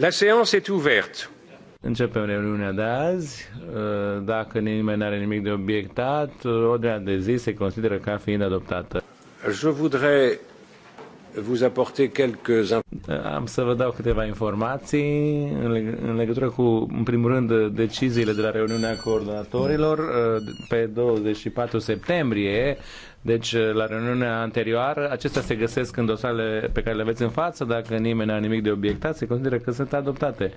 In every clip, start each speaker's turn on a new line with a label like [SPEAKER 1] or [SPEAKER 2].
[SPEAKER 1] La séance est ouverte. Începem reuniunea de azi. Uh, dacă nimeni nu are nimic de obiectat, uh, ordinea de zi se consideră ca fiind adoptată. Je voudrais vous apporter quelques am să vă dau câteva informații în legătură cu, în primul rând, deciziile de la reuniunea coordonatorilor uh, pe 24 septembrie. Deci, uh, la reuniunea anterioară, acestea se găsesc în dosarele pe care le aveți în față. Dacă nimeni nu are nimic de obiectat, se consideră că sunt adoptate.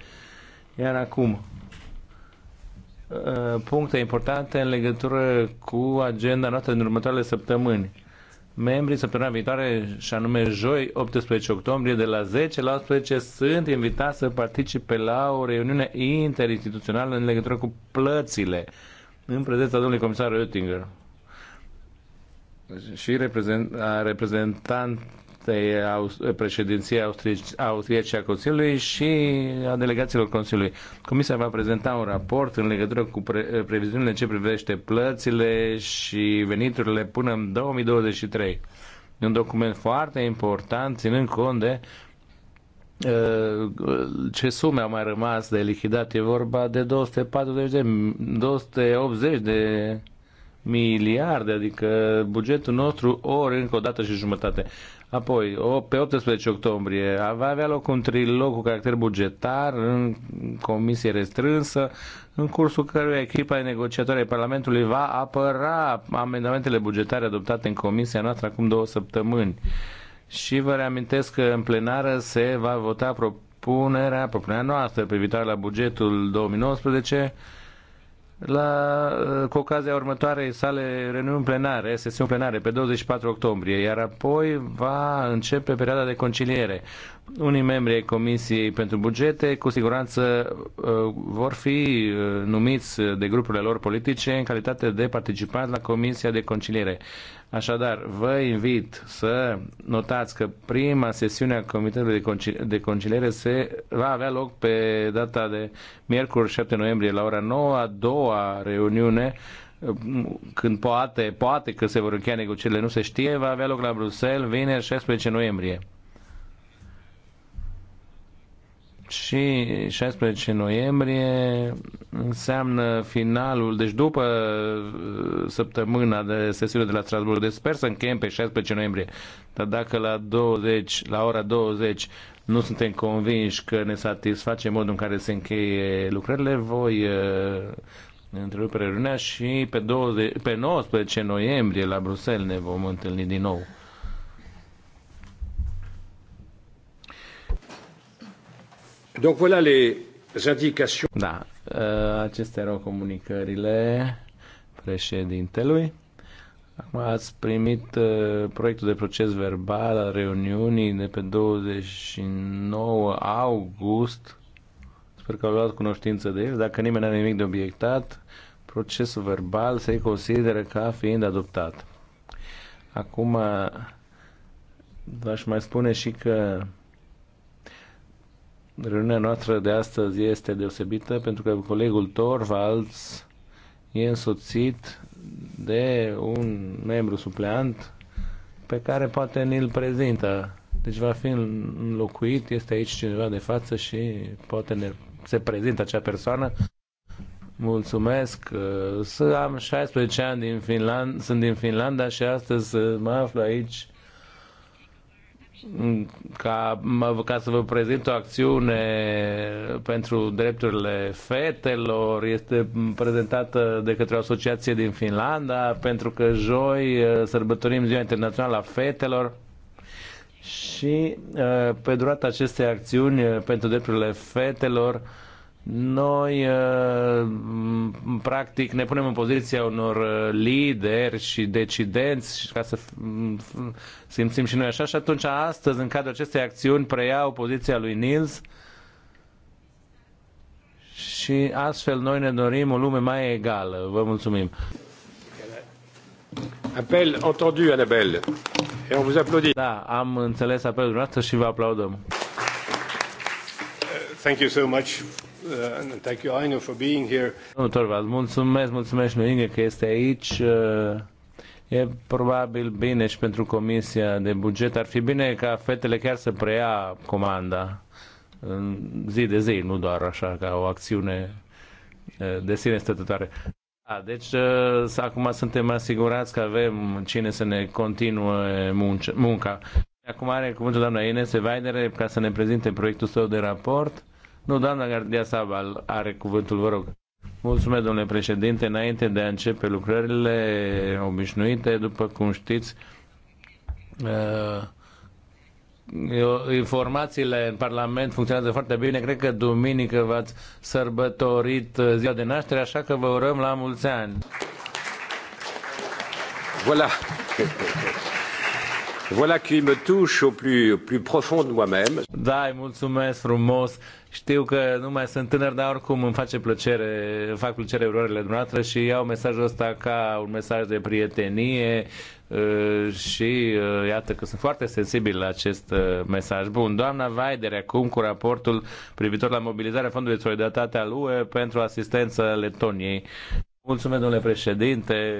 [SPEAKER 1] Iar acum, uh, puncte importante în legătură cu agenda noastră din următoarele săptămâni membrii săptămâna viitoare, și anume joi 18 octombrie, de la 10 la 18, sunt invitați să participe la o reuniune interinstituțională în legătură cu plățile, în prezența domnului comisar Oettinger și reprezent, a reprezentant acestei președinții austriece a Consiliului și a delegațiilor Consiliului. Comisia va prezenta un raport în legătură cu pre- previziunile ce privește plățile și veniturile până în 2023. E un document foarte important, ținând cont de uh, ce sume au mai rămas de lichidat. E vorba de 240 de, 280 de miliarde, adică bugetul nostru ori încă o dată și jumătate. Apoi, pe 18 octombrie, va avea loc un trilog cu caracter bugetar în comisie restrânsă, în cursul căruia echipa de negociatoare ai Parlamentului va apăra amendamentele bugetare adoptate în comisia noastră acum două săptămâni. Și vă reamintesc că în plenară se va vota propunerea, propunerea noastră privitoare la bugetul 2019 la, uh, cu ocazia următoarei sale reuniuni plenare, sesiuni plenare, pe 24 octombrie, iar apoi va începe perioada de conciliere. Unii membri ai Comisiei pentru Bugete cu siguranță uh, vor fi uh, numiți de grupurile lor politice în calitate de participanți la Comisia de Conciliere. Așadar, vă invit să notați că prima sesiune a Comitetului de, Concil- de Conciliere se va avea loc pe data de miercuri 7 noiembrie la ora 9, a doua reuniune când poate, poate că se vor încheia negocierile, nu se știe, va avea loc la Bruxelles vineri 16 noiembrie. și 16 noiembrie înseamnă finalul, deci după uh, săptămâna de sesiune de la Strasburg. de deci sper să încheiem pe 16 noiembrie. Dar dacă la 20, la ora 20 nu suntem convinși că ne satisface modul în care se încheie lucrările, voi uh, întrerupe reuniunea și pe, 20, pe 19 noiembrie la Bruxelles ne vom întâlni din nou. Donc voilà les indications. Da, ă, acestea erau comunicările președintelui. Acum ați primit ă, proiectul de proces verbal al reuniunii de pe 29 august. Sper că au luat cunoștință de el. Dacă nimeni nu are nimic de obiectat, procesul verbal se consideră ca fiind adoptat. Acum v-aș mai spune și că Reuniunea noastră de astăzi este deosebită pentru că colegul Torvalds e însoțit de un membru supleant pe care poate ni-l prezintă. Deci va fi înlocuit, este aici cineva de față și poate ne, se prezintă acea persoană. Mulțumesc. Să am 16 ani din Finland, sunt din Finlanda și astăzi mă aflu aici ca, ca să vă prezint o acțiune pentru drepturile fetelor, este prezentată de către o asociație din Finlanda, pentru că joi uh, sărbătorim Ziua Internațională a Fetelor și uh, pe durata acestei acțiuni uh, pentru drepturile fetelor noi, uh, practic, ne punem în poziția unor uh, lideri și decidenți ca să simțim și noi așa și atunci astăzi, în cadrul acestei acțiuni, preiau poziția lui Nils și astfel noi ne dorim o lume mai egală. Vă mulțumim! Apel entendu, Anabel, Et on vous applaudit. Da, am înțeles apelul dumneavoastră și vă aplaudăm. Uh,
[SPEAKER 2] thank you so much and thank you, Aino, for being
[SPEAKER 1] here. Domnul Torvald, mulțumesc, mulțumesc lui Inge că este aici. E probabil bine și pentru Comisia de Buget. Ar fi bine ca fetele chiar să preia comanda în zi de zi, nu doar așa, ca o acțiune de sine stătătoare. A, da, deci acum suntem asigurați că avem cine să ne continue munca. Acum are cuvântul doamna Ines Weidere ca să ne prezinte proiectul său de raport nu, doamna Gardia Sabal are cuvântul, vă rog. Mulțumesc, domnule președinte. Înainte de a începe lucrările obișnuite, după cum știți, uh, informațiile în Parlament funcționează foarte bine. Cred că duminică v-ați sărbătorit ziua de naștere, așa că vă urăm la mulți ani. Voilà. Voilà qui me touche au plus, plus profond de moi-même. Da, îi mulțumesc frumos. Știu că nu mai sunt tânăr, dar oricum îmi face plăcere, îmi fac plăcere erorile dumneavoastră și iau mesajul ăsta ca un mesaj de prietenie uh, și uh, iată că sunt foarte sensibil la acest uh, mesaj. Bun, doamna Vaider acum cu raportul privitor la mobilizarea Fondului de Solidaritate al UE pentru asistență Letoniei. Mulțumesc, domnule președinte,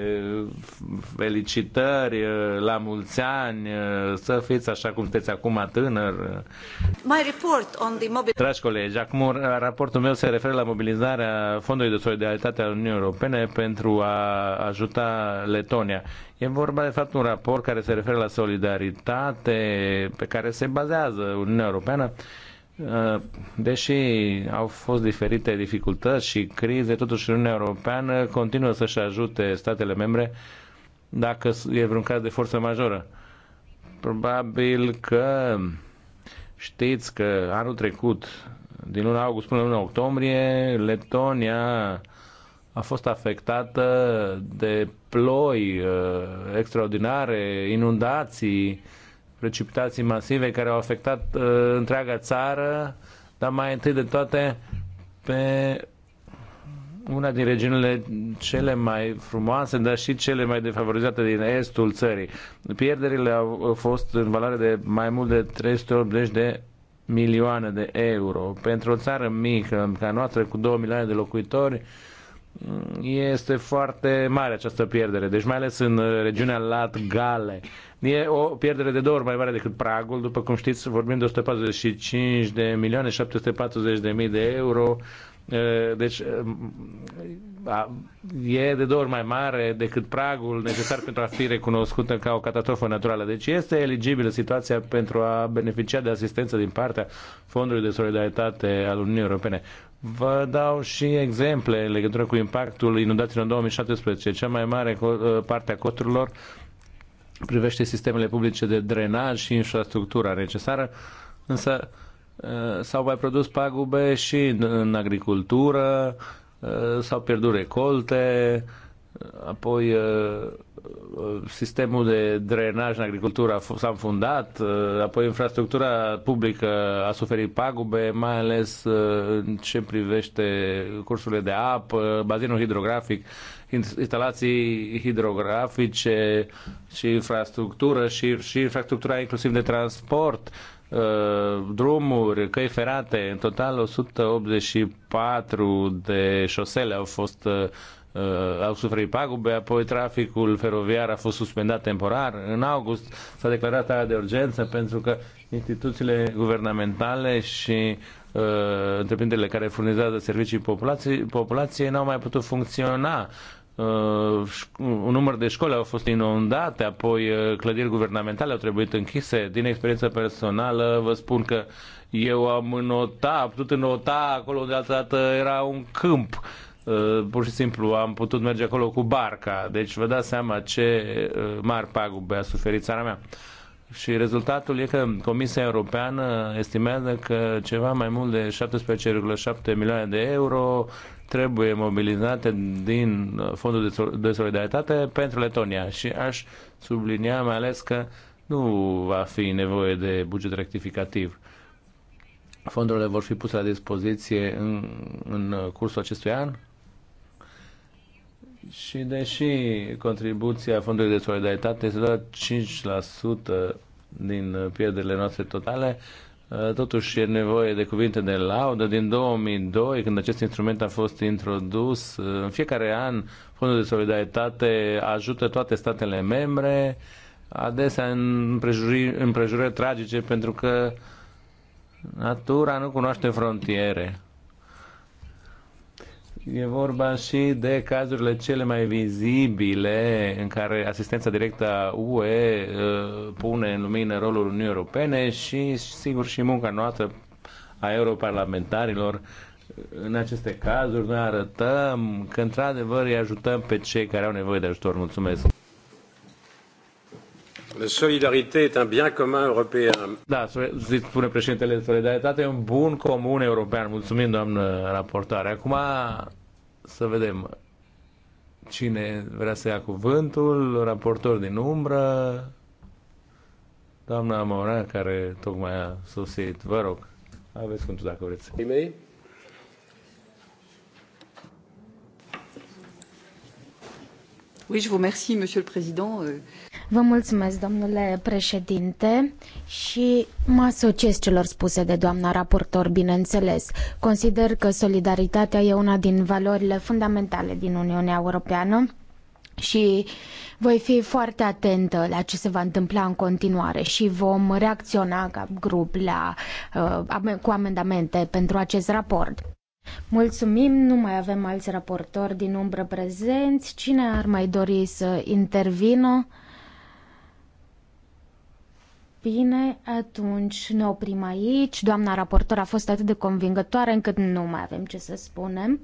[SPEAKER 1] felicitări, la mulți ani, să fiți așa cum sunteți acum tânăr.
[SPEAKER 2] My report on the mobil...
[SPEAKER 1] Dragi colegi, acum raportul meu se referă la mobilizarea Fondului de Solidaritate al Uniunii Europene pentru a ajuta Letonia. E vorba de fapt un raport care se referă la solidaritate pe care se bazează Uniunea Europeană Uh, deși au fost diferite dificultăți și crize, totuși Uniunea Europeană continuă să-și ajute statele membre dacă e vreun caz de forță majoră. Probabil că știți că anul trecut, din luna august până luna octombrie, Letonia a fost afectată de ploi uh, extraordinare, inundații, precipitații masive care au afectat uh, întreaga țară, dar mai întâi de toate pe una din regiunile cele mai frumoase, dar și cele mai defavorizate din estul țării. Pierderile au fost în valoare de mai mult de 380 de milioane de euro. Pentru o țară mică, ca noastră, cu 2 milioane de locuitori, este foarte mare această pierdere, deci mai ales în uh, regiunea Latgale. Gale E o pierdere de două ori mai mare decât pragul. După cum știți, vorbim de 145 de milioane 740 de mii de euro. Deci e de două ori mai mare decât pragul necesar pentru a fi recunoscută ca o catastrofă naturală. Deci este eligibilă situația pentru a beneficia de asistență din partea Fondului de Solidaritate al Uniunii Europene. Vă dau și exemple în legătură cu impactul inundațiilor în 2017. Cea mai mare parte a costurilor privește sistemele publice de drenaj și infrastructura necesară, însă uh, s-au mai produs pagube și în agricultură, uh, s-au pierdut recolte, apoi uh, sistemul de drenaj în agricultură s-a înfundat, uh, apoi infrastructura publică a suferit pagube, mai ales uh, în ce privește cursurile de apă, bazinul hidrografic, instalații hidrografice și infrastructură și, și infrastructura inclusiv de transport, uh, drumuri, căi ferate, în total 184 de șosele au fost uh, au suferit pagube, apoi traficul feroviar a fost suspendat temporar. În august s-a declarat starea de urgență pentru că instituțiile guvernamentale și uh, întreprinderile care furnizează servicii populației, populației n-au mai putut funcționa. Uh, un număr de școli au fost inundate, apoi uh, clădiri guvernamentale au trebuit închise. Din experiență personală vă spun că eu am nota, am putut nota acolo unde altă dată era un câmp. Uh, Uh, pur și simplu am putut merge acolo cu barca. Deci vă dați seama ce uh, mari pagube a suferit țara mea. Și rezultatul e că Comisia Europeană estimează că ceva mai mult de 17,7 milioane de euro trebuie mobilizate din uh, Fondul de Solidaritate pentru Letonia. Și aș sublinia mai ales că nu va fi nevoie de buget rectificativ. Fondurile vor fi puse la dispoziție în, în cursul acestui an și deși contribuția Fondului de Solidaritate este doar 5% din pierderile noastre totale, uh, Totuși e nevoie de cuvinte de laudă. Din 2002, când acest instrument a fost introdus, uh, în fiecare an Fondul de Solidaritate ajută toate statele membre, adesea în împrejurări tragice, pentru că natura nu cunoaște frontiere. E vorba și de cazurile cele mai vizibile în care asistența directă a UE uh, pune în lumină rolul Uniunii Europene și, sigur, și munca noastră a europarlamentarilor. În aceste cazuri noi arătăm că, într-adevăr, îi ajutăm pe cei care au nevoie de ajutor. Mulțumesc! Da, spune președintele, solidaritatea e un bun comun european. Mulțumim, doamnă raportare. Acum să vedem cine vrea să ia cuvântul, raportor din umbră, doamna Moran, care tocmai a sosit. Vă rog, aveți cuvântul dacă vreți. E-mail?
[SPEAKER 2] Oui, je vous remercie, Monsieur le Président. Euh,
[SPEAKER 3] Vă mulțumesc, domnule președinte, și mă asociez celor spuse de doamna raportor, bineînțeles. Consider că solidaritatea e una din valorile fundamentale din Uniunea Europeană și voi fi foarte atentă la ce se va întâmpla în continuare și vom reacționa ca grup la, uh, cu amendamente pentru acest raport. Mulțumim, nu mai avem alți raportori din umbră prezenți. Cine ar mai dori să intervină? Bine, atunci ne oprim aici. Doamna raportor a fost atât de convingătoare încât nu mai avem ce să spunem.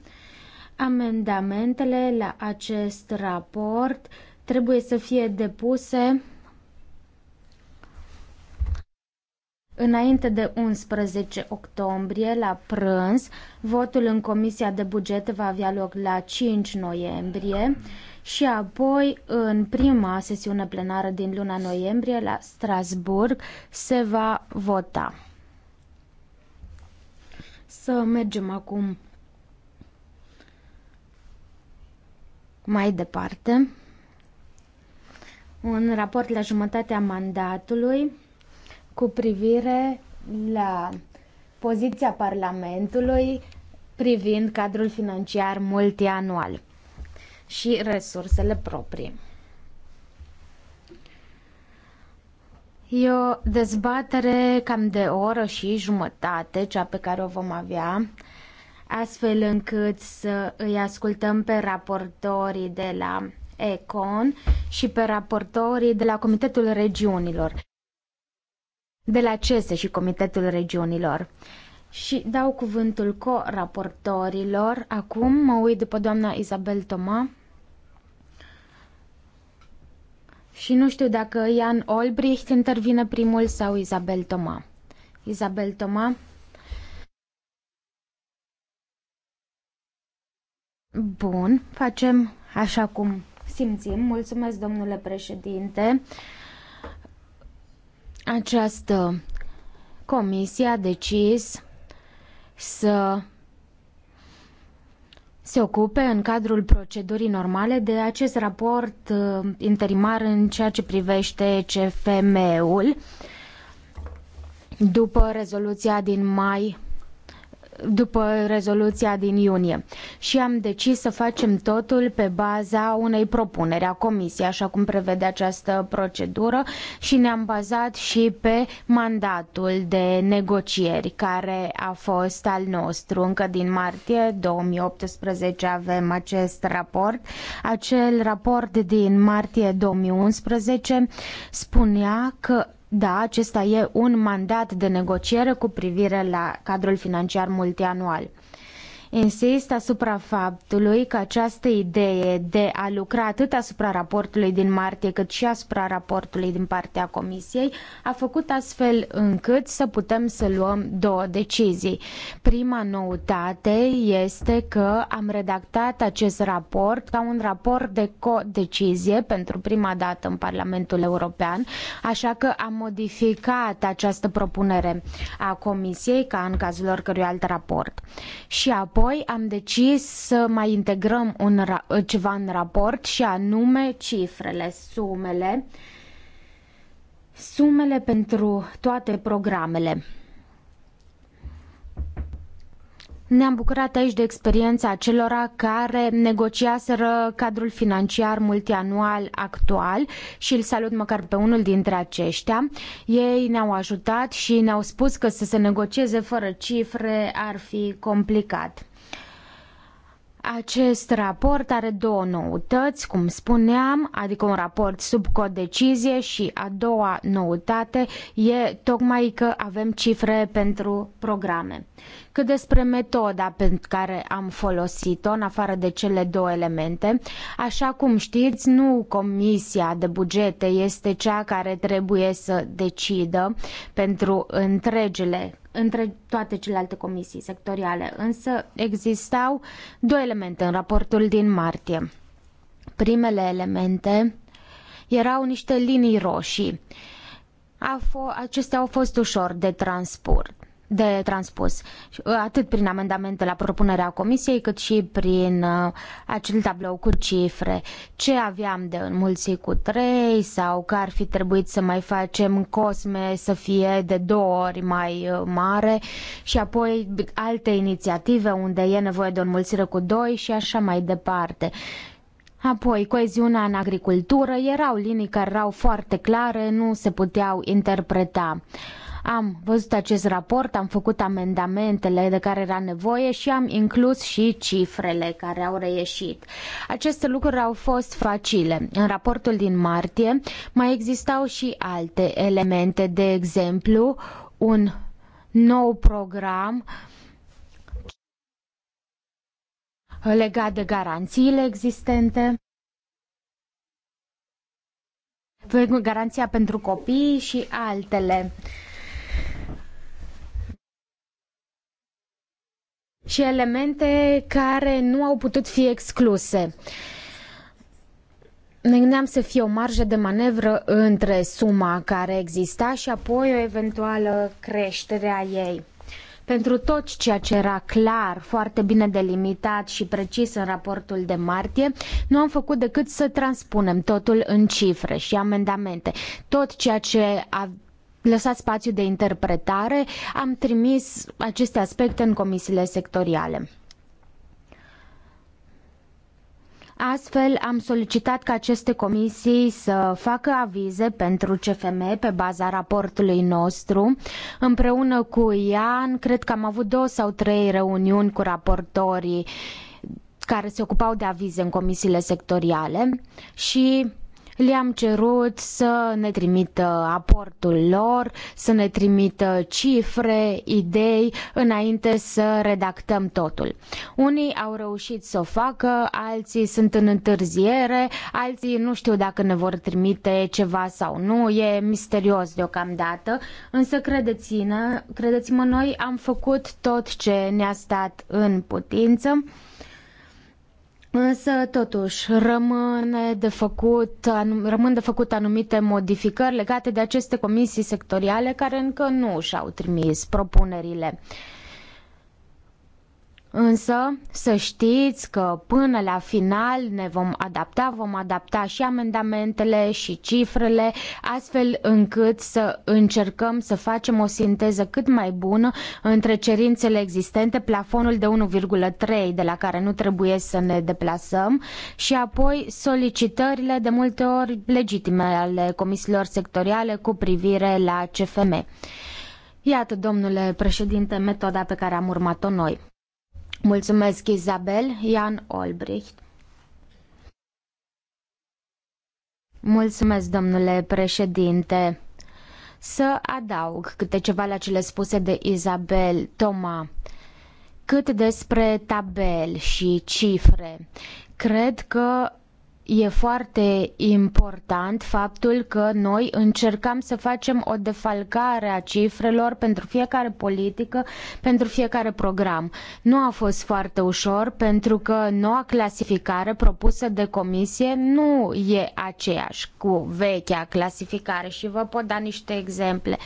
[SPEAKER 3] Amendamentele la acest raport trebuie să fie depuse Înainte de 11 octombrie, la prânz, votul în Comisia de Buget va avea loc la 5 noiembrie și apoi în prima sesiune plenară din luna noiembrie la Strasburg se va vota. Să mergem acum mai departe. Un raport la jumătatea mandatului cu privire la poziția Parlamentului privind cadrul financiar multianual și resursele proprii. E o dezbatere cam de o oră și jumătate, cea pe care o vom avea, astfel încât să îi ascultăm pe raportorii de la ECON și pe raportorii de la Comitetul Regiunilor, de la CESE și Comitetul Regiunilor și dau cuvântul co-raportorilor. Acum mă uit după doamna Isabel Toma. Și nu știu dacă Ian Olbricht intervine primul sau Isabel Toma. Isabel Toma. Bun, facem așa cum simțim. Mulțumesc, domnule președinte. Această comisie a decis să se ocupe în cadrul procedurii normale de acest raport uh, interimar în ceea ce privește CFM-ul după rezoluția din mai după rezoluția din iunie și am decis să facem totul pe baza unei propuneri a comisiei, așa cum prevede această procedură și ne-am bazat și pe mandatul de negocieri care a fost al nostru. Încă din martie 2018 avem acest raport. Acel raport din martie 2011 spunea că da, acesta e un mandat de negociere cu privire la cadrul financiar multianual. Insist asupra faptului că această idee de a lucra atât asupra raportului din martie cât și asupra raportului din partea Comisiei a făcut astfel încât să putem să luăm două decizii. Prima noutate este că am redactat acest raport ca un raport de codecizie pentru prima dată în Parlamentul European, așa că am modificat această propunere a Comisiei ca în cazul oricărui alt raport. Și apoi Apoi am decis să mai integrăm un ceva în raport și anume cifrele, sumele, sumele pentru toate programele. Ne-am bucurat aici de experiența celora care negociaseră cadrul financiar multianual actual și îl salut măcar pe unul dintre aceștia. Ei ne-au ajutat și ne-au spus că să se negocieze fără cifre ar fi complicat. Acest raport are două noutăți, cum spuneam, adică un raport sub cod decizie și a doua noutate e tocmai că avem cifre pentru programe. Cât despre metoda pe care am folosit-o, în afară de cele două elemente, așa cum știți, nu Comisia de Bugete este cea care trebuie să decidă pentru întregele între toate celelalte comisii sectoriale, însă existau două elemente în raportul din martie. Primele elemente erau niște linii roșii. Acestea au fost ușor de transport de transpus, uh, atât prin amendamente la propunerea comisiei, cât și prin uh, acel tablou cu cifre. Ce aveam de înmulți cu trei sau că ar fi trebuit să mai facem cosme să fie de două ori mai uh, mare și apoi alte inițiative unde e nevoie de o înmulțire cu doi și așa mai departe. Apoi, coeziunea în agricultură, erau linii care erau foarte clare, nu se puteau interpreta. Uh, am văzut acest raport, am făcut amendamentele de care era nevoie și am inclus și cifrele care au reieșit. Aceste lucruri au fost facile. În raportul din martie mai existau și alte elemente, de exemplu, un nou program legat de garanțiile existente garanția pentru copii și altele. și elemente care nu au putut fi excluse. Ne gândeam să fie o marjă de manevră între suma care exista și apoi o eventuală creștere a ei. Pentru tot ceea ce era clar, foarte bine delimitat și precis în raportul de martie, nu am făcut decât să transpunem totul în cifre și amendamente. Tot ceea ce a lăsat spațiu de interpretare, am trimis aceste aspecte în comisiile sectoriale. Astfel, am solicitat ca aceste comisii să facă avize pentru CFM pe baza raportului nostru. Împreună cu Ian, cred că am avut două sau trei reuniuni cu raportorii care se ocupau de avize în comisiile sectoriale și le-am cerut să ne trimită aportul lor, să ne trimită cifre, idei, înainte să redactăm totul. Unii au reușit să o facă, alții sunt în întârziere, alții nu știu dacă ne vor trimite ceva sau nu, e misterios deocamdată, însă credeți-mă, credeți-mă noi am făcut tot ce ne-a stat în putință. Însă, totuși, rămâne de făcut, anum, rămân de făcut anumite modificări legate de aceste comisii sectoriale care încă nu și-au trimis propunerile. Uh, Însă să știți că până la final ne vom adapta, vom adapta și amendamentele și cifrele, astfel încât să încercăm să facem o sinteză cât mai bună între cerințele existente, plafonul de 1,3 de la care nu trebuie să ne deplasăm și apoi solicitările de multe ori legitime ale comisiilor sectoriale cu privire la CFM. Iată, domnule președinte, metoda pe care am urmat-o noi. Mulțumesc, Isabel. Ian Olbricht. Mulțumesc, domnule președinte. Să adaug câte ceva la cele spuse de Isabel Toma. Cât despre tabel și cifre, cred că E foarte important faptul că noi încercăm să facem o defalcare a cifrelor pentru fiecare politică, pentru fiecare program. Nu a fost foarte ușor pentru că noua clasificare propusă de comisie nu e aceeași cu vechea clasificare și vă pot da niște exemple.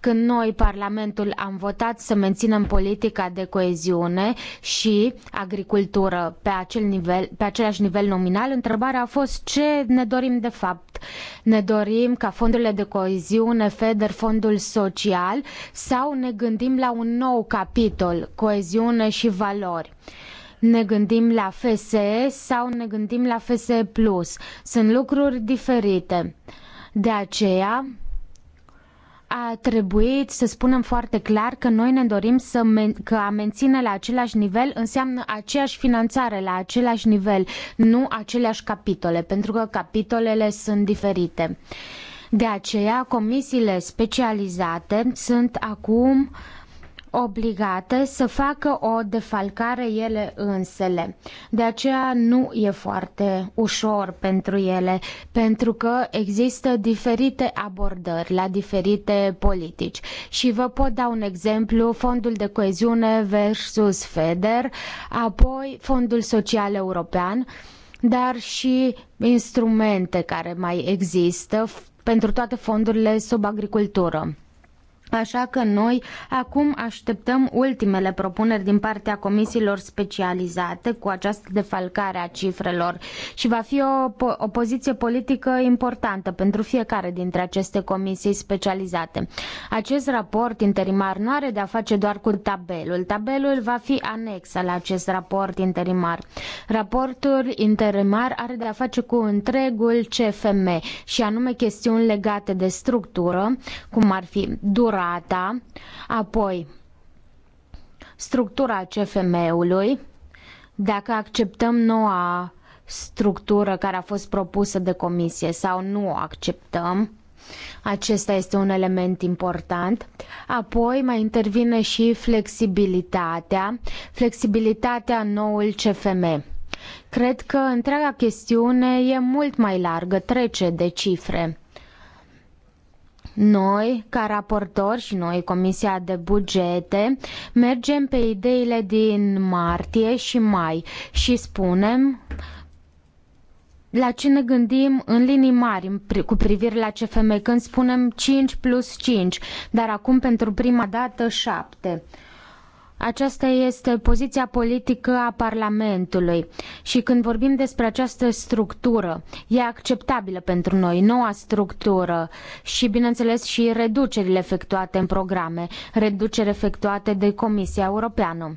[SPEAKER 3] Când noi, Parlamentul, am votat să menținem politica de coeziune și agricultură pe, acel nivel, pe același nivel nominal, întrebarea întrebare a fost ce ne dorim de fapt. Ne dorim ca fondurile de coeziune, FEDER, fondul social sau ne gândim la un nou capitol, coeziune și valori ne gândim la FSE sau ne gândim la FSE Plus. Sunt lucruri diferite. De aceea, a trebuit să spunem foarte clar că noi ne dorim să men- că a menține la același nivel înseamnă aceeași finanțare la același nivel, nu aceleași capitole, pentru că capitolele sunt diferite. De aceea, comisiile specializate sunt acum uh, obligate să facă o defalcare ele însele. De aceea nu e foarte ușor pentru ele, pentru că există diferite abordări la diferite politici. Și vă pot da un exemplu, fondul de coeziune versus FEDER, apoi fondul social european, dar și instrumente care mai există pentru toate fondurile sub agricultură. Așa că noi acum așteptăm ultimele propuneri din partea comisiilor specializate cu această defalcare a cifrelor și va fi o, o poziție politică importantă pentru fiecare dintre aceste comisii specializate. Acest raport interimar nu are de-a face doar cu tabelul. Tabelul va fi anexa la acest raport interimar. Raportul interimar are de-a face cu întregul CFM și anume chestiuni legate de structură, cum ar fi durată, durata, apoi structura CFM-ului, dacă acceptăm noua structură care a fost propusă de comisie sau nu o acceptăm. Acesta este un element important. Apoi mai intervine și flexibilitatea, flexibilitatea noul CFM. Cred că întreaga chestiune e mult mai largă, trece de cifre. Noi, ca raportori și noi, Comisia de Bugete, mergem pe ideile din martie și mai și spunem la ce ne gândim în linii mari cu privire la CFM când spunem 5 plus 5, dar acum pentru prima dată 7. Aceasta este poziția politică a Parlamentului și când vorbim despre această structură, e acceptabilă pentru noi, noua structură și, bineînțeles, și reducerile efectuate în programe, reduceri efectuate de Comisia Europeană.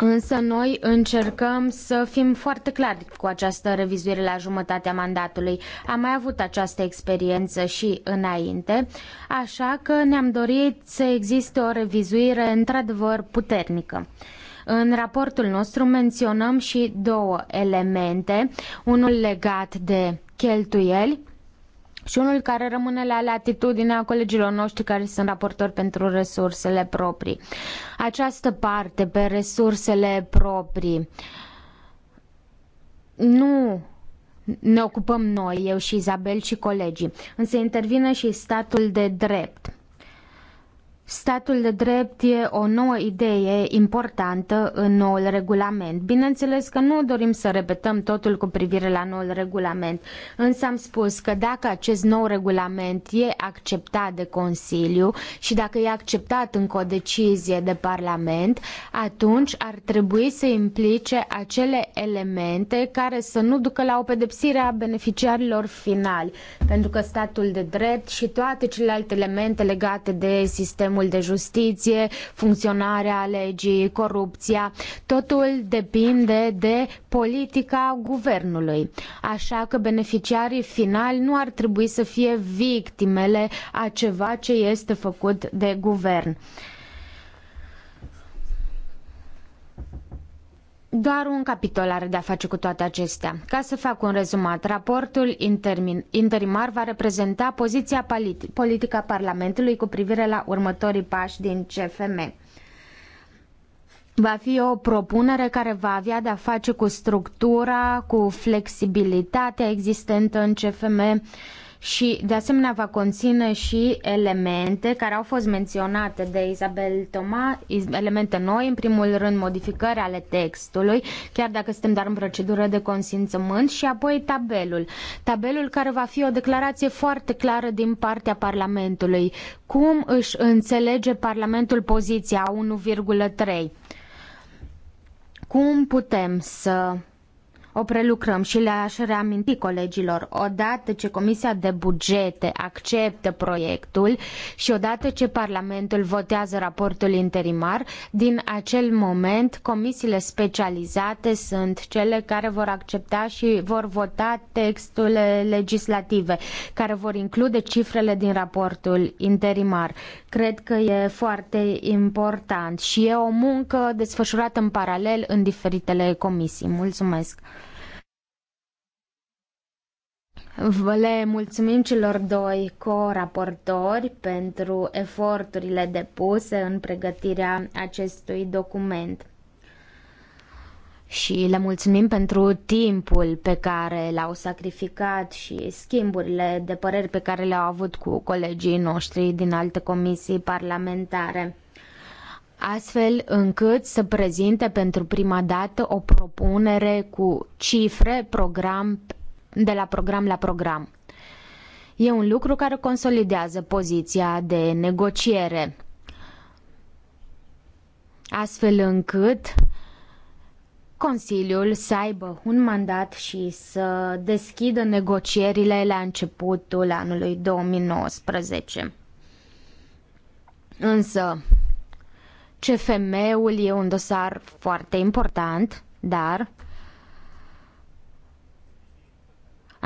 [SPEAKER 3] Însă noi încercăm să fim foarte clari cu această revizuire la jumătatea mandatului. Am mai avut această experiență și înainte, așa că ne-am dorit să existe o revizuire într-adevăr puternică. În raportul nostru menționăm și două elemente, unul legat de cheltuieli și unul care rămâne la latitudinea colegilor noștri care sunt raportori pentru resursele proprii. Această parte pe resursele proprii nu ne ocupăm noi, eu și Izabel și colegii, însă intervine și statul de drept. Statul de drept e o nouă idee importantă în noul regulament. Bineînțeles că nu dorim să repetăm totul cu privire la noul regulament, însă am spus că dacă acest nou regulament e acceptat de Consiliu și dacă e acceptat încă o decizie de Parlament, atunci ar trebui să implice acele elemente care să nu ducă la o pedepsire a beneficiarilor finali, pentru că statul de drept și toate celelalte elemente legate de sistemul sistemul de justiție, funcționarea legii, corupția. Totul depinde de politica guvernului. Așa că beneficiarii finali nu ar trebui să fie victimele a ceva ce este făcut de guvern. Doar un capitol are de-a face cu toate acestea. Ca să fac un rezumat, raportul interimar va reprezenta poziția politică a Parlamentului cu privire la următorii pași din CFM. Va fi o propunere care va avea de-a face cu structura, cu flexibilitatea existentă în CFM, și de asemenea va conține și elemente care au fost menționate de Isabel Toma, elemente noi, în primul rând modificări ale textului, chiar dacă suntem dar în procedură de consimțământ și apoi tabelul. Tabelul care va fi o declarație foarte clară din partea Parlamentului. Cum își înțelege Parlamentul poziția 1,3? Cum putem să o prelucrăm și le-aș reaminti colegilor, odată ce Comisia de Bugete acceptă proiectul și odată ce Parlamentul votează raportul interimar, din acel moment comisiile specializate sunt cele care vor accepta și vor vota textele legislative, care vor include cifrele din raportul interimar. Cred că e foarte important și e o muncă desfășurată în paralel în diferitele comisii. Mulțumesc! Vă le mulțumim celor doi co-raportori pentru eforturile depuse în pregătirea acestui document. Și le mulțumim pentru timpul pe care l-au sacrificat și schimburile de păreri pe care le-au avut cu colegii noștri din alte comisii parlamentare astfel încât să prezinte pentru prima dată o propunere cu cifre, program de la program la program. E un lucru care consolidează poziția de negociere, astfel încât Consiliul să aibă un mandat și să deschidă negocierile la începutul anului 2019. Însă, CFM-ul e un dosar foarte important, dar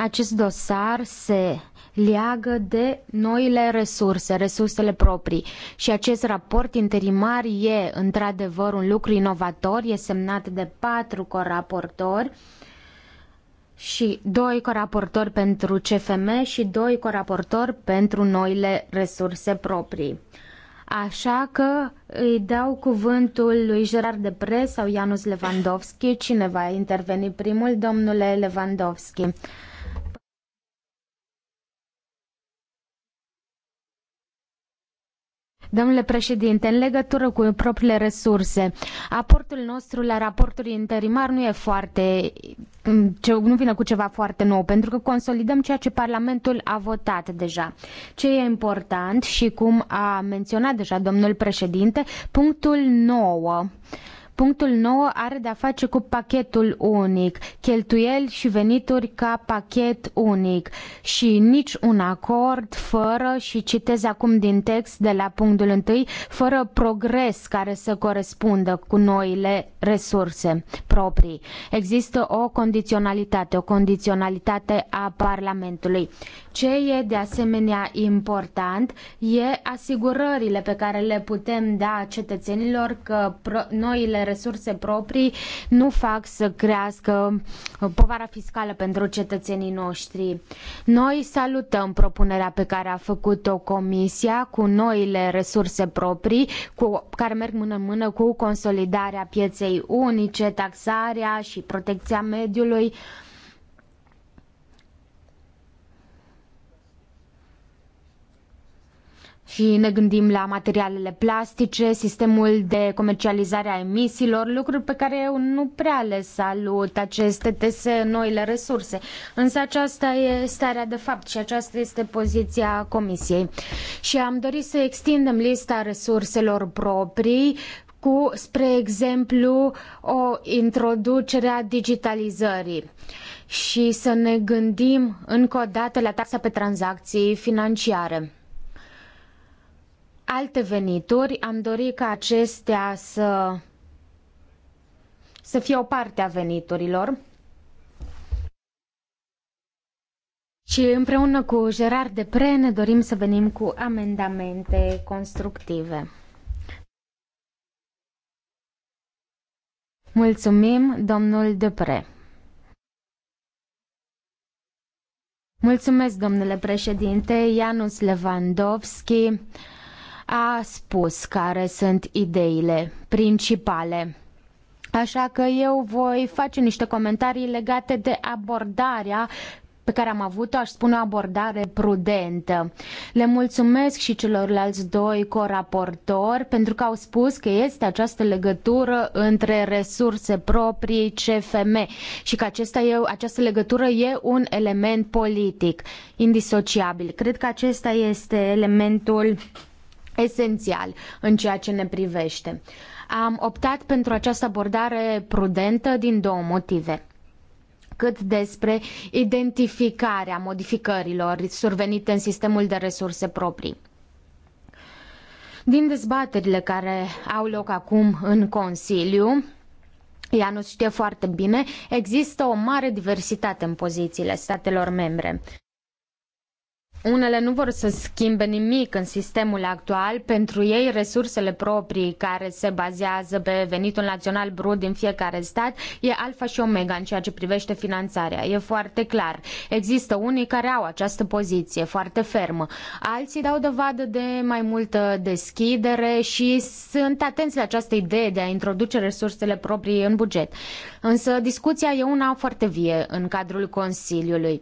[SPEAKER 3] Acest dosar se leagă de noile resurse, resursele proprii. Și acest raport interimar e într-adevăr un lucru inovator, e semnat de patru coraportori și doi coraportori pentru CFM și doi coraportori pentru noile resurse proprii. Așa că îi dau cuvântul lui Gerard Depre sau Janus Lewandowski. Cine va interveni primul? Domnule Lewandowski. Domnule președinte, în legătură cu propriile resurse, aportul nostru la raportul interimar nu e foarte ce, nu vine cu ceva foarte nou, pentru că consolidăm ceea ce Parlamentul a votat deja. Ce e important și cum a menționat deja domnul președinte, punctul 9 Punctul 9 are de-a face cu pachetul unic, cheltuieli și venituri ca pachet unic și nici un acord fără, și citez acum din text de la punctul 1, fără progres care să corespundă cu noile resurse proprii. Există o condiționalitate, o condiționalitate a Parlamentului. Ce e de asemenea important e asigurările pe care le putem da cetățenilor că noile resurse proprii nu fac să crească uh, povara fiscală pentru cetățenii noștri. Noi salutăm propunerea pe care a făcut-o Comisia cu noile resurse proprii cu, care merg mână în mână cu consolidarea pieței unice, taxarea și protecția mediului. și ne gândim la materialele plastice, sistemul de comercializare a emisiilor, lucruri pe care eu nu prea le salut, aceste tese, noile resurse. Însă aceasta e starea de fapt și aceasta este poziția Comisiei. Și am dorit să extindem lista resurselor proprii cu, spre exemplu, o introducere a digitalizării și să ne gândim încă o dată la taxa pe tranzacții financiare alte venituri, am dorit ca acestea să, să fie o parte a veniturilor. Și împreună cu Gerard Depre ne dorim să venim cu amendamente constructive. Mulțumim, domnul Depre. Mulțumesc, domnule președinte, Ianus Lewandowski a spus care sunt ideile principale. Așa că eu voi face niște comentarii legate de abordarea pe care am avut-o, aș spune o abordare prudentă. Le mulțumesc și celorlalți doi coraportori pentru că au spus că este această legătură între resurse proprii CFM și că acesta e, această legătură e un element politic indisociabil. Cred că acesta este elementul esențial în ceea ce ne privește. Am optat pentru această abordare prudentă din două motive cât despre identificarea modificărilor survenite în sistemul de resurse proprii. Din dezbaterile care au loc acum în Consiliu, Ianus știe foarte bine, există o mare diversitate în pozițiile statelor membre. Unele nu vor să schimbe nimic în sistemul actual. Pentru ei, resursele proprii care se bazează pe venitul național brut din fiecare stat e alfa și omega în ceea ce privește finanțarea. E foarte clar. Există unii care au această poziție foarte fermă. Alții dau dovadă de mai multă deschidere și sunt atenți la această idee de a introduce resursele proprii în buget. Însă discuția e una foarte vie în cadrul Consiliului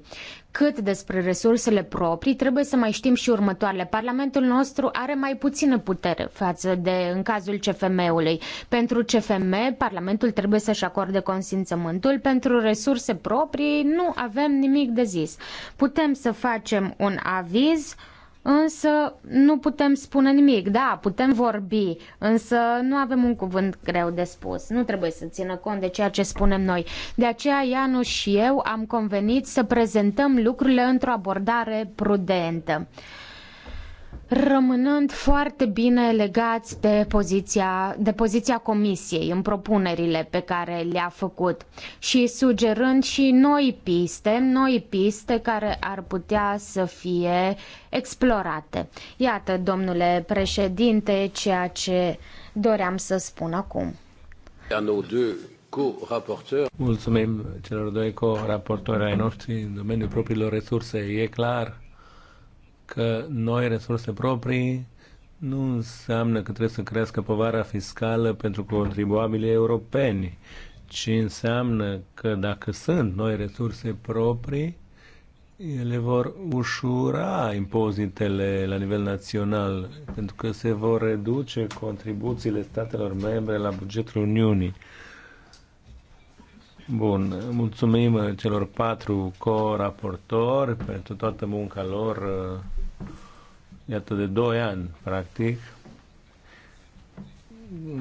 [SPEAKER 3] cât despre resursele proprii, trebuie să mai știm și următoarele. Parlamentul nostru are mai puțină putere față de în cazul CFM-ului. Pentru CFM, Parlamentul trebuie să-și acorde consimțământul. Pentru resurse proprii nu avem nimic de zis. Putem să facem un aviz uh, însă nu putem spune nimic. Da, putem vorbi, însă nu avem un cuvânt greu de spus. Nu trebuie să țină cont de ceea ce spunem noi. De aceea, Ianu și eu am convenit să prezentăm lucrurile într-o abordare prudentă rămânând foarte bine legați de poziția, de poziția comisiei în propunerile pe care le-a făcut și sugerând și noi piste, noi piste care ar putea să fie explorate. Iată, domnule președinte, ceea ce doream să spun acum.
[SPEAKER 1] Mulțumim celor doi co-raportori ai noștri în domeniul propriilor resurse. E clar că noi resurse proprii nu înseamnă că trebuie să crească povara fiscală pentru contribuabilii europeni, ci înseamnă că dacă sunt noi resurse proprii, ele vor ușura impozitele la nivel național, pentru că se vor reduce contribuțiile statelor membre la bugetul Uniunii. Bun, mulțumim celor patru co-raportori pentru toată munca lor iată, de 2 ani, practic,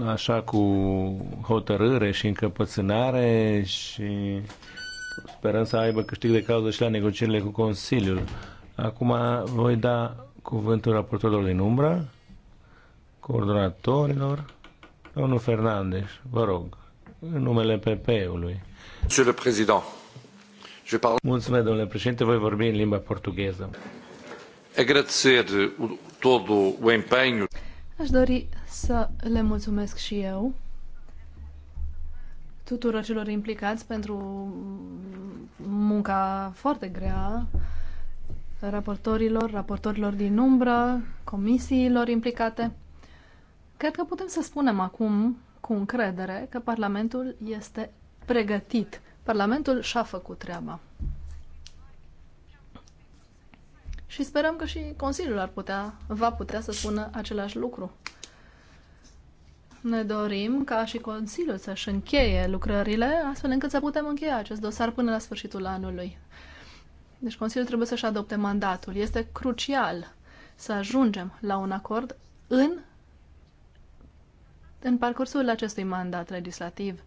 [SPEAKER 1] așa cu hotărâre și încăpățânare și sperăm să aibă câștig de cauză și la negocierile cu Consiliul. Acum voi da cuvântul raportorilor din umbră, coordonatorilor, domnul Fernandez, vă rog, în numele PP-ului. Monsieur le Président, je parle... Mulțumesc, domnule președinte, voi vorbi în limba portugheză agradecer todo o empenho.
[SPEAKER 2] Aș dori să le mulțumesc și eu tuturor celor implicați pentru munca foarte grea, raportorilor, raportorilor din umbră, comisiilor implicate. Cred că putem să spunem acum cu încredere că Parlamentul este pregătit. Parlamentul și-a făcut treaba. Și sperăm că și Consiliul ar putea, va putea să spună același lucru. Ne dorim ca și Consiliul să-și încheie lucrările, astfel încât să putem încheia acest dosar până la sfârșitul anului. Deci Consiliul trebuie să-și adopte mandatul. Este crucial să ajungem la un acord în, în parcursul acestui mandat legislativ.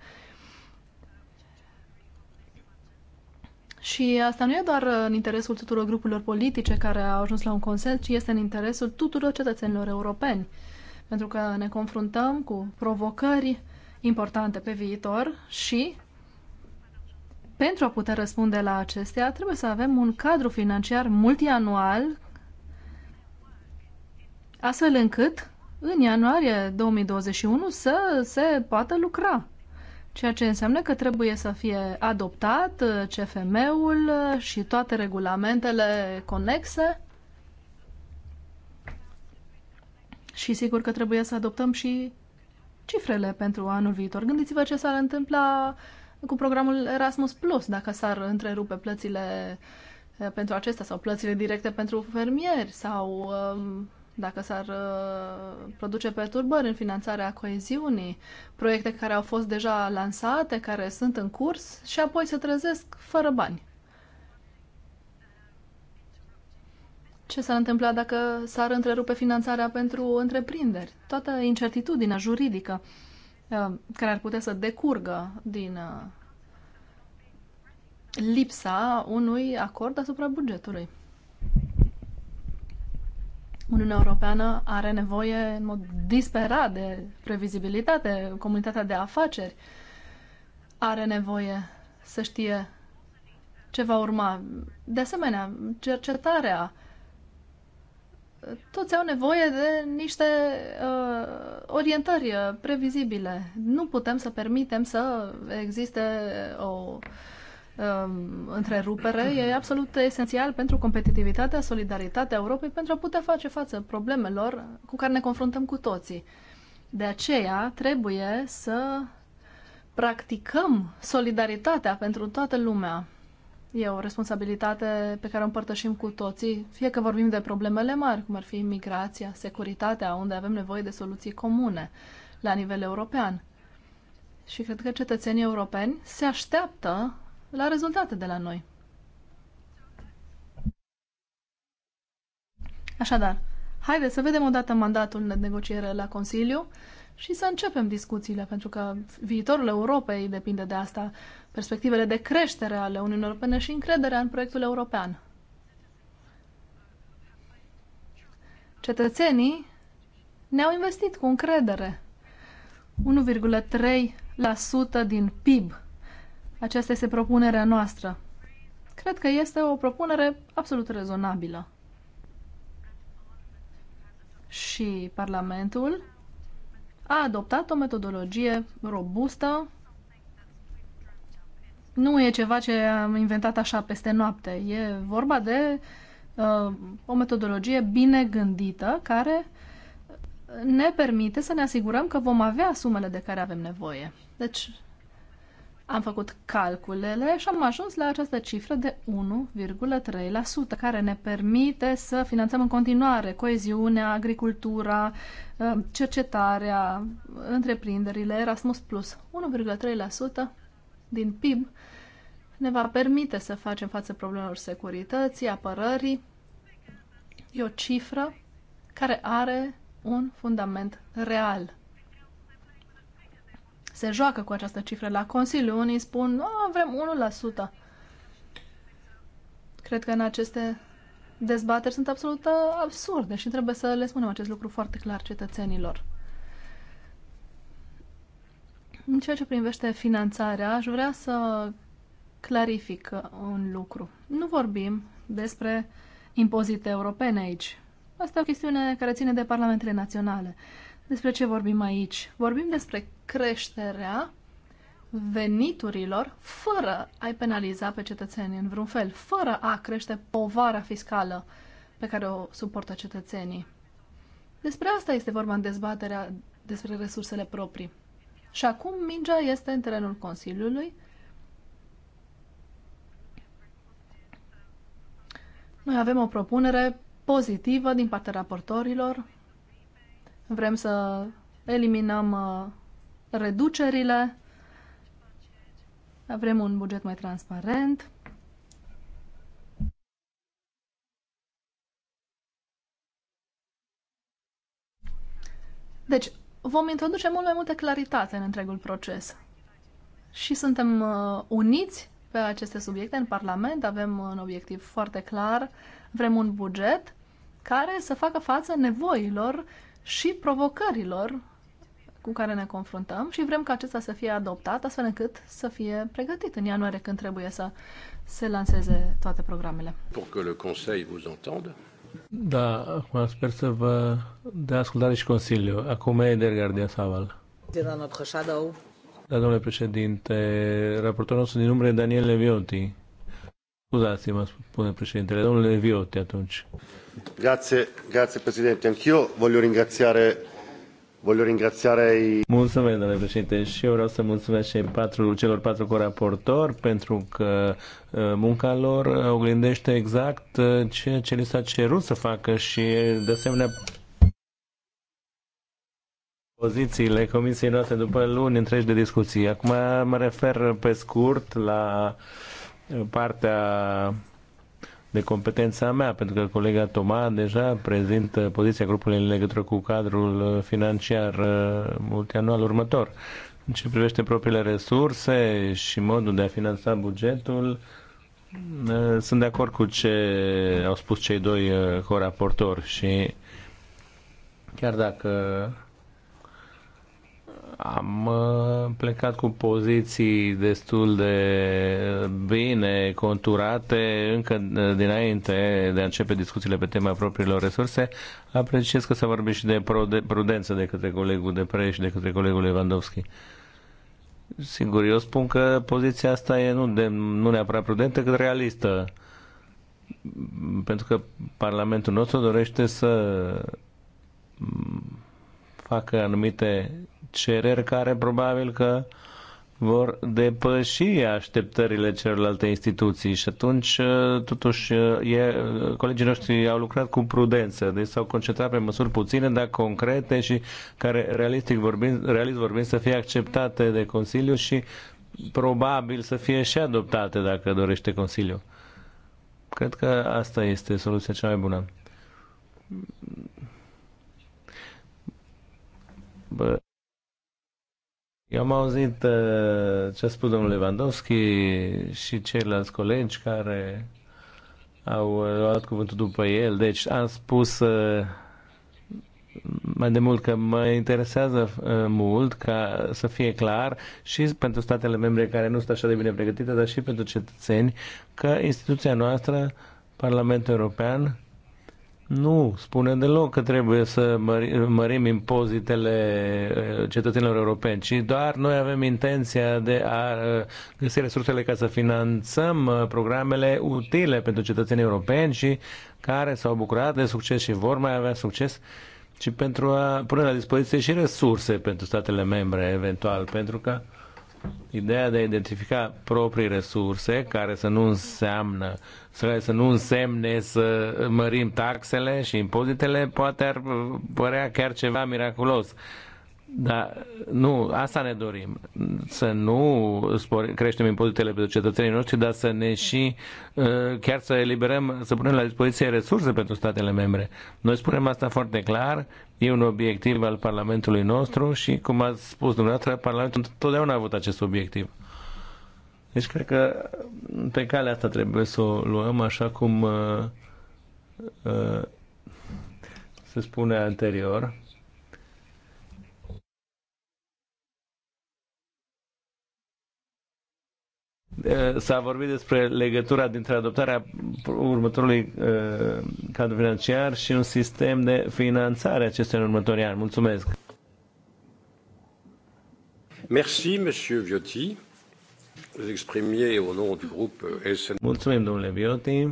[SPEAKER 2] Și asta nu e doar în interesul tuturor grupurilor politice care au ajuns la un consens, ci este în interesul tuturor cetățenilor europeni. Pentru că ne confruntăm cu provocări importante pe viitor și pentru a putea răspunde la acestea, trebuie să avem un cadru financiar multianual, astfel încât în ianuarie 2021 să se poată lucra. Ceea ce înseamnă că trebuie să fie adoptat uh, CFM-ul uh, și toate regulamentele conexe. Și sigur că trebuie să adoptăm și cifrele pentru anul viitor. Gândiți-vă ce s-ar întâmpla cu programul Erasmus Plus dacă s-ar întrerupe plățile uh, pentru acesta sau plățile directe pentru fermieri sau um, dacă s-ar uh, produce perturbări în finanțarea coeziunii, proiecte care au fost deja lansate, care sunt în curs și apoi se trezesc fără bani. Ce s-ar întâmpla dacă s-ar întrerupe finanțarea pentru întreprinderi? Toată incertitudinea juridică uh, care ar putea să decurgă din uh, lipsa unui acord asupra bugetului. Uniunea Europeană are nevoie în mod disperat de previzibilitate, comunitatea de afaceri are nevoie să știe ce va urma. De asemenea, cercetarea. Toți au nevoie de niște uh, orientări uh, previzibile. Nu putem să permitem să existe o uh, Um, întrerupere e absolut esențial pentru competitivitatea, solidaritatea Europei, pentru a putea face față problemelor cu care ne confruntăm cu toții. De aceea trebuie să practicăm solidaritatea pentru toată lumea. E o responsabilitate pe care o împărtășim cu toții, fie că vorbim de problemele mari, cum ar fi migrația, securitatea, unde avem nevoie de soluții comune la nivel european. Și cred că cetățenii europeni se așteaptă la rezultate de la noi. Așadar, haideți să vedem odată mandatul de negociere la Consiliu și să începem discuțiile, pentru că viitorul Europei depinde de asta, perspectivele de creștere ale Uniunii Europene și încrederea în proiectul european. Cetățenii ne-au investit cu încredere. 1,3% din PIB aceasta este propunerea noastră. Cred că este o propunere absolut rezonabilă. Și Parlamentul a adoptat o metodologie robustă. Nu e ceva ce am inventat așa peste noapte. E vorba de uh, o metodologie bine gândită care ne permite să ne asigurăm că vom avea sumele de care avem nevoie. Deci am făcut calculele și am ajuns la această cifră de 1,3%, care ne permite să finanțăm în continuare coeziunea, agricultura, ă, cercetarea, întreprinderile, Erasmus+. 1,3% din PIB ne va permite să facem față problemelor securității, apărării. E o cifră care are un fundament real se joacă cu această cifră. La Consiliu unii spun, nu, vrem 1%. Cred că în aceste dezbateri sunt absolut uh, absurde și trebuie să le spunem acest lucru foarte clar cetățenilor. În ceea ce privește finanțarea, aș vrea să clarific uh, un lucru. Nu vorbim despre impozite europene aici. Asta e o chestiune care ține de parlamentele naționale. Despre ce vorbim aici? Vorbim despre creșterea veniturilor fără a-i penaliza pe cetățenii în vreun fel, fără a crește povara fiscală pe care o suportă cetățenii. Despre asta este vorba în dezbaterea despre resursele proprii. Și acum mingea este în terenul Consiliului. Noi avem o propunere pozitivă din partea raportorilor Vrem să eliminăm uh, reducerile, vrem un buget mai transparent. Deci, vom introduce mult mai multă claritate în întregul proces. Și suntem uh, uniți pe aceste subiecte în Parlament, avem un obiectiv foarte clar, vrem un buget care să facă față nevoilor și provocărilor cu care ne confruntăm și vrem ca acesta să fie adoptat astfel încât să fie pregătit în ianuarie când trebuie să se lanseze toate programele.
[SPEAKER 1] Pour que le Conseil vous entende. Da, acum sper să vă dea ascultare și Consiliu. Acum e de Gardia Saval. Da, domnule președinte, raportorul nostru din umbră Daniel Levioti. Scuzați-mă, spune președintele. Domnule Viotti, atunci. Grazie, grazie președinte. Anch'io voglio ringraziare Voglio ringraziare i... Mulțumesc, domnule președinte, și eu vreau să mulțumesc și patru, celor patru coraportori pentru că uh, munca lor oglindește exact uh, ceea ce li s-a cerut să facă și, de asemenea, pozițiile comisiei noastre după luni întregi de discuții. Acum mă refer pe scurt la uh, partea de competența mea, pentru că colega Toma deja prezintă poziția grupului în legătură cu cadrul financiar uh, multianual următor. În ce privește propriile resurse și modul de a finanța bugetul, uh, sunt de acord cu ce au spus cei doi uh, coraportori și chiar dacă am uh, plecat cu poziții destul de bine conturate încă uh, dinainte de a începe discuțiile pe tema propriilor resurse. Apreciez că s-a vorbit și de prudență de către colegul de preș, de către colegul Lewandowski. Sigur, eu spun că poziția asta e nu, de, nu neapărat prudentă, cât realistă. Pentru că Parlamentul nostru dorește să mm, facă anumite cereri care probabil că vor depăși așteptările celorlalte instituții și atunci uh, totuși uh, e, uh, colegii noștri au lucrat cu prudență, deci s-au concentrat pe măsuri puține, dar concrete și care realistic vorbind, realist vorbind să fie acceptate de Consiliu și probabil să fie și adoptate dacă dorește Consiliu. Cred că asta este soluția cea mai bună. Bă. Eu am auzit uh, ce a spus domnul Lewandowski și ceilalți colegi care uh, au luat cuvântul după el. Deci am spus uh, mai de mult că mă interesează uh, mult ca să fie clar și pentru statele membre care nu sunt așa de bine pregătite, dar și pentru cetățeni, că instituția noastră, Parlamentul European, nu, spune deloc că trebuie să mărim impozitele eh, cetățenilor europeni, ci doar noi avem intenția de a eh, găsi resursele ca să finanțăm eh, programele utile pentru cetățenii europeni și care s-au bucurat de succes și vor mai avea succes și pentru a pune la dispoziție și resurse pentru statele membre, eventual, pentru că ideea de a identifica proprii resurse care să nu înseamnă să nu însemne să mărim taxele și impozitele poate ar părea chiar ceva miraculos da nu, asta ne dorim. Să nu creștem impozitele pentru cetățenii noștri, dar să ne și uh, chiar să eliberăm, să punem la dispoziție resurse pentru statele membre. Noi spunem asta foarte clar, e un obiectiv al Parlamentului nostru și, cum a spus dumneavoastră, Parlamentul întotdeauna a avut acest obiectiv. Deci cred că pe calea asta trebuie să o luăm așa cum uh, uh, se spune anterior Eh, s-a vorbit despre legătura dintre adoptarea următorului uh, cadru financiar și un sistem de finanțare acestui în următorii ani. Mulțumesc! Merci, monsieur Viotti. Vous exprimiez au nom du groupe SN. Mulțumim, domnule Viotti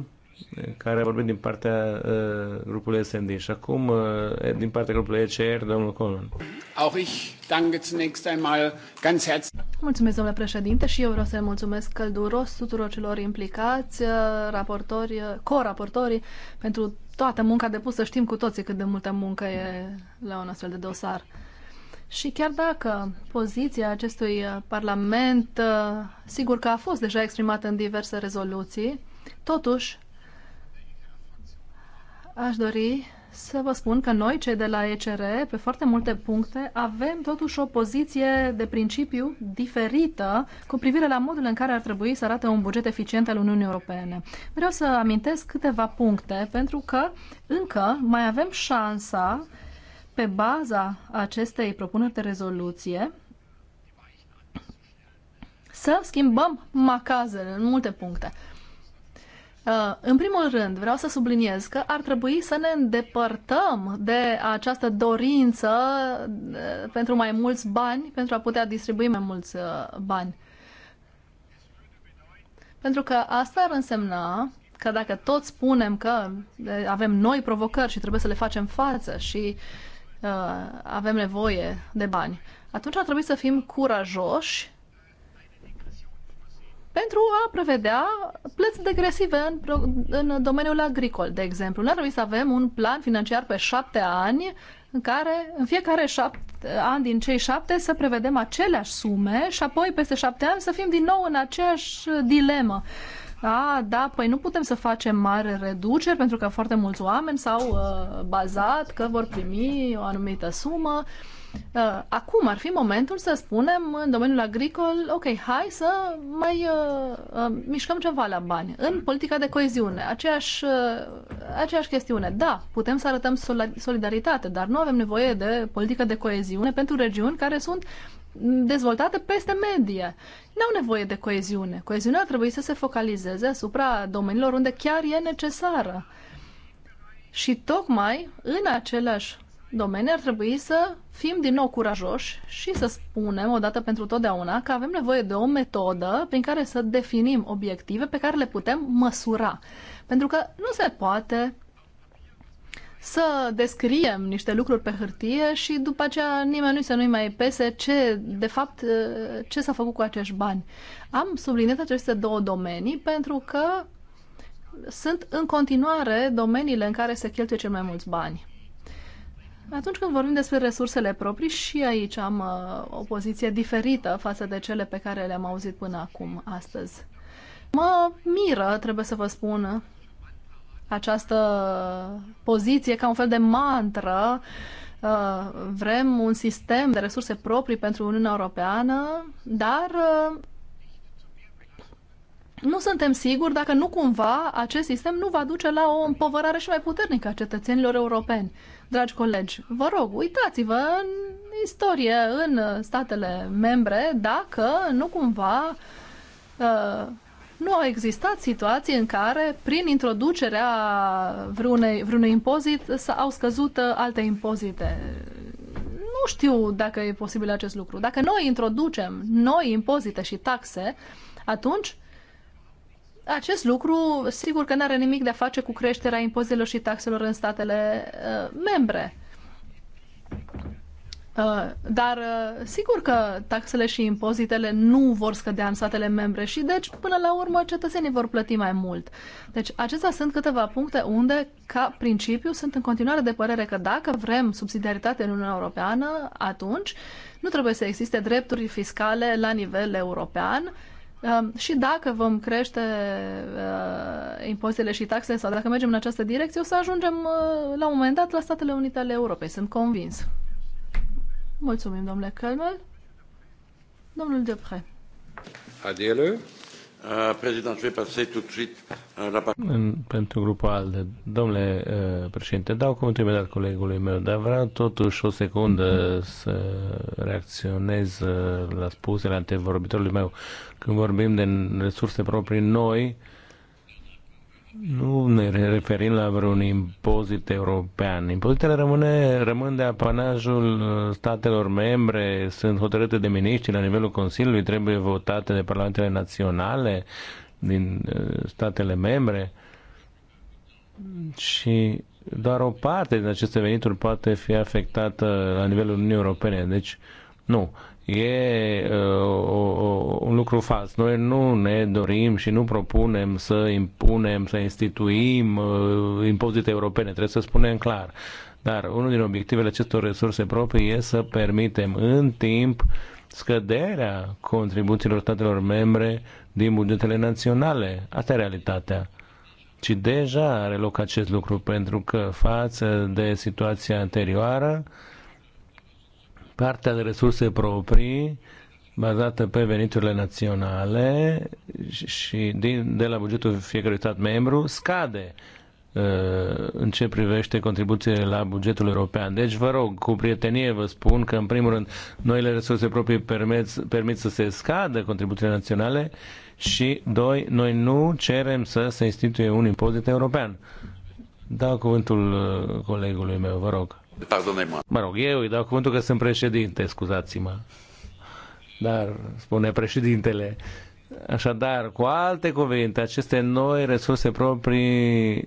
[SPEAKER 1] care a vorbit din partea uh, grupului SND și acum uh, din partea grupului ECR, domnul Colon. Auch ich danke zunächst einmal ganz herzlich.
[SPEAKER 2] Mulțumesc, domnule președinte, și eu vreau să mulțumesc călduros tuturor celor implicați, uh, raportori, uh, co raportori, pentru toată munca depusă. Știm cu toții cât de multă muncă e la un astfel de dosar. Și chiar dacă poziția acestui Parlament, uh, sigur că a fost deja exprimată în diverse rezoluții, totuși Aș dori să vă spun că noi, cei de la ECR, pe foarte multe puncte, avem totuși o poziție de principiu diferită cu privire la modul în care ar trebui să arate un buget eficient al Uniunii Europene. Vreau să amintesc câteva puncte, pentru că încă mai avem șansa, pe baza acestei propuneri de rezoluție, să schimbăm macazele în multe puncte. Uh, în primul rând, vreau să subliniez că ar trebui să ne îndepărtăm de această dorință uh, pentru mai mulți bani, pentru a putea distribui mai mulți uh, bani. Pentru că asta ar însemna că dacă toți spunem că avem noi provocări și trebuie să le facem față și uh, avem nevoie de bani, atunci ar trebui să fim curajoși pentru a prevedea plăți degresive în, în domeniul agricol, de exemplu. N-ar trebui să avem un plan financiar pe șapte ani în care în fiecare șapte ani din cei șapte să prevedem aceleași sume și apoi peste șapte ani să fim din nou în aceeași dilemă. A, da, păi nu putem să facem mare reduceri pentru că foarte mulți oameni s-au uh, bazat că vor primi o anumită sumă. Uh, Uh, acum ar fi momentul să spunem în domeniul agricol, ok, hai să mai uh, uh, mișcăm ceva la bani. În politica de coeziune, aceeași, uh, aceeași chestiune. Da, putem să arătăm solidaritate, dar nu avem nevoie de politică de coeziune pentru regiuni care sunt dezvoltate peste medie. Nu au nevoie de coeziune. Coeziunea ar trebui să se focalizeze asupra domeniilor unde chiar e necesară. Și tocmai în același domenii ar trebui să fim din nou curajoși și să spunem odată pentru totdeauna că avem nevoie de o metodă prin care să definim obiective pe care le putem măsura. Pentru că nu se poate să descriem niște lucruri pe hârtie și după aceea nimeni să nu-i mai pese ce, de fapt, eh, ce s-a făcut cu acești bani. Am subliniat aceste două domenii pentru că sunt în continuare domeniile în care se cheltuie cel mai mulți bani. Atunci când vorbim despre resursele proprii, și aici am uh, o poziție diferită față de cele pe care le-am auzit până acum, astăzi. Mă miră, trebuie să vă spun, această poziție ca un fel de mantră. Uh, vrem un sistem de resurse proprii pentru Uniunea Europeană, dar uh, nu suntem siguri dacă nu cumva acest sistem nu va duce la o împovărare și mai puternică a cetățenilor europeni dragi colegi, vă rog, uitați-vă în istorie, în statele membre, dacă nu cumva uh, nu au existat situații în care, prin introducerea vreunei, vreunui impozit, au scăzut uh, alte impozite. Nu știu dacă e posibil acest lucru. Dacă noi introducem noi impozite și taxe, atunci acest lucru, sigur că nu are nimic de a face cu creșterea impozitelor și taxelor în statele uh, membre. Uh, dar uh, sigur că taxele și impozitele nu vor scădea în statele membre și deci până la urmă cetățenii vor plăti mai mult. Deci acestea sunt câteva puncte unde ca principiu sunt în continuare de părere că dacă vrem subsidiaritate în Uniunea Europeană, atunci nu trebuie să existe drepturi fiscale la nivel european Um, și dacă vom crește uh, impozitele și taxele sau dacă mergem în această direcție, o să ajungem uh, la un moment dat la Statele Unite ale Europei, sunt convins. Mulțumim, domnule Kölmel. Domnul Depre.
[SPEAKER 1] Adieu. Euh, euh, pentru grupul ALDE, domnule uh, președinte, dau cuvântul imediat colegului meu, dar vreau totuși o secundă să reacționez uh, la spusele antevorbitorului meu. Când vorbim de resurse proprii noi, uh, nu ne referim la vreun impozit european. Impozitele rămâne, rămân de apanajul uh, statelor membre, sunt hotărâte de miniștri la nivelul Consiliului, trebuie votate de parlamentele naționale din uh, statele membre și doar o parte din aceste venituri poate fi afectată la nivelul Uniunii Europene. Deci, nu e uh, o, o, un lucru fals. Noi nu ne dorim și nu propunem să impunem, să instituim uh, impozite europene, trebuie să spunem clar. Dar unul din obiectivele acestor resurse proprii e să permitem în timp scăderea contribuțiilor statelor membre din bugetele naționale. Asta e realitatea. Și deja are loc acest lucru, pentru că față de situația anterioară, uh, partea de resurse proprii bazată pe veniturile naționale și din, de la bugetul fiecărui stat membru scade uh, în ce privește contribuțiile la bugetul european. Deci, vă rog, cu prietenie vă spun că, în primul rând, noile resurse proprii permit, permit să se scadă contribuțiile naționale și, doi, noi nu cerem să se instituie un impozit european. Dau cuvântul uh, colegului meu, vă rog. Pardonez-mă. Mă rog, eu îi dau cuvântul că sunt președinte, scuzați-mă. Dar, spune președintele, așadar, cu alte cuvinte, aceste noi resurse proprii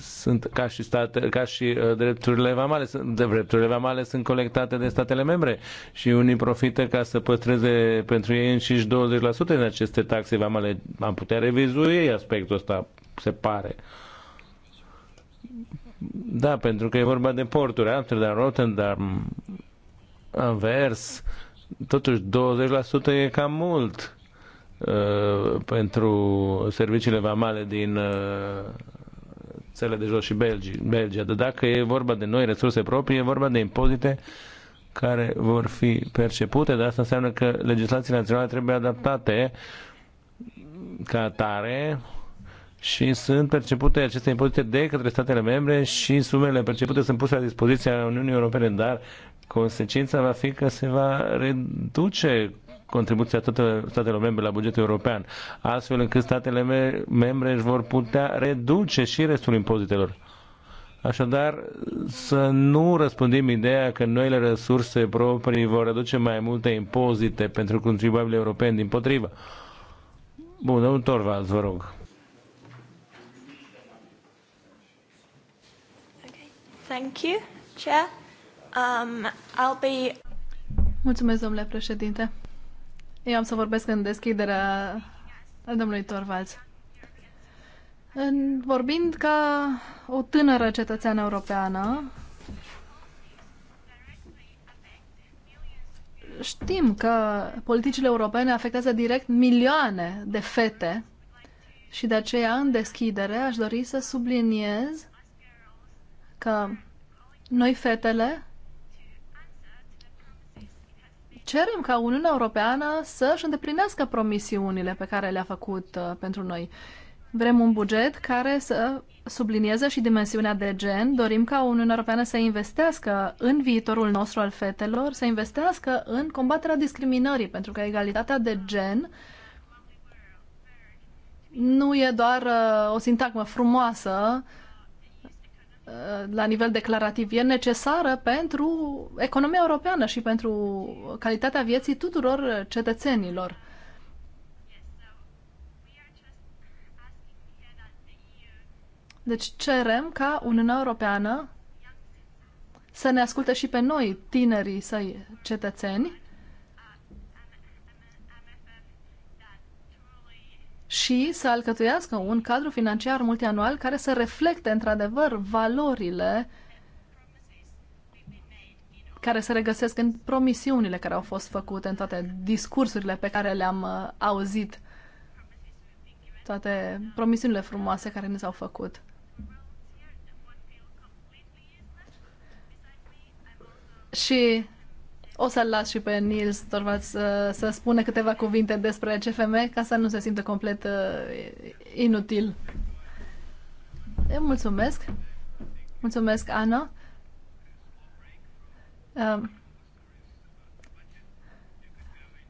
[SPEAKER 1] sunt ca și, state, ca și uh, drepturile vamale, sunt, de drepturile vamale sunt colectate de statele membre și unii profită ca să păstreze pentru ei înșiși 20% din aceste taxe vamale. Am putea revizui aspectul ăsta, se pare. Da, pentru că e vorba de porturi, Amsterdam, Rotterdam, Anvers, totuși 20% e cam mult uh, pentru serviciile vamale din uh, țele de jos și Belgia, Belgia. Dar dacă e vorba de noi resurse proprii, e vorba de impozite care vor fi percepute, dar asta înseamnă că legislațiile naționale trebuie adaptate ca atare și sunt percepute aceste impozite de către statele membre și sumele percepute sunt puse la dispoziția Uniunii Europene, dar consecința va fi că se va reduce contribuția statelor membre la bugetul european, astfel încât statele membre își vor putea reduce și restul impozitelor. Așadar, să nu răspândim ideea că noile resurse proprii vor reduce mai multe impozite pentru contribuabile europeni din potrivă. Bun, domnul Torvalds, vă rog.
[SPEAKER 2] Thank you, Chair. Um, I'll be... Mulțumesc, domnule președinte. Eu am să vorbesc în deschiderea domnului Torvalds. În, vorbind ca o tânără cetățeană europeană, știm că politicile europene afectează direct milioane de fete și de aceea, în deschidere, aș dori să subliniez că noi fetele cerem ca Uniunea Europeană să-și îndeplinească promisiunile pe care le-a făcut uh, pentru noi. Vrem un buget care să sublinieze și dimensiunea de gen. Dorim ca Uniunea Europeană să investească în viitorul nostru al fetelor, să investească în combaterea discriminării, pentru că egalitatea de gen nu e doar uh, o sintagmă frumoasă Uh, la nivel declarativ e necesară pentru economia europeană și pentru calitatea vieții tuturor uh, cetățenilor. Deci cerem ca Uniunea Europeană să ne asculte și pe noi, tinerii săi cetățeni, și să alcătuiască un cadru financiar multianual care să reflecte într-adevăr valorile care se regăsesc în promisiunile care au fost făcute, în toate discursurile pe care le-am uh, auzit, toate promisiunile frumoase care ne s-au făcut. Și o să-l las și pe Nils Torvalds uh, să, să spune câteva cuvinte despre CFM ca să nu se simtă complet uh, inutil. Eu mulțumesc. Mulțumesc, Ana. Uh,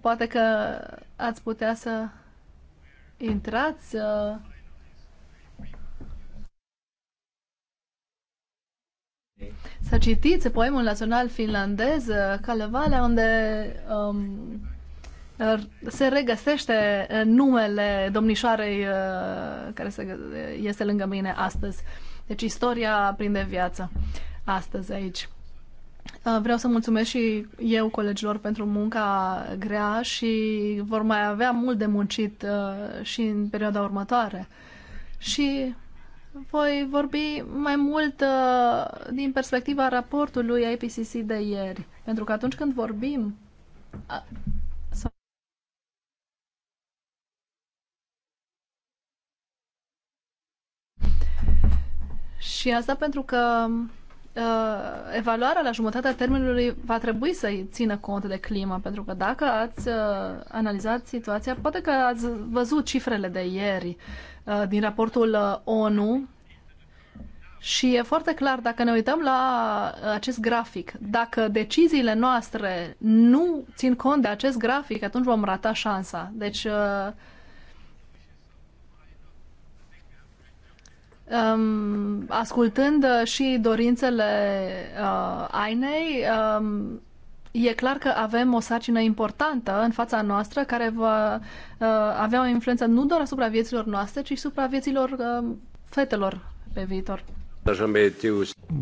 [SPEAKER 2] poate că ați putea să intrați uh, să citiți poemul național finlandez uh, Kalevala, unde um, uh, se regăsește uh, numele domnișoarei care se, este lângă mine astăzi. Deci istoria prinde viață astăzi aici. Vreau să mulțumesc și eu colegilor pentru munca grea și vor mai avea mult de muncit și în perioada următoare. Și voi vorbi mai mult uh, din perspectiva raportului IPCC de ieri. Pentru că atunci când vorbim... Uh, Și asta pentru că uh, evaluarea la jumătatea termenului va trebui să țină cont de climă, pentru că dacă ați uh, analizat situația, poate că ați văzut cifrele de ieri uh, Uh, din raportul uh, ONU și e foarte clar, dacă ne uităm la uh, acest grafic, dacă deciziile noastre nu țin cont de acest grafic, atunci vom rata șansa. Deci, um, ascultând și dorințele Ainei, um, E clar că avem o sarcină importantă în fața noastră care va uh, avea o influență nu doar asupra vieților noastre, ci și asupra vieților uh, fetelor pe viitor.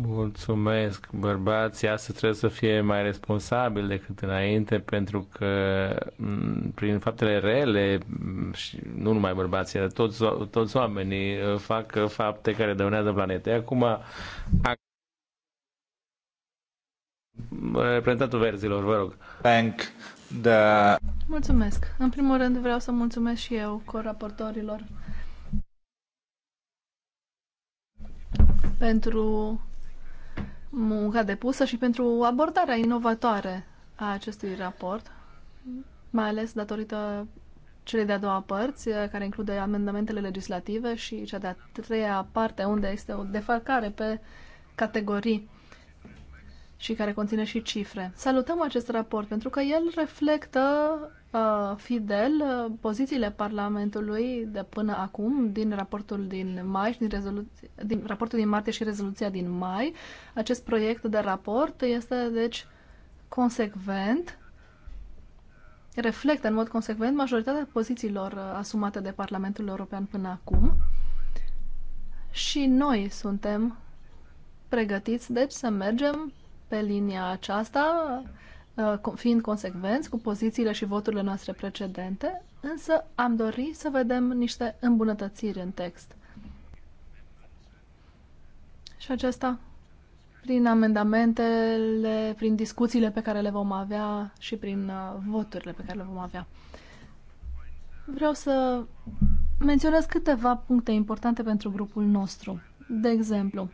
[SPEAKER 1] Mulțumesc. Bărbații astăzi trebuie să fie mai responsabili decât înainte pentru că prin faptele rele și nu numai bărbații, toți, toți oamenii uh, fac uh, fapte care dăunează planetei. Acum reprezentantul verzilor, vă rog. Thank the...
[SPEAKER 2] Mulțumesc. În primul rând vreau să mulțumesc și eu coraportorilor pentru munca depusă și pentru abordarea inovatoare a acestui raport, mai ales datorită cele de-a doua părți, care include amendamentele legislative și cea de-a treia parte, unde este o defalcare pe categorii și care conține și cifre. Salutăm acest raport pentru că el reflectă uh, fidel uh, pozițiile Parlamentului de până acum din raportul din mai și din, din raportul din martie și rezoluția din mai. Acest proiect de raport este deci consecvent reflectă în mod consecvent majoritatea pozițiilor uh, asumate de Parlamentul European până acum și noi suntem pregătiți, deci, să mergem pe linia aceasta, uh, fiind consecvenți cu pozițiile și voturile noastre precedente, însă am dori să vedem niște îmbunătățiri în text. Și acesta prin amendamentele, prin discuțiile pe care le vom avea și prin uh, voturile pe care le vom avea. Vreau să menționez câteva puncte importante pentru grupul nostru. De exemplu,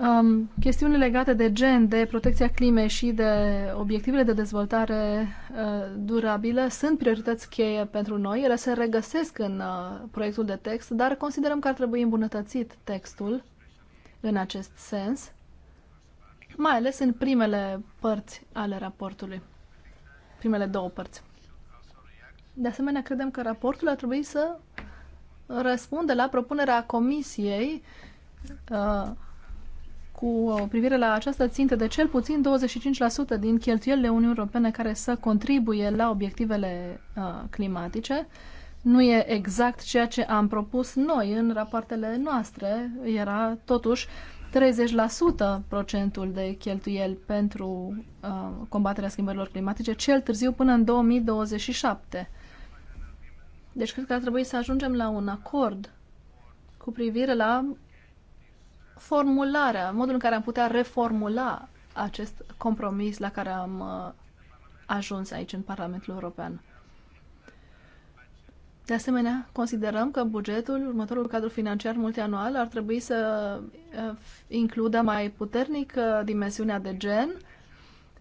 [SPEAKER 2] um, chestiuni legate de gen, de protecția climei și de obiectivele de dezvoltare uh, durabilă sunt priorități cheie pentru noi. Ele se regăsesc în uh, proiectul de text, dar considerăm că ar trebui îmbunătățit textul în acest sens, mai ales în primele părți ale raportului, primele două părți. De asemenea, credem că raportul ar trebui să răspundă la propunerea Comisiei uh, cu uh, privire la această țintă de cel puțin 25% din cheltuielile Uniunii Europene care să contribuie la obiectivele uh, climatice. Nu e exact ceea ce am propus noi în rapoartele noastre. Era totuși 30% procentul de cheltuieli pentru uh, combaterea schimbărilor climatice, cel târziu până în 2027. Deci cred că ar trebui să ajungem la un acord cu privire la formularea, modul în care am putea reformula acest compromis la care am uh, ajuns aici în Parlamentul European. De asemenea, considerăm că bugetul, următorul cadru financiar multianual, ar trebui să uh, includă mai puternic uh, dimensiunea de gen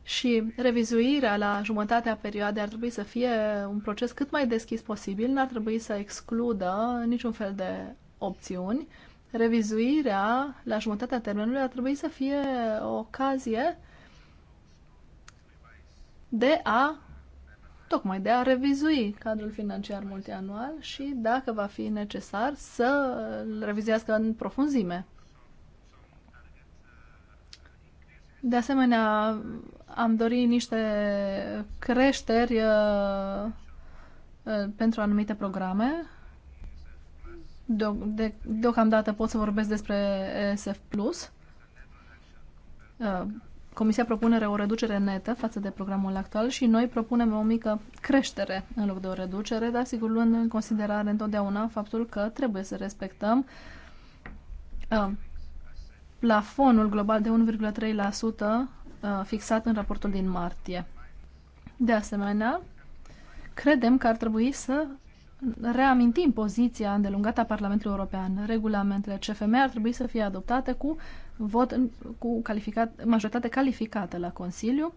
[SPEAKER 2] și revizuirea la jumătatea perioadei ar trebui să fie un proces cât mai deschis posibil, n-ar trebui să excludă niciun fel de opțiuni revizuirea la jumătatea termenului ar trebui să fie o ocazie de a tocmai de a revizui cadrul financiar multianual și, dacă va fi necesar, să îl revizuiască în profunzime. De asemenea, am dorit niște creșteri uh, uh, pentru anumite programe de, de, deocamdată pot să vorbesc despre ESF+. Plus. Uh, Comisia propune o reducere netă față de programul actual și noi propunem o mică creștere în loc de o reducere, dar sigur luând în considerare întotdeauna faptul că trebuie să respectăm uh, plafonul global de 1,3% uh, fixat în raportul din martie. De asemenea, credem că ar trebui să reamintim poziția îndelungată a Parlamentului European. Regulamentele CFM ar trebui să fie adoptate cu vot cu calificat, majoritate calificată la Consiliu.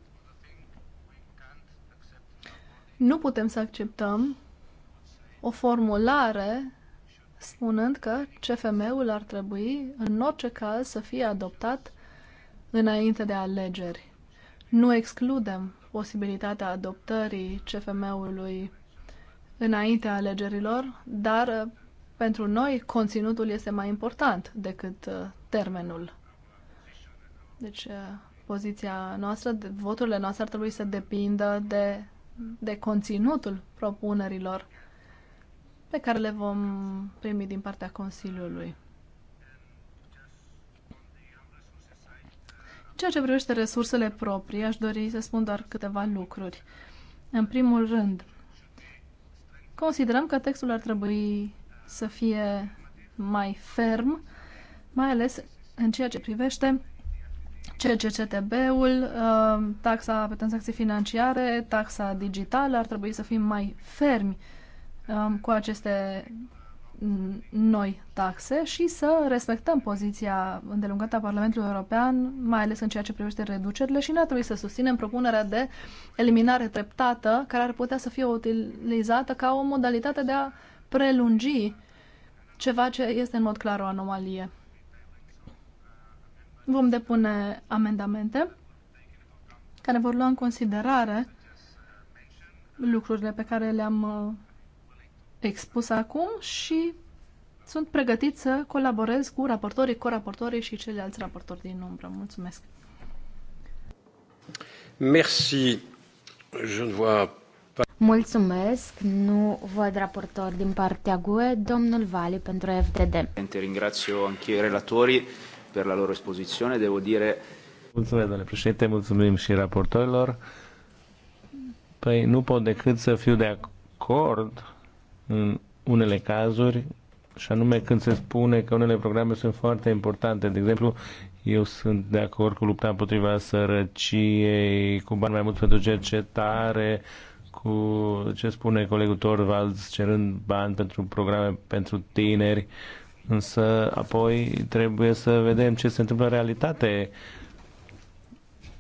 [SPEAKER 2] Nu putem să acceptăm o formulare spunând că CFM-ul ar trebui, în orice caz, să fie adoptat înainte de alegeri. Nu excludem posibilitatea adoptării CFM-ului înaintea alegerilor, dar uh, pentru noi conținutul este mai important decât uh, termenul. Deci uh, poziția noastră, voturile noastre ar trebui să depindă de, de conținutul propunerilor pe care le vom primi din partea Consiliului. În ceea ce privește resursele proprii, aș dori să spun doar câteva lucruri. În primul rând, Considerăm că textul ar trebui să fie mai ferm, mai ales în ceea ce privește CCCTB-ul, uh, taxa pe tranzacții financiare, taxa digitală, ar trebui să fim mai fermi uh, cu aceste noi taxe și să respectăm poziția îndelungată a Parlamentului European, mai ales în ceea ce privește reducerile și n-ar trebui să susținem propunerea de eliminare treptată care ar putea să fie utilizată ca o modalitate de a prelungi ceva ce este în mod clar o anomalie. Vom depune amendamente care vor lua în considerare lucrurile pe care le-am uh, expus acum și sunt pregătit să colaborez cu raportorii, co-raportorii și ceilalți raportori din umbră. Mulțumesc!
[SPEAKER 3] Merci. Je ne vois pas... Mulțumesc, nu văd raportor din partea GUE, domnul Vali pentru FDD.
[SPEAKER 1] Ringrazio
[SPEAKER 3] anche i relatori per la loro esposizione, devo dire...
[SPEAKER 1] Mulțumesc, domnule președinte, mulțumim și raportorilor. Păi nu pot decât să fiu de acord în unele cazuri, și anume când se spune că unele programe sunt foarte importante. De exemplu, eu sunt de acord cu lupta împotriva sărăciei, cu bani mai mult pentru cercetare, cu ce spune colegul Torvalds cerând bani pentru programe pentru tineri, însă apoi trebuie să vedem ce se întâmplă în realitate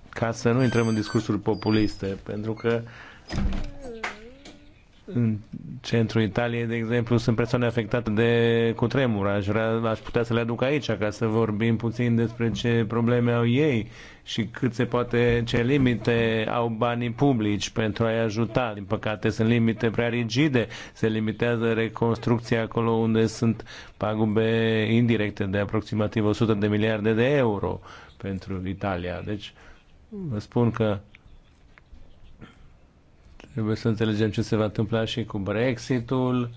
[SPEAKER 1] ca să nu intrăm în discursuri populiste, pentru că în centrul Italiei, de exemplu, sunt persoane afectate de cutremur. Aș, vrea, aș putea să le aduc aici ca să vorbim puțin despre ce probleme au ei și cât se poate, ce limite au banii publici pentru a-i ajuta. Din păcate sunt limite prea rigide, se limitează reconstrucția acolo unde sunt pagube indirecte de aproximativ 100 de miliarde de euro pentru Italia. Deci vă spun că Trebuie să înțelegem ce se va întâmpla și cu Brexitul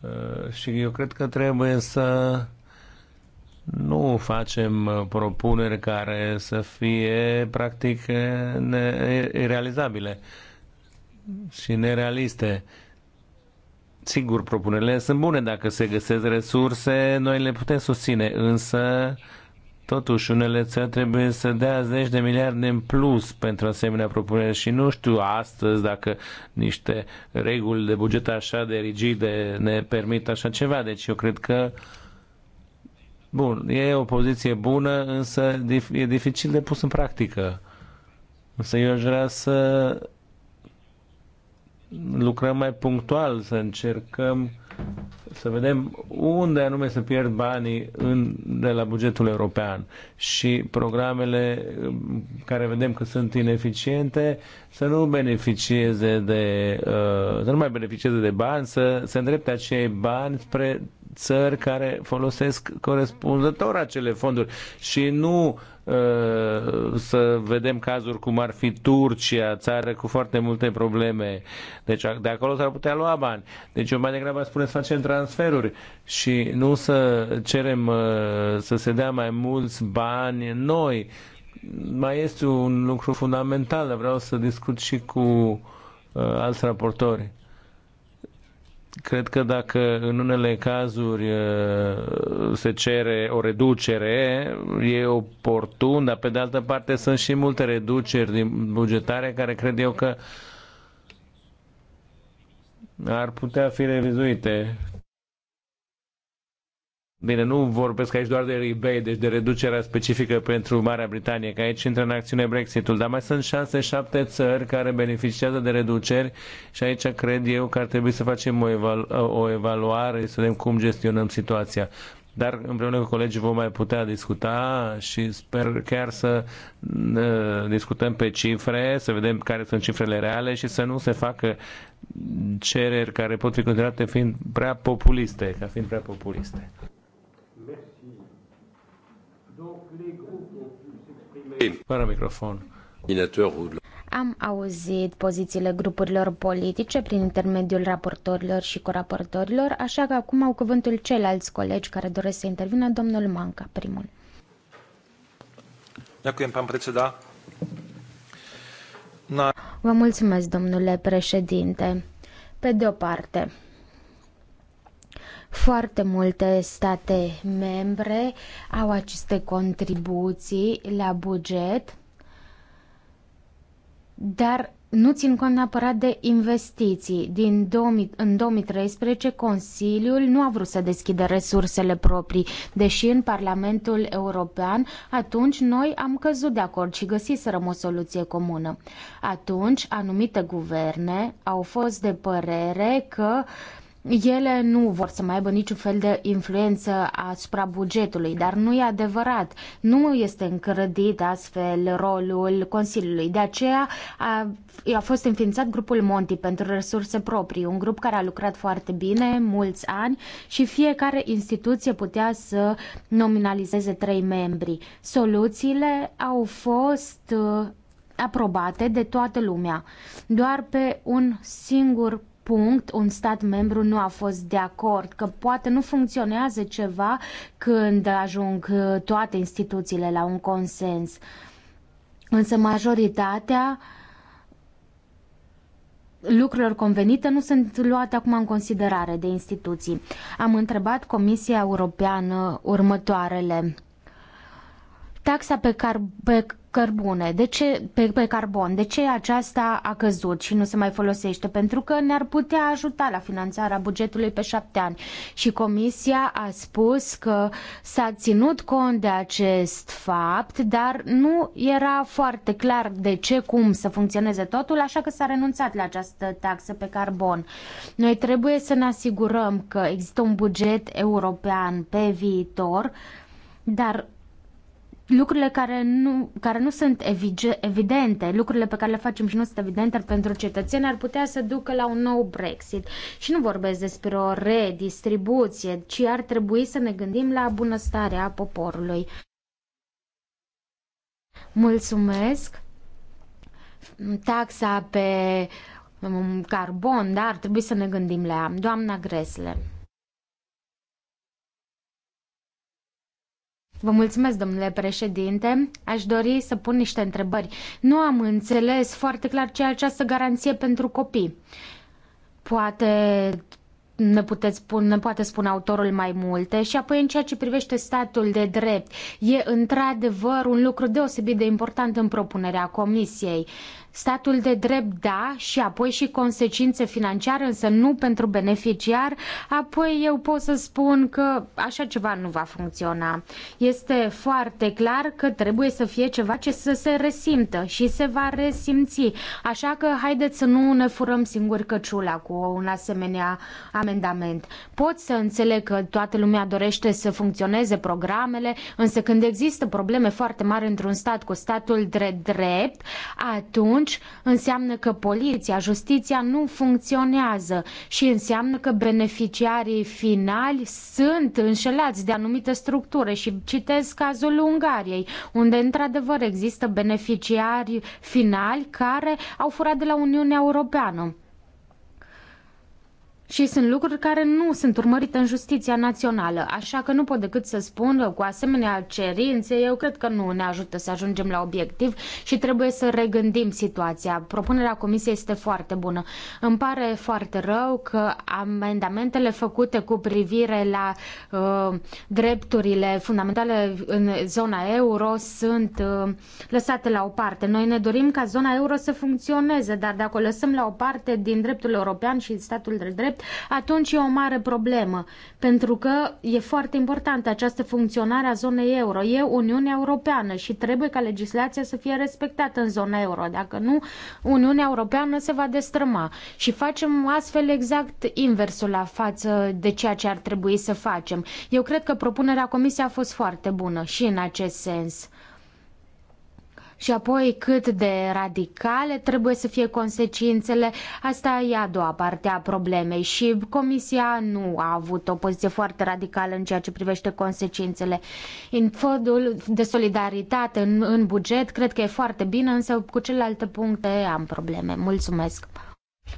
[SPEAKER 1] uh, și eu cred că trebuie să nu facem uh, propuneri care să fie practic irealizabile uh, și nerealiste. Sigur, propunerile sunt bune dacă se găsesc resurse, noi le putem susține, însă uh, Totuși, unele țări trebuie să dea zeci de miliarde în plus pentru asemenea propuneri și nu știu astăzi dacă niște reguli de buget așa de rigide ne permit așa ceva. Deci eu cred că Bun, e o poziție bună, însă e dificil de pus în practică. Însă eu aș vrea să lucrăm mai punctual, să încercăm să vedem unde anume se pierd banii în, de la bugetul european și programele um, care vedem că sunt ineficiente să nu beneficieze de uh, să nu mai beneficieze de bani, să se îndrepte acei bani spre țări care folosesc corespunzător acele fonduri și nu uh, să vedem cazuri cum ar fi Turcia, țară cu foarte multe probleme. Deci de acolo s-ar putea lua bani. Deci eu mai degrabă spune să facem transferuri și nu să cerem uh, să se dea mai mulți bani noi. Mai este un lucru fundamental, vreau să discut și cu uh, alți raportori. Cred că dacă în unele cazuri uh, se cere o reducere, e oportun, dar pe de altă parte sunt și multe reduceri din bugetare care cred eu că ar putea fi revizuite Bine, nu vorbesc aici doar de rebate, deci de reducerea specifică pentru Marea Britanie, că aici intră în acțiune Brexitul, dar mai sunt 6-7 țări care beneficiază de reduceri și aici cred eu că ar trebui să facem o, evalu- o evaluare, să vedem cum gestionăm situația. Dar împreună cu colegii vom mai putea discuta și sper chiar să uh, discutăm pe cifre, să vedem care sunt cifrele reale și să nu se facă cereri care pot fi considerate fiind prea populiste, ca fiind prea populiste. Fără microfon.
[SPEAKER 3] Am auzit pozițiile grupurilor politice prin intermediul raportorilor și coraportorilor, așa că acum au cuvântul ceilalți colegi care doresc să intervină, domnul Manca, primul.
[SPEAKER 1] Ďakujem, pán predseda. Na...
[SPEAKER 3] Vă mulțumesc, domnule președinte. Pe de o parte, foarte multe state membre au aceste contribuții la buget, dar nu țin cont neapărat de investiții. Din 2000, în 2013, Consiliul nu a vrut să deschidă resursele proprii, deși în Parlamentul European atunci noi am căzut de acord și găsiserăm o soluție comună. Atunci, anumite guverne au fost de părere că uh, ele nu vor să mai aibă niciun fel de influență asupra bugetului, dar nu e adevărat. Nu este încredit astfel rolul Consiliului. De aceea a, a fost înființat grupul Monti pentru resurse proprii, un grup care a lucrat foarte bine mulți ani și fiecare instituție putea să nominalizeze trei membri. Soluțiile au fost uh, aprobate de toată lumea. Doar pe un singur punct un stat membru nu a fost de acord, că poate nu funcționează ceva când ajung uh, toate instituțiile la un consens. Însă majoritatea lucrurilor convenite nu sunt luate acum în considerare de instituții. Am întrebat Comisia Europeană următoarele. Taxa pe, car- pe cărbune, de ce, pe, pe carbon, de ce aceasta a căzut și nu se mai folosește? Pentru că ne-ar putea ajuta la finanțarea bugetului pe șapte ani. Și Comisia a spus că s-a ținut cont de acest fapt, dar nu era foarte clar de ce, cum să funcționeze totul, așa că s-a renunțat la această taxă pe carbon. Noi trebuie să ne asigurăm că există un buget european pe viitor, dar lucrurile care nu, care nu sunt evidente, lucrurile pe care le facem și nu sunt evidente pentru cetățeni, ar putea să ducă la un nou Brexit. Și nu vorbesc despre o redistribuție, ci ar trebui să ne gândim la bunăstarea poporului. Mulțumesc! Taxa pe um, carbon, dar ar trebui să ne gândim la ea. Doamna Gresle. Vă mulțumesc, domnule președinte. Aș dori să pun niște întrebări. Nu am înțeles foarte clar ce e această garanție pentru copii. Poate ne, puteți spune, ne poate spune autorul mai multe și apoi în ceea ce privește statul de drept. E într-adevăr un lucru deosebit de important în propunerea comisiei statul de drept, da, și apoi și consecințe financiare, însă nu pentru beneficiar, apoi eu pot să spun că așa ceva nu va funcționa. Este foarte clar că trebuie să fie ceva ce să se resimtă și se va resimți. Așa că haideți să nu ne furăm singuri căciula cu un asemenea amendament. Pot să înțeleg că toată lumea dorește să funcționeze programele, însă când există probleme foarte mari într-un stat cu statul de drept, atunci atunci înseamnă că poliția, justiția nu funcționează și înseamnă că beneficiarii finali sunt înșelați de anumite structuri și citesc cazul Ungariei, unde într-adevăr există beneficiari finali care au furat de la Uniunea Europeană. Și sunt lucruri care nu sunt urmărite în justiția națională, așa că nu pot decât să spun că cu asemenea cerințe eu cred că nu ne ajută să ajungem la obiectiv și trebuie să regândim situația. Propunerea comisiei este foarte bună. Îmi pare foarte rău că amendamentele făcute cu privire la uh, drepturile fundamentale în zona euro sunt uh, lăsate la o parte. Noi ne dorim ca zona euro să funcționeze, dar dacă o lăsăm la o parte din dreptul european și statul de drept, atunci e o mare problemă, pentru că e foarte importantă această funcționare a zonei euro. E Uniunea Europeană și trebuie ca legislația să fie respectată în zona euro. Dacă nu, Uniunea Europeană se va destrăma și facem astfel exact inversul la față de ceea ce ar trebui să facem. Eu cred că propunerea Comisiei a fost foarte bună și în acest sens și apoi cât de radicale trebuie să fie consecințele. Asta e a doua parte a problemei și Comisia nu a avut o poziție foarte radicală în ceea ce privește consecințele. În fondul de solidaritate în, în buget cred că e foarte bine, însă cu celelalte puncte am probleme. Mulțumesc!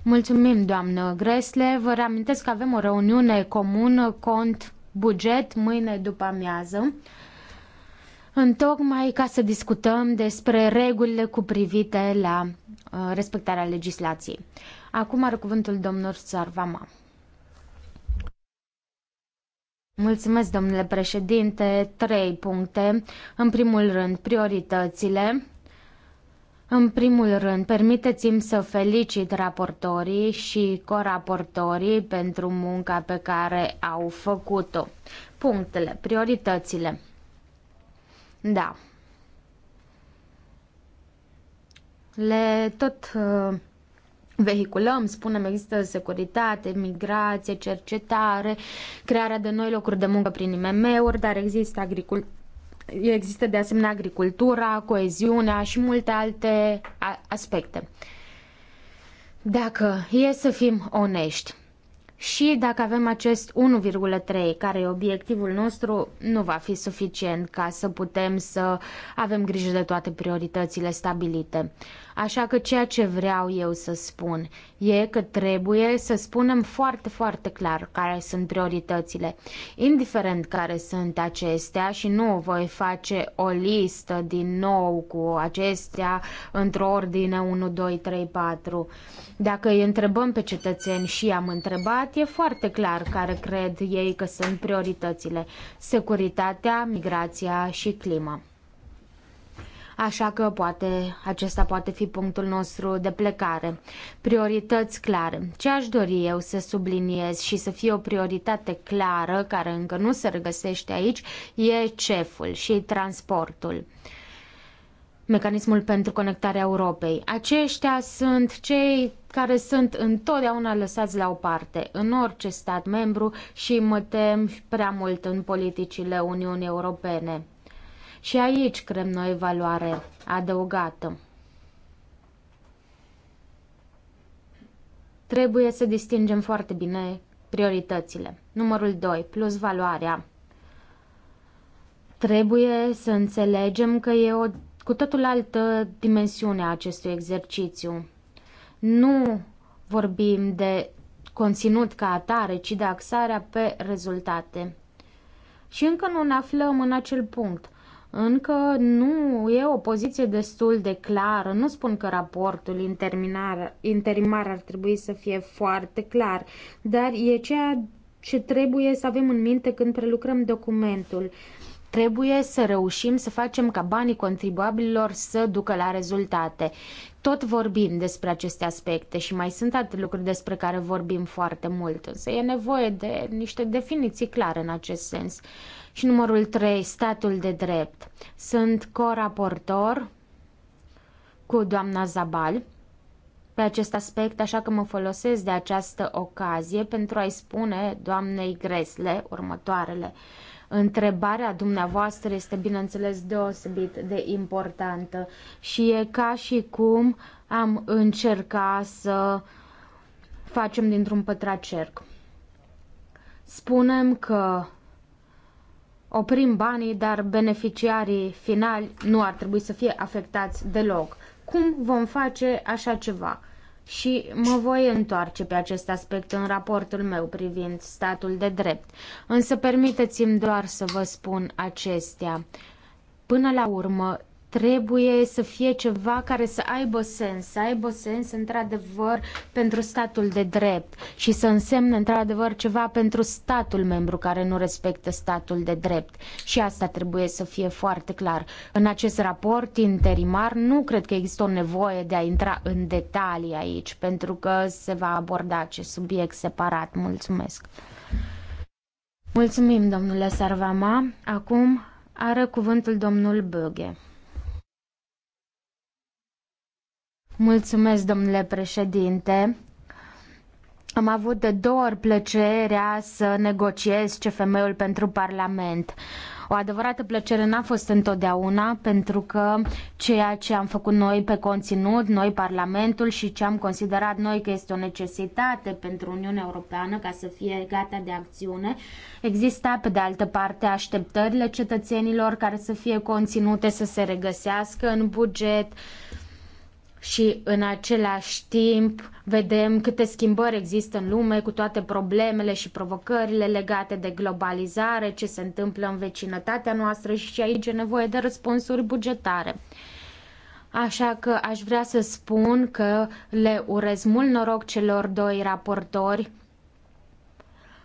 [SPEAKER 3] Mulțumim, doamnă Gresle. Vă reamintesc că avem o reuniune comună, cont, buget, mâine după amiază întocmai ca să discutăm despre regulile cu privire la uh, respectarea legislației. Acum are cuvântul domnul Sarvama. Mulțumesc, domnule președinte. Trei puncte. În primul rând, prioritățile. În primul rând, permiteți-mi să felicit raportorii și coraportorii pentru munca pe care au făcut-o. Punctele, prioritățile. Da. Le tot uh, vehiculăm, spunem, există securitate, migrație, cercetare, crearea de noi locuri de muncă prin IMM-uri, dar există agricultură există de asemenea agricultura, coeziunea și multe alte aspecte. Dacă e să fim onești, și dacă avem acest 1,3 care e obiectivul nostru, nu va fi suficient ca să putem să avem grijă de toate prioritățile stabilite. Așa că ceea ce vreau eu să spun e că trebuie să spunem foarte, foarte clar care sunt prioritățile. Indiferent care sunt acestea și nu voi face o listă din nou cu acestea într-o ordine 1, 2, 3, 4. Dacă îi întrebăm pe cetățeni și am întrebat, e foarte clar care cred ei că sunt prioritățile. Securitatea, migrația și clima așa că poate acesta poate fi punctul nostru de plecare. Priorități clare. Ce aș dori eu să subliniez și să fie o prioritate clară, care încă nu se regăsește aici, e ceful și transportul mecanismul pentru conectarea Europei. Aceștia sunt cei care sunt întotdeauna lăsați la o parte în orice stat membru și mă tem prea mult în politicile Uniunii Europene. Și aici creăm noi valoare adăugată. Trebuie să distingem foarte bine prioritățile. Numărul 2, plus valoarea. Trebuie să înțelegem că e o cu totul altă dimensiune a acestui exercițiu. Nu vorbim de conținut ca atare, ci de axarea pe rezultate. Și încă nu ne aflăm în acel punct încă nu e o poziție destul de clară. Nu spun că raportul interminar, interimar ar trebui să fie foarte clar, dar e ceea ce trebuie să avem în minte când prelucrăm documentul. Trebuie să reușim să facem ca banii contribuabililor să ducă la rezultate. Tot vorbim despre aceste aspecte și mai sunt alte lucruri despre care vorbim foarte mult, însă e nevoie de niște definiții clare în acest sens. Uh, și numărul 3, statul de drept. Sunt coraportor cu doamna Zabal pe acest aspect, așa că mă folosesc de această ocazie pentru a-i spune doamnei Gresle următoarele. Întrebarea dumneavoastră este, bineînțeles, deosebit de importantă și e ca și cum am încercat să facem dintr-un cerc. Spunem că oprim banii, dar beneficiarii finali nu ar trebui să fie afectați deloc. Cum vom face așa ceva? Și mă voi întoarce pe acest aspect în raportul meu privind statul de drept. Însă permiteți-mi doar să vă spun acestea. Până la urmă, trebuie să fie ceva care să aibă sens, să aibă sens într-adevăr pentru statul de drept și să însemne într-adevăr ceva pentru statul membru care nu respectă statul de drept. Și asta trebuie să fie foarte clar. În acest raport interimar nu cred că există o nevoie de a intra în detalii aici, pentru că se va aborda acest subiect separat. Mulțumesc! Mulțumim, domnule Sarvama. Acum are cuvântul domnul Băghe. Mulțumesc, domnule președinte. Am avut de două ori plăcerea să negociez CFM-ul pentru Parlament. O adevărată plăcere n-a fost întotdeauna, pentru că ceea ce am făcut noi pe conținut, noi Parlamentul și ce am considerat noi că este o necesitate pentru Uniunea Europeană ca să fie gata de acțiune, exista pe de altă parte așteptările cetățenilor care să fie conținute, să se regăsească în buget, uh, și în același timp vedem câte schimbări există în lume cu toate problemele și provocările legate de globalizare, ce se întâmplă în vecinătatea noastră și aici e nevoie de răspunsuri bugetare. Așa că aș vrea să spun că le urez mult noroc celor doi raportori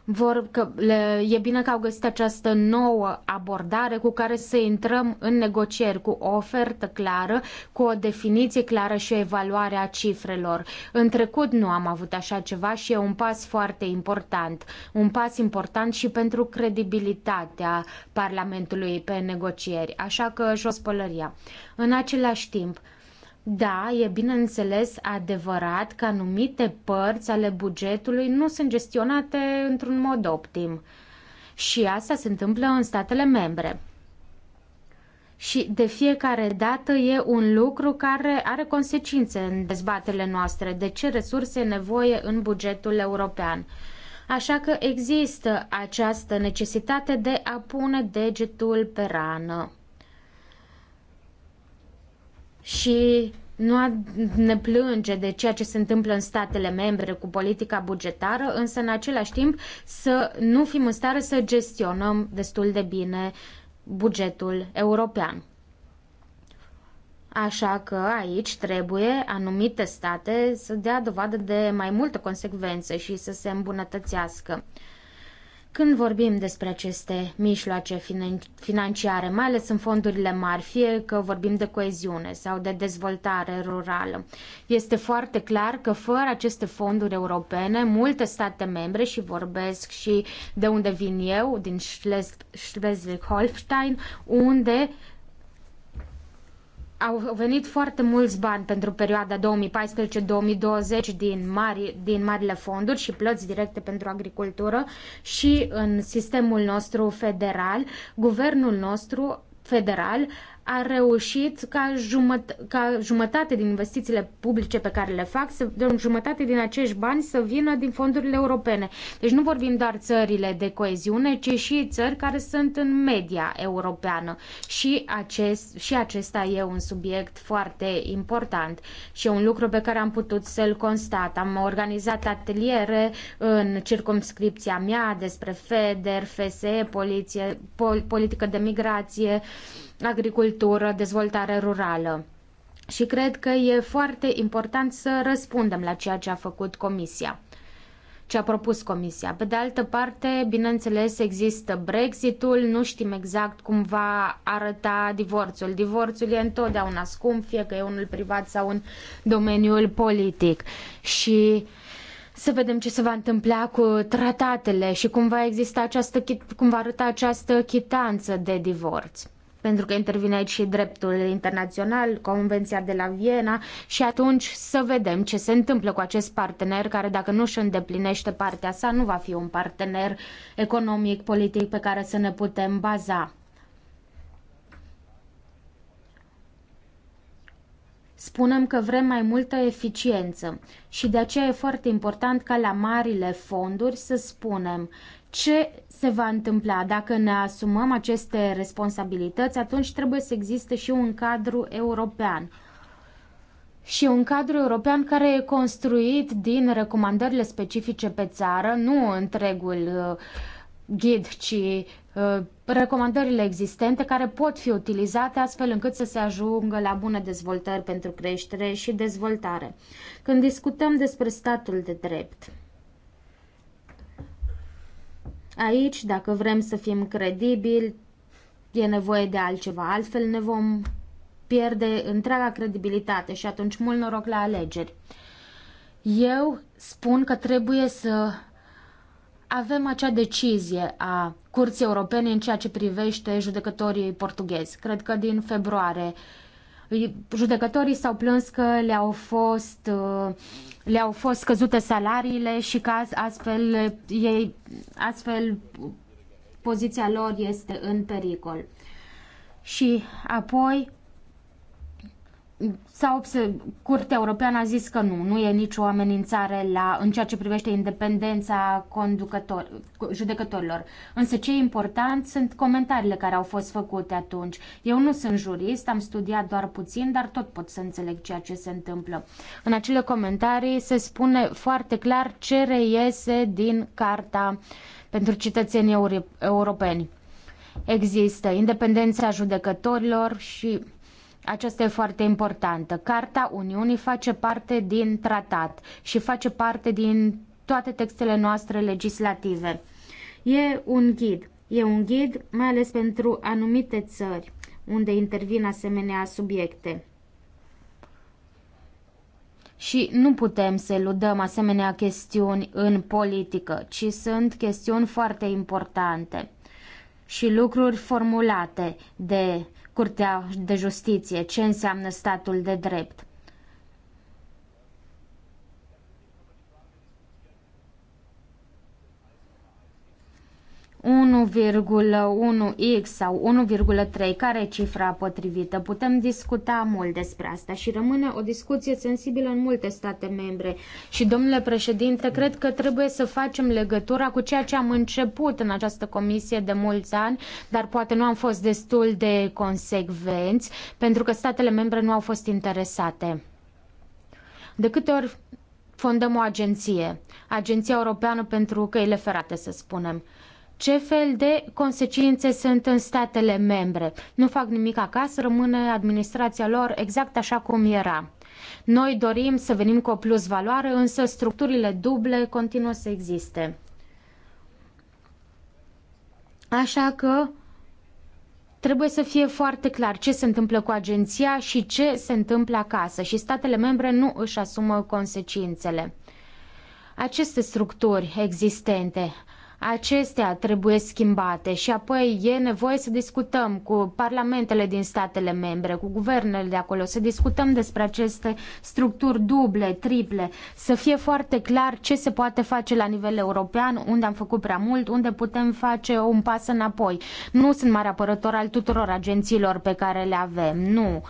[SPEAKER 3] vor că le, e bine că au găsit această nouă abordare cu care să intrăm în negocieri, cu o ofertă clară, cu o definiție clară și o evaluare a cifrelor. În trecut nu am avut așa ceva și e un pas foarte important. Un pas important și pentru credibilitatea Parlamentului pe negocieri. Așa că jos pălăria. În același timp, da, e bineînțeles adevărat că anumite părți ale bugetului nu sunt gestionate într-un mod optim. Și asta se întâmplă în statele membre. Și de fiecare dată e un lucru care are consecințe în dezbatele noastre, de ce resurse e nevoie în bugetul european. Așa că există această necesitate de a pune degetul pe rană și nu ne plânge de ceea ce se întâmplă în statele membre cu politica bugetară, însă în același timp să nu fim în stare să gestionăm destul de bine bugetul european. Așa că aici trebuie anumite state să dea dovadă de mai multă consecvență și să se îmbunătățească. Când vorbim despre aceste mijloace financiare, mai ales în fondurile mari, fie că vorbim de coeziune sau de dezvoltare rurală, este foarte clar că fără aceste fonduri europene, multe state membre, și vorbesc și de unde vin eu, din Schleswig-Holstein, unde uh, au venit foarte mulți bani pentru perioada 2014-2020 din, mari, din marile fonduri și plăți directe pentru agricultură și în sistemul nostru federal, guvernul nostru federal a reușit ca, jumăt- ca jumătate din investițiile publice pe care le fac, să, de jumătate din acești bani să vină din fondurile europene. Deci nu vorbim doar țările de coeziune, ci și țări care sunt în media europeană. Și, acest, și acesta e un subiect foarte important și e un lucru pe care am putut să-l constat. Am organizat ateliere în circumscripția mea despre FEDER, FSE, poliție, pol- politică de migrație, uh, agricultură, dezvoltare rurală. Și cred că e foarte important să răspundem la ceea ce a făcut Comisia ce a propus Comisia. Pe de altă parte, bineînțeles, există Brexitul, nu știm exact cum va arăta divorțul. Divorțul e întotdeauna scump, fie că e unul privat sau în domeniul politic. Și să vedem ce se va întâmpla cu tratatele și cum va exista această, cum va arăta această chitanță de divorț pentru că intervine aici și dreptul internațional, Convenția de la Viena și atunci să vedem ce se întâmplă cu acest partener care dacă nu își îndeplinește partea sa nu va fi un partener economic, politic pe care să ne putem baza. Spunem că vrem mai multă eficiență și de aceea e foarte important ca la marile fonduri să spunem ce se va întâmpla. Dacă ne asumăm aceste responsabilități, atunci trebuie să existe și un cadru european. Și un cadru european care e construit din recomandările specifice pe țară, nu întregul uh, ghid, ci uh, recomandările existente care pot fi utilizate astfel încât să se ajungă la bune dezvoltări pentru creștere și dezvoltare. Când discutăm despre statul de drept, Aici, dacă vrem să fim credibili, e nevoie de altceva, altfel ne vom pierde întreaga credibilitate și atunci mult noroc la alegeri. Eu spun că trebuie să avem acea decizie a Curții Europene în ceea ce privește judecătorii portughezi. Cred că din februarie judecătorii s-au plâns că le-au fost, uh, le-au fost scăzute salariile și că astfel, ei, astfel poziția lor este în pericol. Și apoi sau Curtea Europeană a zis că nu, nu e nicio amenințare la, în ceea ce privește independența conducător, judecătorilor. Însă ce e important sunt comentariile care au fost făcute atunci. Eu nu sunt jurist, am studiat doar puțin, dar tot pot să înțeleg ceea ce se întâmplă. În acele comentarii se spune foarte clar ce reiese din Carta pentru cetățenii europeni. Există independența judecătorilor și aceasta e foarte importantă. Carta Uniunii face parte din tratat și face parte din toate textele noastre legislative. E un ghid. E un ghid mai ales pentru anumite țări unde intervin asemenea subiecte. Și nu putem să eludăm asemenea chestiuni în politică, ci sunt chestiuni foarte importante și lucruri formulate de Curtea de Justiție, ce înseamnă statul de drept. 1,1x sau 1,3, care e cifra potrivită? Putem discuta mult despre asta și rămâne o discuție sensibilă în multe state membre. Și, domnule președinte, cred că trebuie să facem legătura cu ceea ce am început în această comisie de mulți ani, dar poate nu am fost destul de consecvenți, pentru că statele membre nu au fost interesate. De câte ori fondăm o agenție, Agenția Europeană pentru Căile Ferate, să spunem, ce fel de consecințe sunt în statele membre. Nu fac nimic acasă, rămâne administrația lor exact așa cum era. Noi dorim să venim cu o plus valoare, însă structurile duble continuă să existe. Așa că trebuie să fie foarte clar ce se întâmplă cu agenția și ce se întâmplă acasă și statele membre nu își asumă consecințele. Aceste structuri existente Acestea trebuie schimbate și apoi e nevoie să discutăm cu parlamentele din statele membre, cu guvernele de acolo, să discutăm despre aceste structuri duble, triple, să fie foarte clar ce se poate face la nivel european, unde am făcut prea mult, unde putem face un pas înapoi. Nu sunt mare apărător al tuturor agențiilor pe care le avem, nu.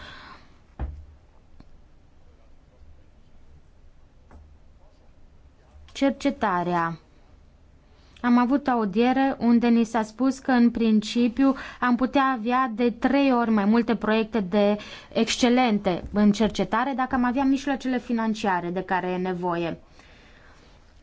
[SPEAKER 3] Cercetarea am avut audiere unde ni s-a spus că în principiu am putea avea de trei ori mai multe proiecte de excelente în cercetare dacă am avea mijloacele financiare de care e nevoie.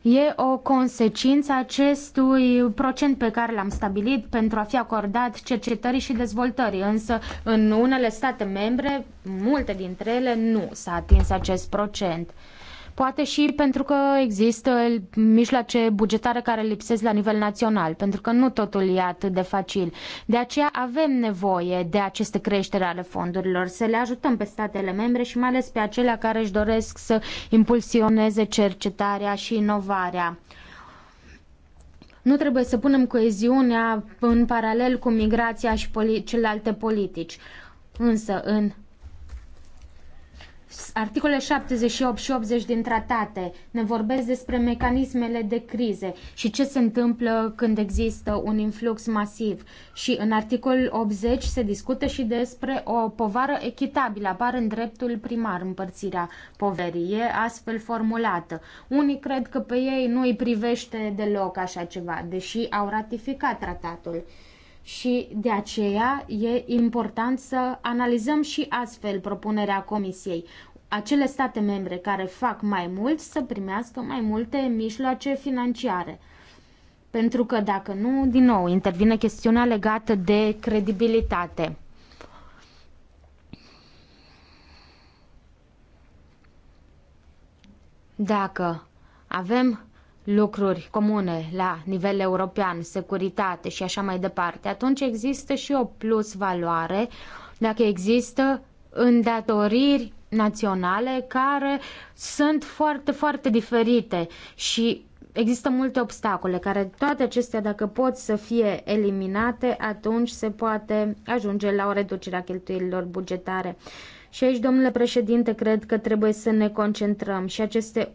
[SPEAKER 3] E o consecință acestui procent pe care l-am stabilit pentru a fi acordat cercetării și dezvoltării, însă în unele state membre, multe dintre ele, nu s-a atins acest procent. Poate și pentru că există mijloace bugetare care lipsesc la nivel național, pentru că nu totul e atât de facil. De aceea avem nevoie de aceste creștere ale fondurilor, să le ajutăm pe statele membre și mai ales pe acelea care își doresc să impulsioneze cercetarea și inovarea. Nu trebuie să punem coeziunea în paralel cu migrația și poli- celelalte politici. Însă, în Articolele 78 și 80 din tratate ne vorbesc despre mecanismele de crize și ce se întâmplă când există un influx masiv. Și în articolul 80 se discută și despre o povară echitabilă, apar în dreptul primar împărțirea poverii. E astfel formulată. Unii cred că pe ei nu îi privește deloc așa ceva, deși au ratificat tratatul și de aceea e important să analizăm și astfel propunerea Comisiei. Acele state membre care fac mai mult să primească mai multe mijloace financiare. Pentru că dacă nu, din nou, intervine chestiunea legată de credibilitate. Dacă avem lucruri comune la nivel european, securitate și așa mai departe, atunci există și o plus valoare dacă există îndatoriri naționale care sunt foarte, foarte diferite și există multe obstacole care toate acestea dacă pot să fie eliminate, atunci se poate ajunge la o reducere a cheltuielilor bugetare. Și aici, domnule președinte, cred că trebuie să ne concentrăm și aceste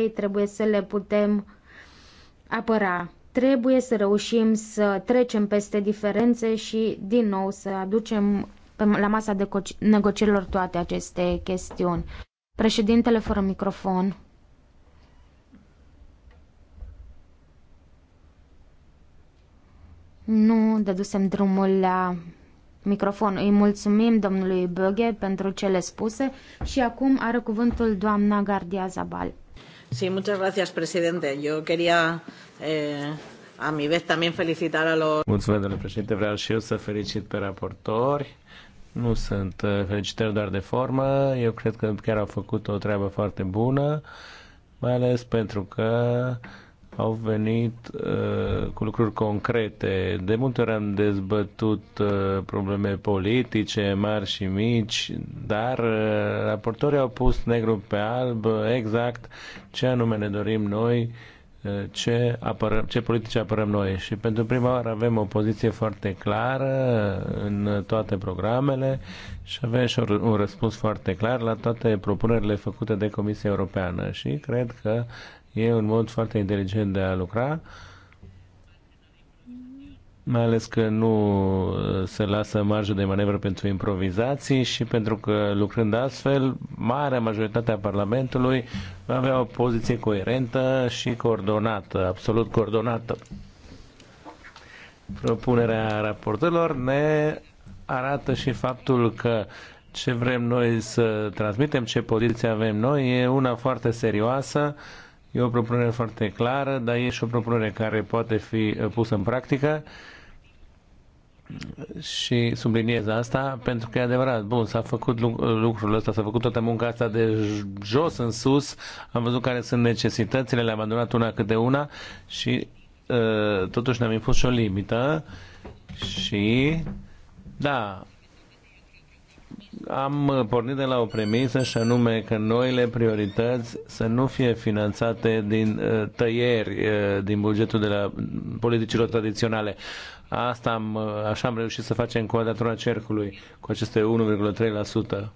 [SPEAKER 3] 1,3 trebuie să le putem apăra. Trebuie să reușim să trecem peste diferențe și, din nou, să aducem la masa de negocierilor toate aceste chestiuni. Președintele fără microfon. Nu dădusem drumul la microfon. Îi mulțumim domnului Băghe pentru cele spuse și acum are cuvântul doamna Gardia Zabal. Sí, muchas gracias, presidente. Yo quería eh, a mi vez también felicitar a los...
[SPEAKER 1] Mulțumesc, domnule președinte. Vreau și eu să felicit pe raportori. Nu sunt eh, felicitări doar de formă. Eu cred că chiar au făcut o treabă foarte bună, mai ales pentru că au venit uh, cu lucruri concrete. De multe ori am dezbătut uh, probleme politice, mari și mici, dar uh, raportorii au pus negru pe alb exact ce anume ne dorim noi, uh, ce, apărăm, ce politice apărăm noi. Și pentru prima oară avem o poziție foarte clară în toate programele și avem și un răspuns foarte clar la toate propunerile făcute de Comisia Europeană. Și cred că uh, E un mod foarte inteligent de a lucra, mai ales că nu uh, se lasă marjă de manevră pentru improvizații și pentru că lucrând astfel, marea majoritate a Parlamentului va avea o poziție coerentă și coordonată, absolut coordonată. Propunerea raportelor ne arată și faptul că ce vrem noi să transmitem, ce poziție avem noi, e una foarte serioasă, E o propunere foarte clară, dar e și o propunere care poate fi uh, pusă în practică și subliniez asta pentru că e adevărat, bun, s-a făcut lucrul ăsta, s-a făcut toată munca asta de jos în sus, am văzut care sunt necesitățile, le-am adunat una câte una și uh, totuși ne-am impus și o limită și da, am uh, pornit de la o premisă și anume că noile priorități să nu fie finanțate din uh, tăieri uh, din bugetul de la politicilor tradiționale. Asta am, așa am reușit să facem quadratura cercului cu aceste 1,3%.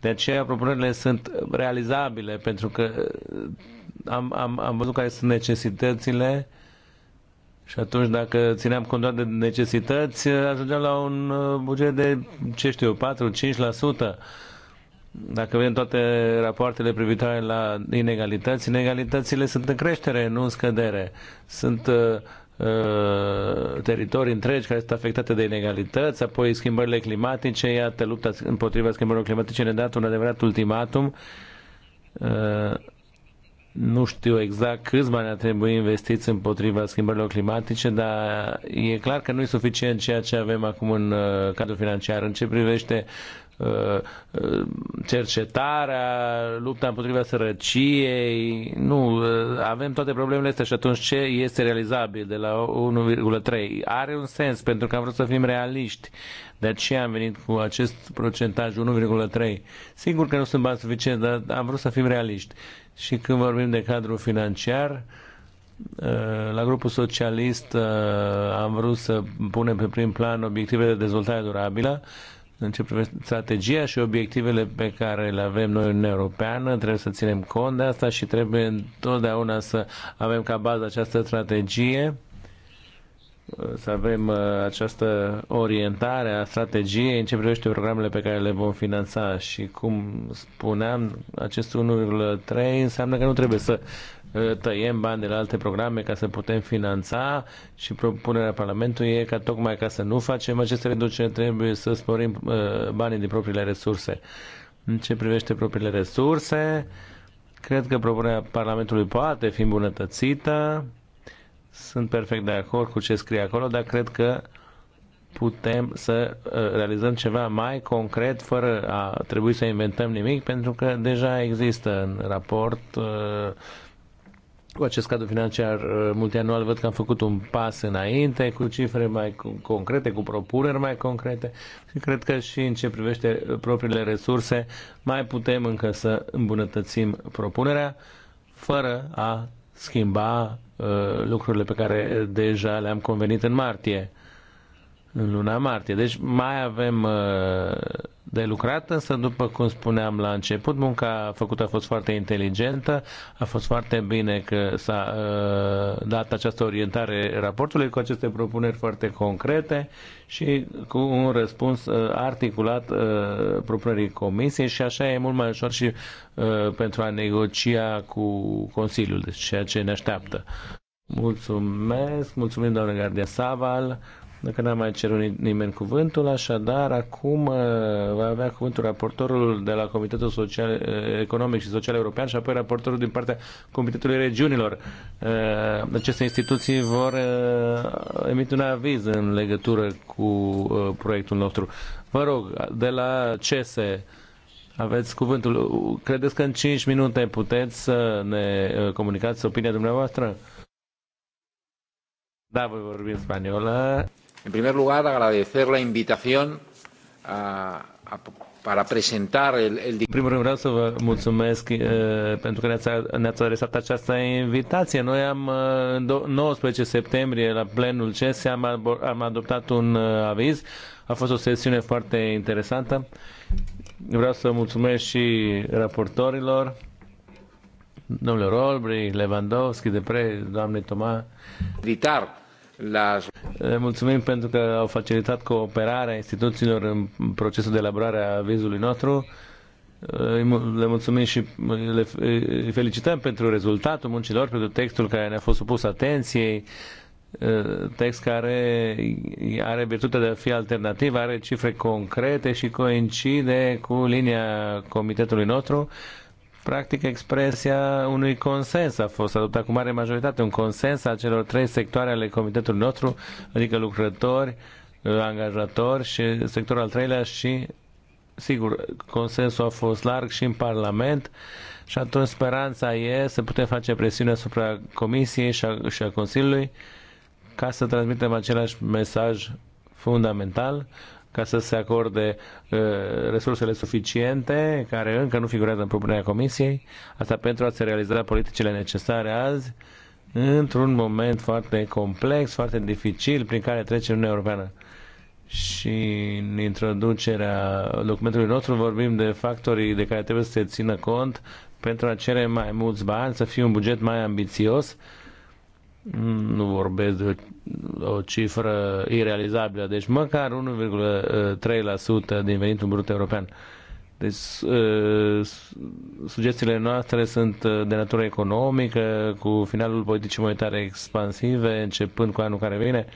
[SPEAKER 1] De aceea propunerile sunt realizabile pentru că am, am, am văzut care sunt necesitățile și atunci, dacă țineam cont doar de necesități, ajungeam la un uh, buget de, ce știu eu, 4-5%. Dacă vedem toate rapoartele privitoare la inegalități, inegalitățile sunt în creștere, nu în scădere. Sunt uh, uh, teritorii întregi care sunt afectate de inegalități, apoi schimbările climatice, iată, lupta împotriva schimbărilor climatice ne-a dat un adevărat ultimatum. Uh, nu știu exact câți bani ar trebui investiți împotriva schimbărilor climatice, dar e clar că nu e suficient ceea ce avem acum în uh, cadrul financiar. În ce privește uh, uh, cercetarea, lupta împotriva sărăciei, nu, avem toate problemele astea și atunci ce este realizabil de la 1,3? Are un sens pentru că am vrut să fim realiști de aceea am venit cu acest procentaj 1,3. Sigur că nu sunt bani suficient, dar am vrut să fim realiști. Și când vorbim de cadru financiar, ă, la grupul socialist ă, am vrut să punem pe prim plan obiectivele de dezvoltare durabilă, în ce privește strategia și obiectivele pe care le avem noi în Europeană, trebuie să ținem cont de asta și trebuie întotdeauna să avem ca bază această strategie să avem uh, această orientare a strategiei în ce privește programele pe care le vom finanța și cum spuneam, acest 1,3 înseamnă că nu trebuie să uh, tăiem bani de la alte programe ca să putem finanța și propunerea Parlamentului e ca tocmai ca să nu facem aceste reduceri trebuie să sporim uh, banii din propriile resurse. În ce privește propriile resurse, cred că propunerea Parlamentului poate fi îmbunătățită sunt perfect de acord cu ce scrie acolo, dar cred că putem să uh, realizăm ceva mai concret fără a trebui să inventăm nimic, pentru că deja există în raport uh, cu acest cadru financiar uh, multianual văd că am făcut un pas înainte cu cifre mai concrete, cu propuneri mai concrete și cred că și în ce privește propriile resurse mai putem încă să îmbunătățim propunerea fără a schimba Uh, lucrurile pe care deja le-am convenit în martie în luna martie. Deci mai avem uh, de lucrat, însă după cum spuneam la început, munca făcută a fost foarte inteligentă, a fost foarte bine că s-a uh, dat această orientare raportului cu aceste propuneri foarte concrete și cu un răspuns uh, articulat propunerii comisiei și așa e mult mai ușor și pentru a negocia cu Consiliul, deci ceea ce ne așteaptă. Mulțumesc, mulțumim doamne Gardia Saval. Dacă n-a mai cerut nimeni cuvântul, așadar, acum uh, va avea cuvântul raportorul de la Comitetul Social, uh, Economic și Social European și apoi raportorul din partea Comitetului Regiunilor. Uh, aceste instituții vor emite un aviz în legătură cu proiectul nostru. Vă rog, de la CESE, aveți cuvântul. Credeți că în 5 minute puteți să ne comunicați opinia dumneavoastră? Da, voi vorbi în spaniolă. En primer lugar, agradecer la invitación a, a para presentar el, el... În primul rând vreau să vă mulțumesc uh, pentru că ne-ați, ne adresat această invitație. Noi am, uh, eh, 19 septembrie, la plenul CES, am, am adoptat un uh, aviz. A fost o sesiune foarte interesantă. Vreau să mulțumesc și raportorilor, domnule Rolbri, Lewandowski, Depre, doamne Toma. Invitar la... Eh, mulțumim pentru că au facilitat cooperarea instituțiilor în procesul de elaborare a vizului nostru. Eh, le mulțumim și le felicităm pentru rezultatul muncilor, pentru textul care ne-a fost supus atenției, eh, text care are virtutea de a fi alternativ, are cifre concrete și coincide cu linia comitetului nostru practic expresia unui consens a fost adoptat cu mare majoritate, un consens a celor trei sectoare ale comitetului nostru, adică lucrători, angajatori și sectorul al treilea și, sigur, consensul a fost larg și în Parlament și atunci speranța e să putem face presiune asupra Comisiei și a, și a Consiliului ca să transmitem același mesaj fundamental, ca să se acorde uh, resursele suficiente, care încă nu figurează în propunerea Comisiei, asta pentru a se realiza politicile necesare azi, într-un moment foarte complex, foarte dificil, prin care trece Uniunea Europeană. Și în introducerea documentului nostru vorbim de factorii de care trebuie să se țină cont pentru a cere mai mulți bani, să fie un buget mai ambițios, uh, nu vorbesc de o, o cifră irealizabilă, deci măcar 1,3% din venitul brut european. Deci sugestiile noastre sunt de natură economică, cu finalul politicii monetare expansive, începând cu anul care vine,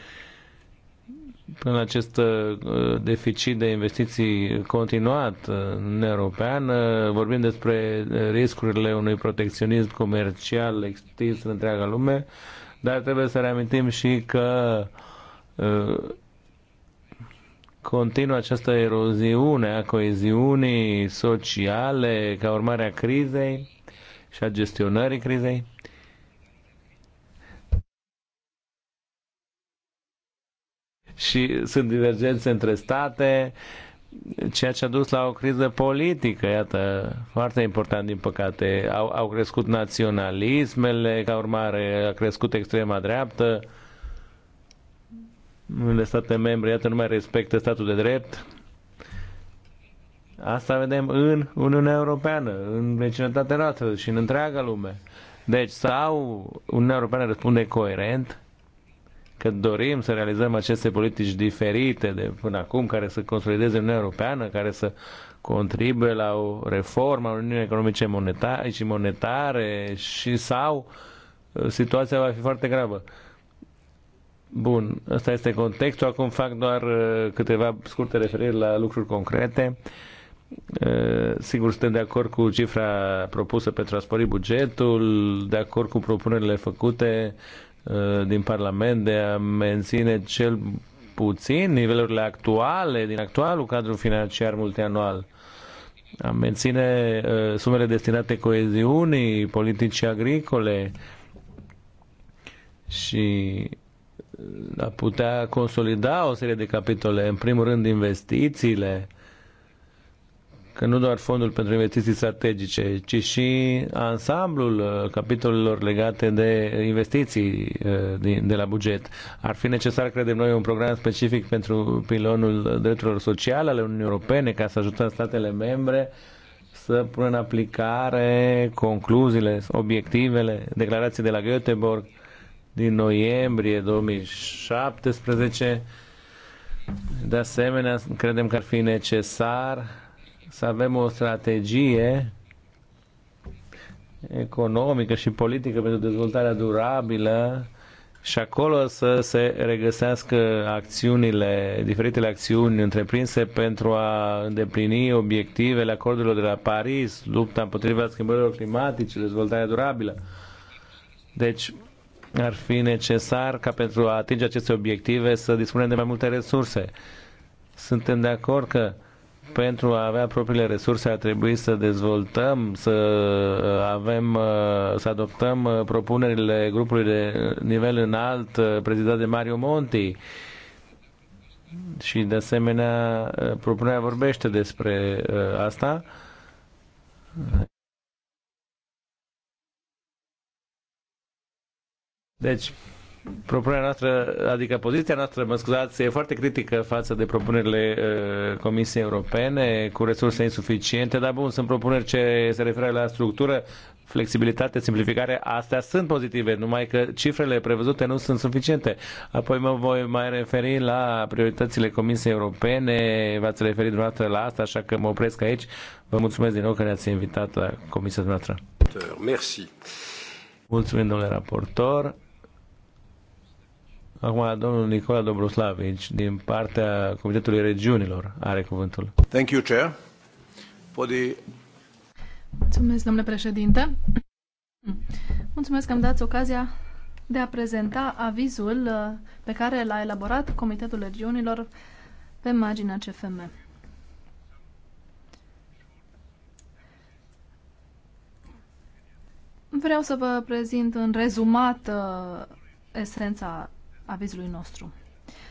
[SPEAKER 1] până acest deficit de investiții continuat în european, vorbim despre riscurile unui protecționism comercial extins în întreaga lume, dar trebuie să reamintim și că uh, continuă această eroziune a coeziunii sociale ca urmare a crizei și a gestionării crizei. Și sunt divergențe între state ceea ce a dus la o criză politică, iată, foarte important din păcate. Au, au crescut naționalismele, ca urmare a crescut extrema dreaptă, unele state membre, iată, nu mai respectă statul de drept. Asta vedem în Uniunea Europeană, în vecinătatea noastră și în întreaga lume. Deci sau Uniunea Europeană răspunde coerent că dorim să realizăm aceste politici diferite de până acum, care să consolideze Uniunea Europeană, care să contribuie la o reformă a Uniunii Economice monetare și monetare și sau uh, situația va fi foarte gravă. Bun, ăsta este contextul. Acum fac doar uh, câteva scurte referiri la lucruri concrete. Uh, sigur, suntem de acord cu cifra propusă pentru a spori bugetul, de acord cu propunerile făcute Uh, din Parlament de a menține cel puțin nivelurile actuale din actualul cadru financiar multianual. A menține uh, sumele destinate coeziunii, politicii agricole și uh, a putea consolida o serie de capitole. În primul rând, investițiile, că nu doar fondul pentru investiții strategice, ci și ansamblul uh, capitolelor legate de investiții uh, de la buget. Ar fi necesar, credem noi, un program specific pentru pilonul drepturilor sociale ale Uniunii Europene ca să ajutăm statele membre să pună în aplicare concluziile, obiectivele, declarații de la Göteborg din noiembrie 2017. De asemenea, credem că ar fi necesar să avem o strategie economică și politică pentru dezvoltarea durabilă și acolo să se regăsească acțiunile, diferitele acțiuni întreprinse pentru a îndeplini obiectivele acordurilor de la Paris, lupta împotriva schimbărilor climatice, dezvoltarea durabilă. Deci ar fi necesar ca pentru a atinge aceste obiective să dispunem de mai multe resurse. Suntem de acord că pentru a avea propriile resurse a trebuit să dezvoltăm, să uh, avem, uh, să adoptăm uh, propunerile grupului de nivel înalt prezidat de Mario Monti. Și de asemenea, propunerea vorbește despre asta. Deci, propunerea noastră, adică poziția noastră, mă scuzați, e foarte critică față de propunerile uh, Comisiei Europene cu resurse insuficiente, dar bun, sunt propuneri ce se referă la structură, flexibilitate, simplificare, astea sunt pozitive, numai că cifrele prevăzute nu sunt suficiente. Apoi mă voi mai referi la prioritățile Comisiei Europene, v-ați referit dumneavoastră la asta, așa că mă opresc aici. Vă mulțumesc din nou că ne-ați invitat la Comisia dumneavoastră. Mulțumim, domnule raportor. Acum domnul Nicola Dobroslavici, din partea Comitetului Regiunilor, are cuvântul. Thank you, Chair. For the...
[SPEAKER 2] Mulțumesc, domnule președinte. Mulțumesc că îmi dat ocazia de a prezenta avizul uh, pe care l-a elaborat Comitetul Regiunilor pe marginea CFM. Vreau să vă prezint în rezumat uh, esența avizului nostru.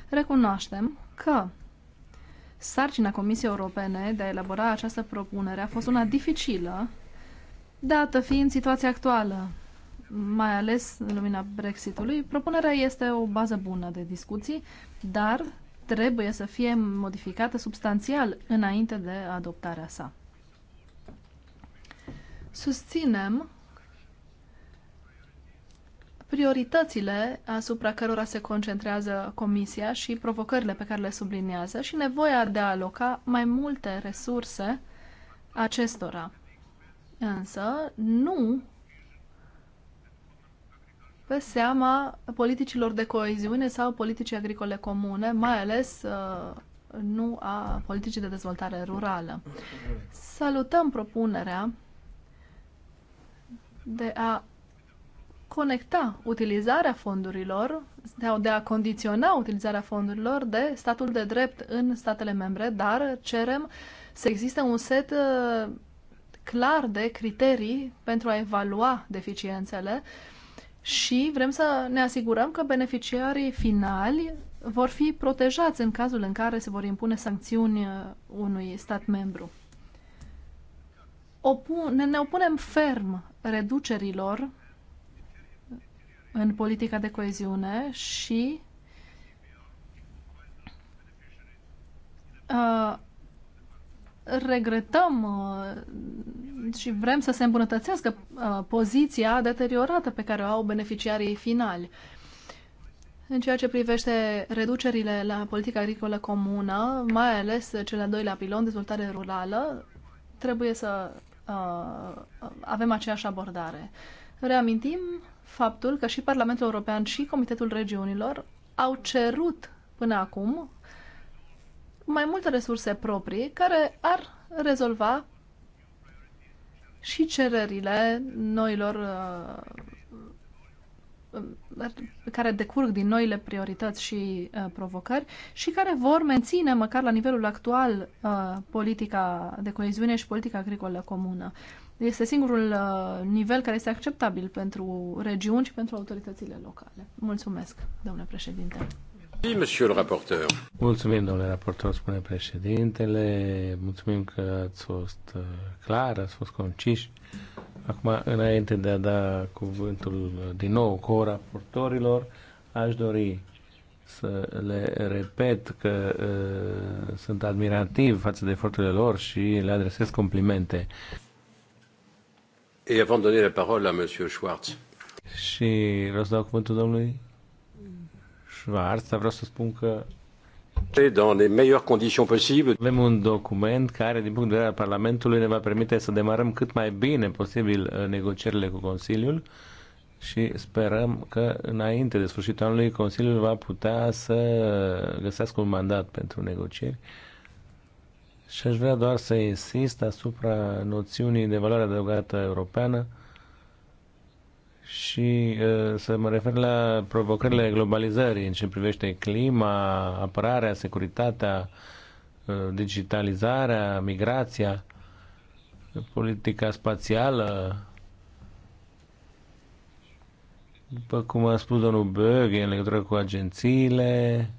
[SPEAKER 2] Recunoaștem că sarcina Comisiei Europene de a elabora această propunere a fost una dificilă, dată fiind situația actuală, mai ales în lumina Brexitului. Propunerea este o bază bună de discuții, dar trebuie să fie modificată substanțial înainte de adoptarea sa. Susținem prioritățile asupra cărora se concentrează Comisia și provocările pe care le subliniază și nevoia de a aloca mai multe resurse acestora. Însă, nu pe seama politicilor de coeziune sau politicii agricole comune, mai ales uh, nu a politicii de dezvoltare rurală. Salutăm propunerea de a conecta utilizarea fondurilor sau de a condiționa utilizarea fondurilor de statul de drept în statele membre, dar cerem să existe un set uh, clar de criterii pentru a evalua deficiențele și vrem să ne asigurăm că beneficiarii finali vor fi protejați în cazul în care se vor impune sancțiuni uh, unui stat membru. Opu- ne, ne opunem ferm reducerilor în politica de coeziune și uh, regretăm uh, și vrem să se îmbunătățească uh, poziția deteriorată pe care o au beneficiarii finali. În ceea ce privește reducerile la politica agricolă comună, mai ales cel al doilea pilon, dezvoltare rurală, trebuie să uh, avem aceeași abordare. Reamintim faptul că și Parlamentul European și Comitetul Regiunilor au cerut până acum mai multe resurse proprii care ar rezolva și cererile noilor uh, care decurg din noile priorități și uh, provocări și care vor menține, măcar la nivelul actual, uh, politica de coeziune și politica agricolă comună. Uh, este singurul uh, nivel care este acceptabil pentru regiuni și pentru autoritățile locale. Mulțumesc, domnule
[SPEAKER 1] președinte. Mulțumim, domnule raportor, spune președintele. Mulțumim că ați fost uh, clar, ați fost conciși. Acum, înainte de a da cuvântul uh, din nou cu raportorilor aș dori să le repet că uh, sunt admirativ față de eforturile lor și le adresez complimente. Et avant de donner la parole à Monsieur Schwartz. Și vreau să dau cuvântul domnului Schwartz, dar vreau să spun că dans les meilleures conditions possibles. Avem un document care, din punct de vedere al Parlamentului, ne va permite să demarăm cât mai bine posibil uh, negocierile cu Consiliul și sperăm că înainte de sfârșitul anului Consiliul va putea să uh, găsească un mandat pentru negocieri și aș vrea doar să insist asupra noțiunii de valoare adăugată europeană și să mă refer la provocările globalizării în ce privește clima, apărarea, securitatea, digitalizarea, migrația, politica spațială, după cum a spus domnul Böge, în legătură cu agențiile,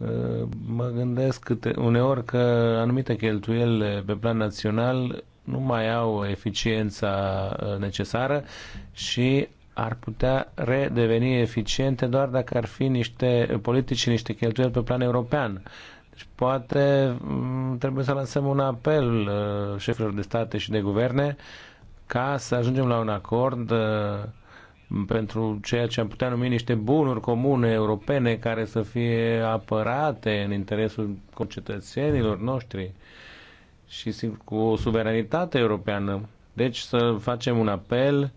[SPEAKER 1] Uh, mă gândesc câte, uneori că anumite cheltuieli pe plan național nu mai au eficiența uh, necesară și ar putea redeveni eficiente doar dacă ar fi niște politici și niște cheltuieli pe plan european. Deci poate mm, trebuie să lansăm un apel uh, șefilor de state și de guverne ca să ajungem la un acord pentru ceea ce am putea numi niște bunuri comune europene care să fie apărate în interesul concetățenilor noștri și sigur cu o suveranitate europeană. Deci să facem un apel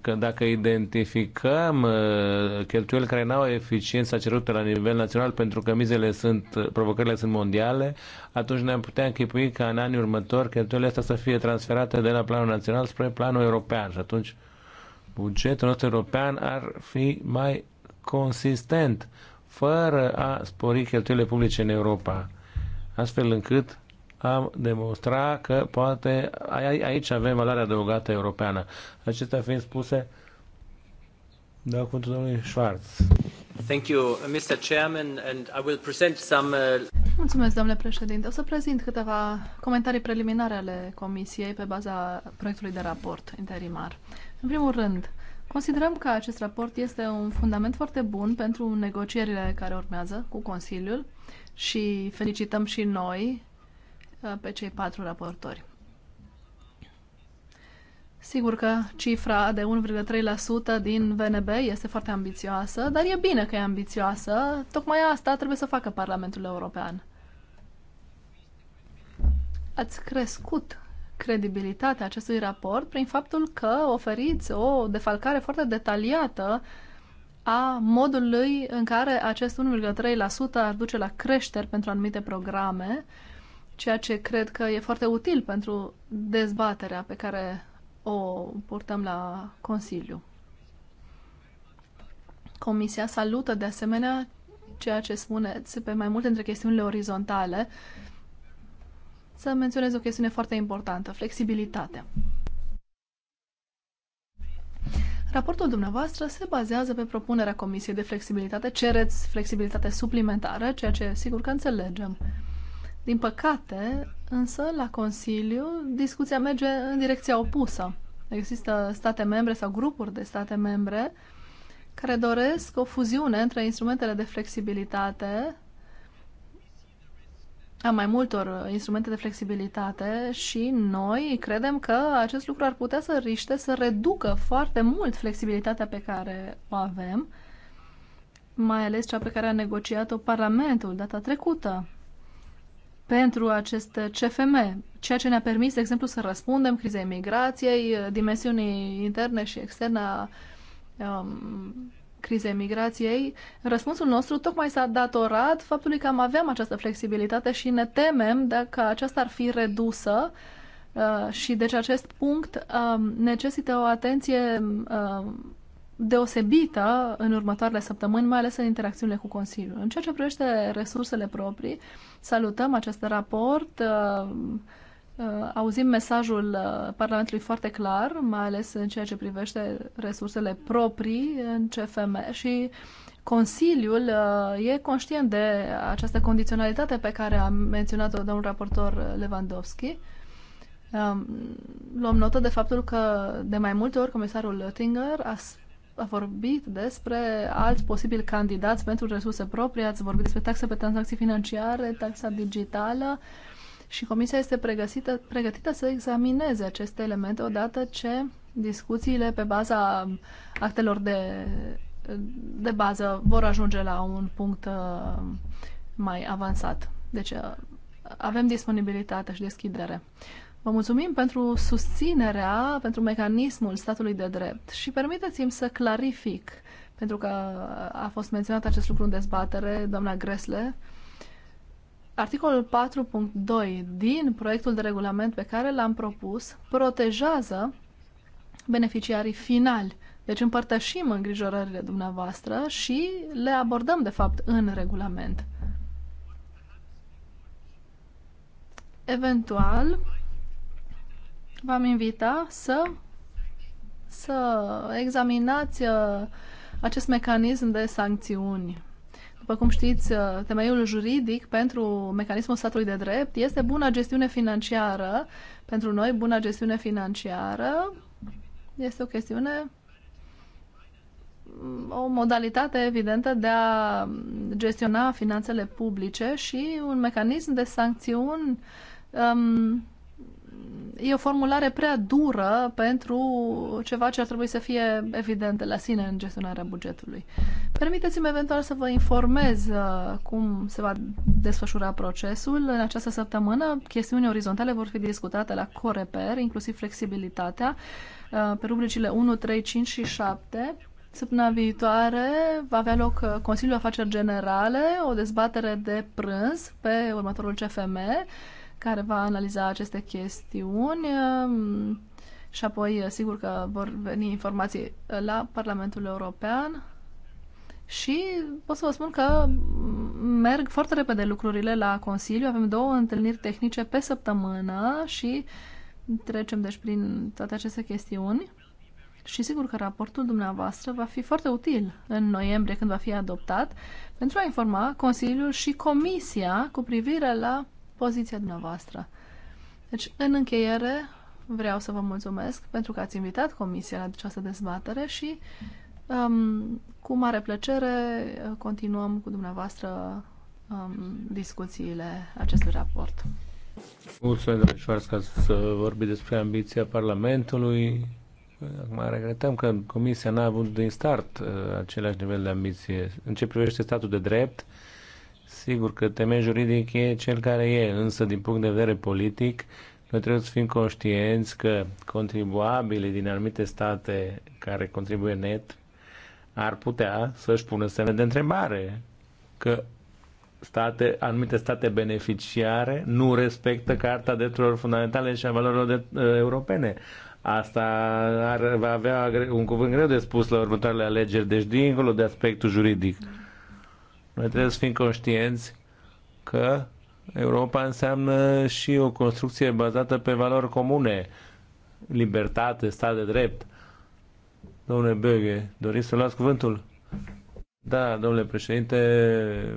[SPEAKER 1] că dacă identificăm uh, cheltuieli care n-au eficiența cerută la nivel național pentru că mizele sunt, provocările sunt mondiale, atunci ne-am putea închipui ca în anii următori cheltuielile astea să fie transferate de la planul național spre planul european și atunci bugetul nostru european ar fi mai consistent, fără a spori cheltuielile publice în Europa, astfel încât am demonstrat că poate aici avem valoarea adăugată europeană. Acestea fiind spuse, dau cuvântul domnului Schwarz. Thank you, Mr. Chairman, and I will present some... Uh,
[SPEAKER 2] Mulțumesc, domnule președinte. O să prezint câteva comentarii preliminare ale Comisiei pe baza proiectului de raport interimar. În primul rând, considerăm că acest raport este un fundament foarte bun pentru negocierile care urmează cu Consiliul și felicităm și noi uh, pe cei patru raportori. Sigur că cifra de 1,3% din VNB este foarte ambițioasă, dar e bine că e ambițioasă. Tocmai asta trebuie să facă Parlamentul European. Ați crescut credibilitatea acestui raport prin faptul că oferiți o defalcare foarte detaliată a modului în care acest 1,3% ar duce la creșteri pentru anumite programe, ceea ce cred că e foarte util pentru dezbaterea pe care o purtăm la Consiliu. Comisia salută de asemenea ceea ce spuneți pe mai multe dintre chestiunile orizontale să menționez o chestiune foarte importantă, flexibilitatea. Raportul dumneavoastră se bazează pe propunerea Comisiei de Flexibilitate. Cereți flexibilitate suplimentară, ceea ce sigur că înțelegem. Din păcate, însă, la Consiliu, discuția merge în direcția opusă. Există state membre sau grupuri de state membre care doresc o fuziune între instrumentele de flexibilitate a mai multor uh, instrumente de flexibilitate și noi credem că acest lucru ar putea să riște, să reducă foarte mult flexibilitatea pe care o avem, mai ales cea pe care a negociat-o Parlamentul data trecută pentru acest CFM, ceea ce ne-a permis, de exemplu, să răspundem crizei migrației, dimensiunii interne și externe a um, crizei migrației, răspunsul nostru tocmai s-a datorat faptului că am aveam această flexibilitate și ne temem dacă aceasta ar fi redusă uh, și deci acest punct um, necesită o atenție um, deosebită în următoarele săptămâni, mai ales în interacțiunile cu Consiliul. În ceea ce privește resursele proprii, salutăm acest raport um, Uh, auzim mesajul uh, Parlamentului foarte clar, mai ales în ceea ce privește resursele proprii în CFM și Consiliul uh, e conștient de această condiționalitate pe care a menționat-o domnul raportor Lewandowski. Um, luăm notă de faptul că de mai multe ori comisarul Oettinger a a vorbit despre alți posibili candidați pentru resurse proprii, ați vorbit despre taxe pe tranzacții financiare, taxa digitală, uh, și Comisia este pregătită, pregătită să examineze aceste elemente odată ce discuțiile pe baza actelor de, de bază vor ajunge la un punct uh, mai avansat. Deci uh, avem disponibilitate și deschidere. Vă mulțumim pentru susținerea, pentru mecanismul statului de drept și permiteți-mi să clarific, pentru că a fost menționat acest lucru în dezbatere, doamna Gresle, uh, Articolul 4.2 din proiectul de regulament pe care l-am propus protejează beneficiarii finali. Deci împărtășim îngrijorările dumneavoastră și le abordăm, de fapt, în regulament. Eventual, v-am invita să, să examinați uh, acest mecanism de sancțiuni după cum știți, uh, temeiul juridic pentru mecanismul statului de drept este buna gestiune financiară. Pentru noi, buna gestiune financiară este o chestiune, mm, o modalitate evidentă de a gestiona finanțele publice și un mecanism de sancțiuni um, e o formulare prea dură pentru ceva ce ar trebui să fie evident de la sine în gestionarea bugetului. Permiteți-mi eventual să vă informez uh, cum se va desfășura procesul. În această săptămână, chestiuni orizontale vor fi discutate la Coreper, inclusiv flexibilitatea, uh, pe rubricile 1, 3, 5 și 7. Săptămâna viitoare va avea loc uh, Consiliul Afaceri Generale, o dezbatere de prânz pe următorul CFM care va analiza aceste chestiuni um, și apoi uh, sigur că vor veni informații uh, la Parlamentul European și pot să vă spun că merg foarte repede lucrurile la Consiliu. Avem două întâlniri tehnice pe săptămână și trecem deci prin toate aceste chestiuni. Și sigur că raportul dumneavoastră va fi foarte util în noiembrie când va fi adoptat pentru a informa Consiliul și Comisia cu privire la poziția dumneavoastră. Deci, în încheiere, vreau să vă mulțumesc pentru că ați invitat Comisia la această dezbatere și um, cu mare plăcere continuăm cu dumneavoastră um, discuțiile acestui raport.
[SPEAKER 1] Mulțumesc, domnule Șoars, că ați vorbit despre ambiția Parlamentului. Acum regretăm că Comisia n-a avut din start uh, același nivel de ambiție. În ce privește statul de drept, uh, Sigur că temei juridic e cel care e, însă din punct de vedere politic, noi trebuie să fim conștienți că contribuabile din anumite state care contribuie net ar putea să-și pună semne de întrebare că state, anumite state beneficiare nu respectă Carta Drepturilor Fundamentale și a Valorilor de, uh, Europene. Asta ar, va avea un cuvânt greu de spus la următoarele alegeri, deci dincolo de aspectul juridic. Mm. Noi trebuie să fim conștienți că Europa înseamnă și o construcție bazată pe valori comune, libertate, stat de drept. Domnule Böge, doriți să luați cuvântul? Da, domnule președinte,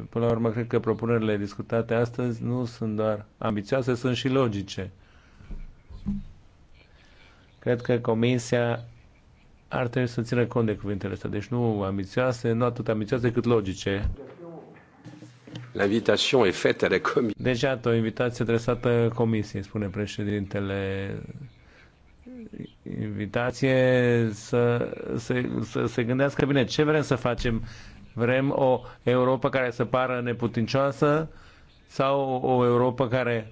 [SPEAKER 1] până la urmă cred că propunerile discutate astăzi nu sunt doar ambițioase, sunt și logice. Cred că Comisia ar trebui să țină cont de cuvintele astea, deci nu ambițioase, nu atât ambițioase cât logice. L'invitation est faite à la comisie. Deja o invitație adresată comisiei, spune președintele invitație să, să, să se gândească bine ce vrem să facem. Vrem o Europa care să pară neputincioasă sau o Europa care,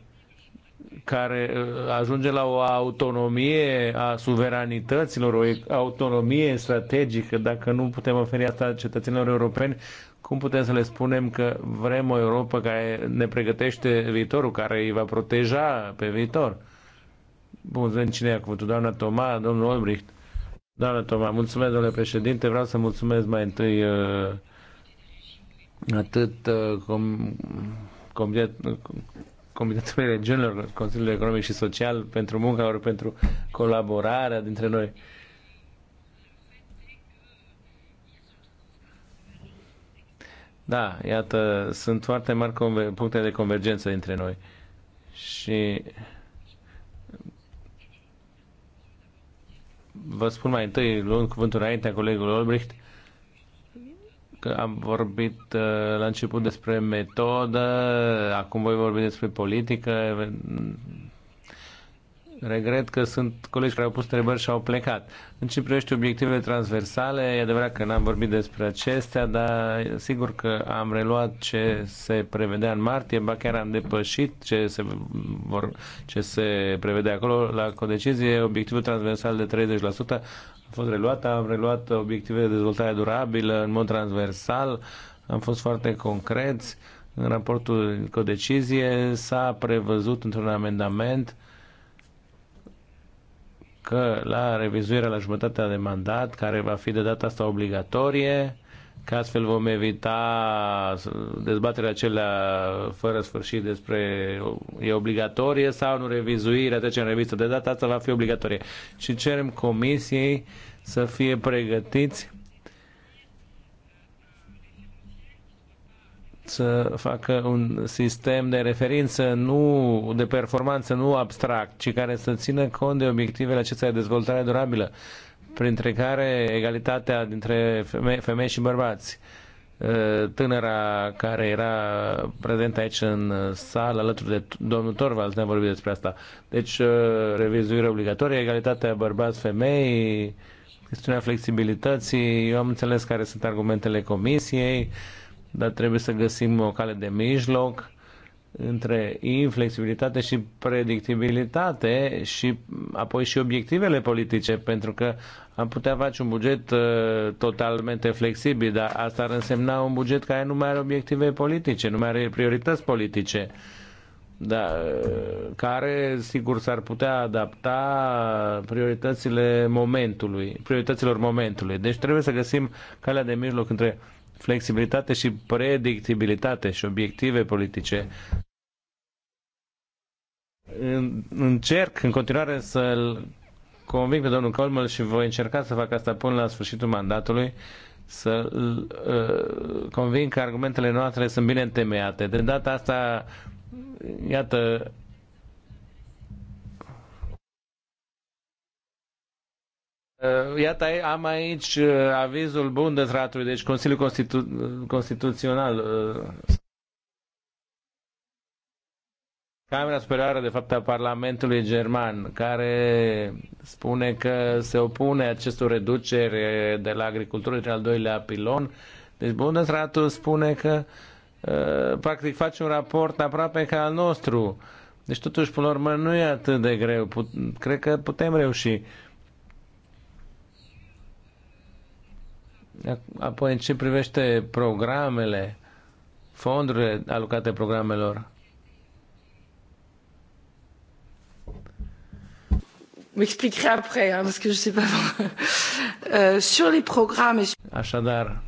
[SPEAKER 1] care uh, ajunge la o autonomie a suveranităților, o autonomie strategică, dacă nu putem oferi asta cetățenilor europeni, cum putem să le spunem că vrem o Europa care ne pregătește viitorul, care îi va proteja pe viitor? Bun, zi, cine a cuvântul? Doamna Toma, domnul Olbricht. Doamna Toma, mulțumesc, domnule președinte. Vreau să mulțumesc mai întâi uh, atât uh, com, comitet, Comitetului Regiunilor, Consiliul Economic și Social pentru munca lor, pentru colaborarea dintre noi. Uh, Da, iată, sunt foarte mari puncte de convergență între noi. Și vă spun mai întâi, luând cuvântul înaintea colegului Olbricht, că am vorbit uh, la început despre metodă, acum voi vorbi despre politică, regret că sunt colegi care au pus întrebări și au plecat. În ce privește obiectivele transversale, e adevărat că n-am vorbit despre acestea, dar sigur că am reluat ce se prevedea în martie, ba chiar am depășit ce se, vor, ce se prevedea acolo la codecizie. Obiectivul transversal de 30% a fost reluat, am reluat obiectivele de dezvoltare durabilă în mod transversal, am fost foarte concreți. În raportul codecizie s-a prevăzut într-un amendament uh, că la revizuirea la jumătatea de mandat, care va fi de data asta obligatorie, că astfel vom evita dezbaterea acelea fără sfârșit despre e obligatorie sau nu revizuirea, trece în revistă. De data asta va fi obligatorie. Și cerem comisiei să fie pregătiți să facă un sistem de referință nu de performanță nu abstract, ci care să țină cont de obiectivele acestea de dezvoltare durabilă, printre care egalitatea dintre femei, femei și bărbați. Ă, tânăra care era prezentă aici în sală alături de domnul Torvalds ne-a vorbit despre asta. Deci, ă, revizuire obligatorie, egalitatea bărbați-femei, chestiunea flexibilității, eu am înțeles care sunt argumentele comisiei, dar trebuie să găsim o cale de mijloc între inflexibilitate și predictibilitate și apoi și obiectivele politice, pentru că am putea face un buget uh, totalmente flexibil, dar asta ar însemna un buget care nu mai are obiective politice, nu mai are priorități politice, dar, uh, care, sigur, s-ar putea adapta prioritățile momentului, priorităților momentului. Deci trebuie să găsim calea de mijloc între flexibilitate și predictibilitate și obiective politice. Încerc în continuare să-l convinc pe domnul Colmel și voi încerca să fac asta până la sfârșitul mandatului, să uh, convin că argumentele noastre sunt bine întemeiate. De data asta, iată, Uh, iată, am aici uh, avizul Bundesratului, deci Consiliul Constitu- Constituțional. Uh. Camera Superioară, de fapt, a Parlamentului German, care spune că se opune acestor reduceri de la agricultură din al doilea pilon. Deci Bundesratul spune că practic face un raport aproape ca al nostru. Deci totuși, până la urmă, nu e atât de greu. Put- cred că putem reuși. Apoi, în ce privește programele, fondurile alocate programelor?
[SPEAKER 2] M'expliquerai après, hein, parce que je sais pas. euh, sur les programmes
[SPEAKER 1] Așadar,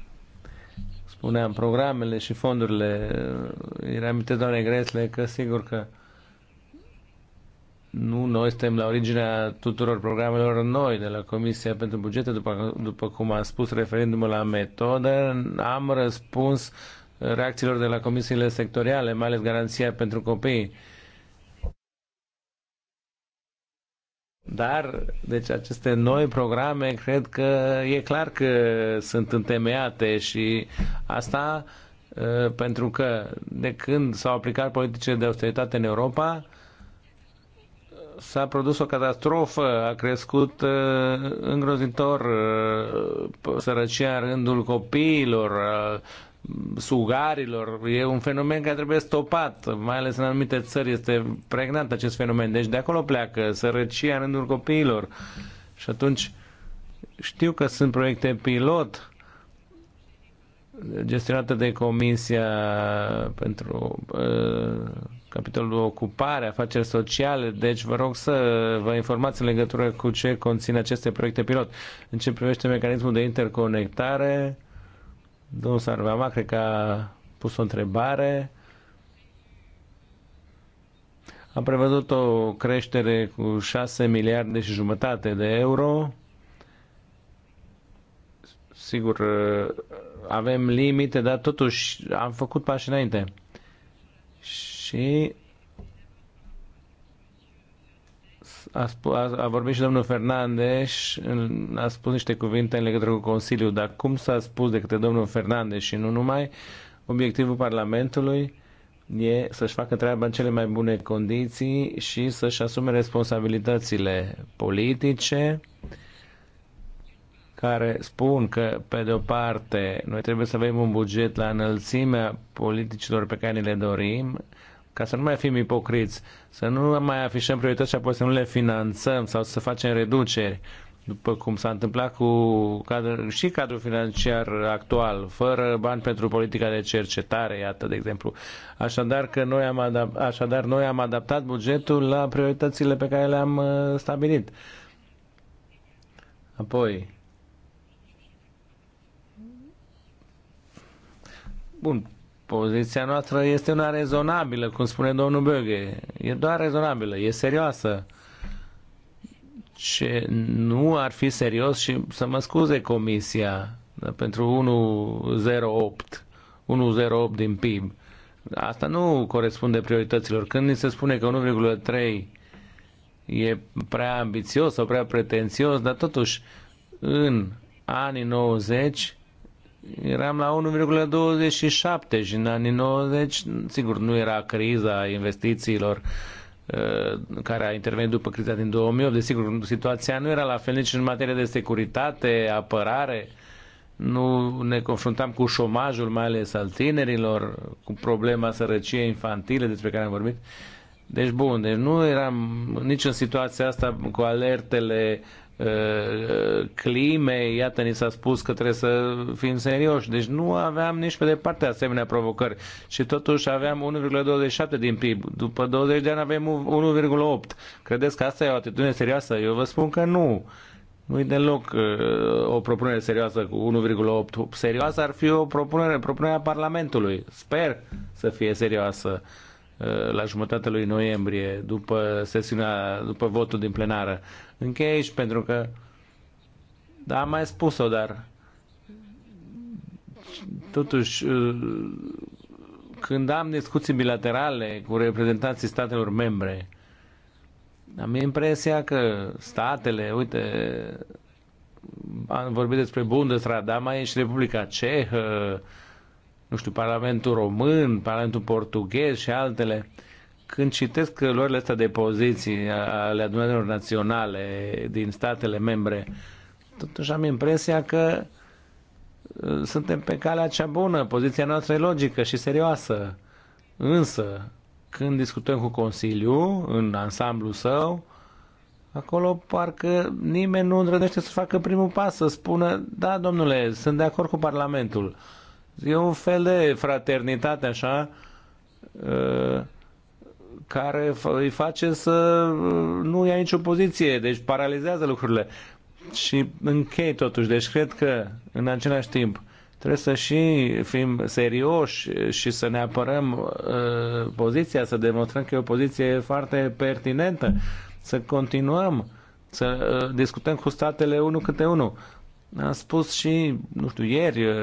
[SPEAKER 1] spuneam programele și fondurile, îi reamintesc doamnei Gresle că sigur că nu noi suntem la originea tuturor programelor noi de la Comisia pentru Bugete, după, după cum am spus referindu-mă la metodă, am răspuns reacțiilor de la comisiile sectoriale, mai ales garanția pentru copii. Dar, deci, aceste noi programe, cred că e clar că sunt întemeiate și asta ă, pentru că de când s-au aplicat politicile de austeritate în Europa, s-a produs o catastrofă, a crescut uh, îngrozitor uh, sărăcia în rândul copiilor, sugarilor. E un fenomen care trebuie stopat, mai ales în anumite țări este pregnant acest fenomen. Deci de acolo pleacă sărăcia în rândul copiilor. Și atunci știu că sunt proiecte pilot gestionată de Comisia pentru uh, capitolul ocupare, afaceri sociale, deci vă rog să vă informați în legătură cu ce conțin aceste proiecte pilot. În ce privește mecanismul de interconectare, domnul Sarveama, cred că a pus o întrebare. Am prevăzut o creștere cu 6 miliarde și jumătate de euro. Sigur, uh, avem limite, dar totuși am făcut pași înainte. Și a, sp- a, a vorbit și domnul Fernandes, a spus niște cuvinte în legătură cu Consiliul, dar cum s-a spus de către domnul Fernandes și nu numai, obiectivul Parlamentului e să-și facă treaba în cele mai bune condiții și să-și asume responsabilitățile politice care spun că, pe de o parte, noi trebuie să avem un buget la înălțimea politicilor pe care ni le dorim, ca să nu mai fim ipocriți, să nu mai afișăm priorități și apoi să nu le finanțăm sau să facem reduceri, după cum s-a întâmplat cu cadru, și cadrul financiar actual, fără bani pentru politica de cercetare, iată, de exemplu. Așadar, că noi am adap- așadar noi am adaptat bugetul la prioritățile pe care le-am uh, stabilit. Apoi, Bun, poziția noastră este una rezonabilă, cum spune domnul Böge. E doar rezonabilă, e serioasă. Ce nu ar fi serios și să mă scuze comisia pentru 108, 108 din PIB. Asta nu corespunde priorităților. Când ni se spune că 1,3 e prea ambițios sau prea pretențios, dar totuși în anii 90 eram la 1,27 și în anii 90, sigur, nu era criza investițiilor uh, care a intervenit după criza din 2008. Desigur, situația nu era la fel nici în materie de securitate, apărare. Nu ne confruntam cu șomajul, mai ales al tinerilor, cu problema sărăciei infantile despre care am vorbit. Deci, bun, deci nu eram nici în situația asta cu alertele Uh, climei, iată, ni s-a spus că trebuie să fim serioși. Deci nu aveam nici pe departe asemenea provocări. Și totuși aveam 1,27 din PIB. După 20 de ani avem 1,8. Credeți că asta e o atitudine serioasă? Eu vă spun că nu. Nu e deloc uh, o propunere serioasă cu 1,8. Serioasă ar fi o propunere, propunerea Parlamentului. Sper să fie serioasă uh, la jumătatea lui noiembrie, după sesiunea, după votul din plenară. Încheie aici pentru că da, am mai spus-o, dar totuși uh, când am discuții bilaterale cu reprezentanții statelor membre, am impresia că statele, uite, am vorbit despre Bundesrat, dar mai e și Republica Cehă, nu știu, Parlamentul Român, Parlamentul Portughez și altele când citesc luările astea de poziții ale adunărilor naționale din statele membre, totuși am impresia că uh, suntem pe calea cea bună, poziția noastră e logică și serioasă. Însă, când discutăm cu consiliu, în ansamblu său, acolo parcă nimeni nu îndrădește să facă primul pas, să spună, da, domnule, sunt de acord cu Parlamentul. E un fel de fraternitate, așa, uh, care îi face să uh, nu ia nicio poziție, deci paralizează lucrurile. Și închei totuși, deci cred că în același timp trebuie să și fim serioși și să ne apărăm uh, poziția, să demonstrăm că e o poziție foarte pertinentă, să continuăm să uh, discutăm cu statele unul câte unul. A spus și, nu știu, ieri uh,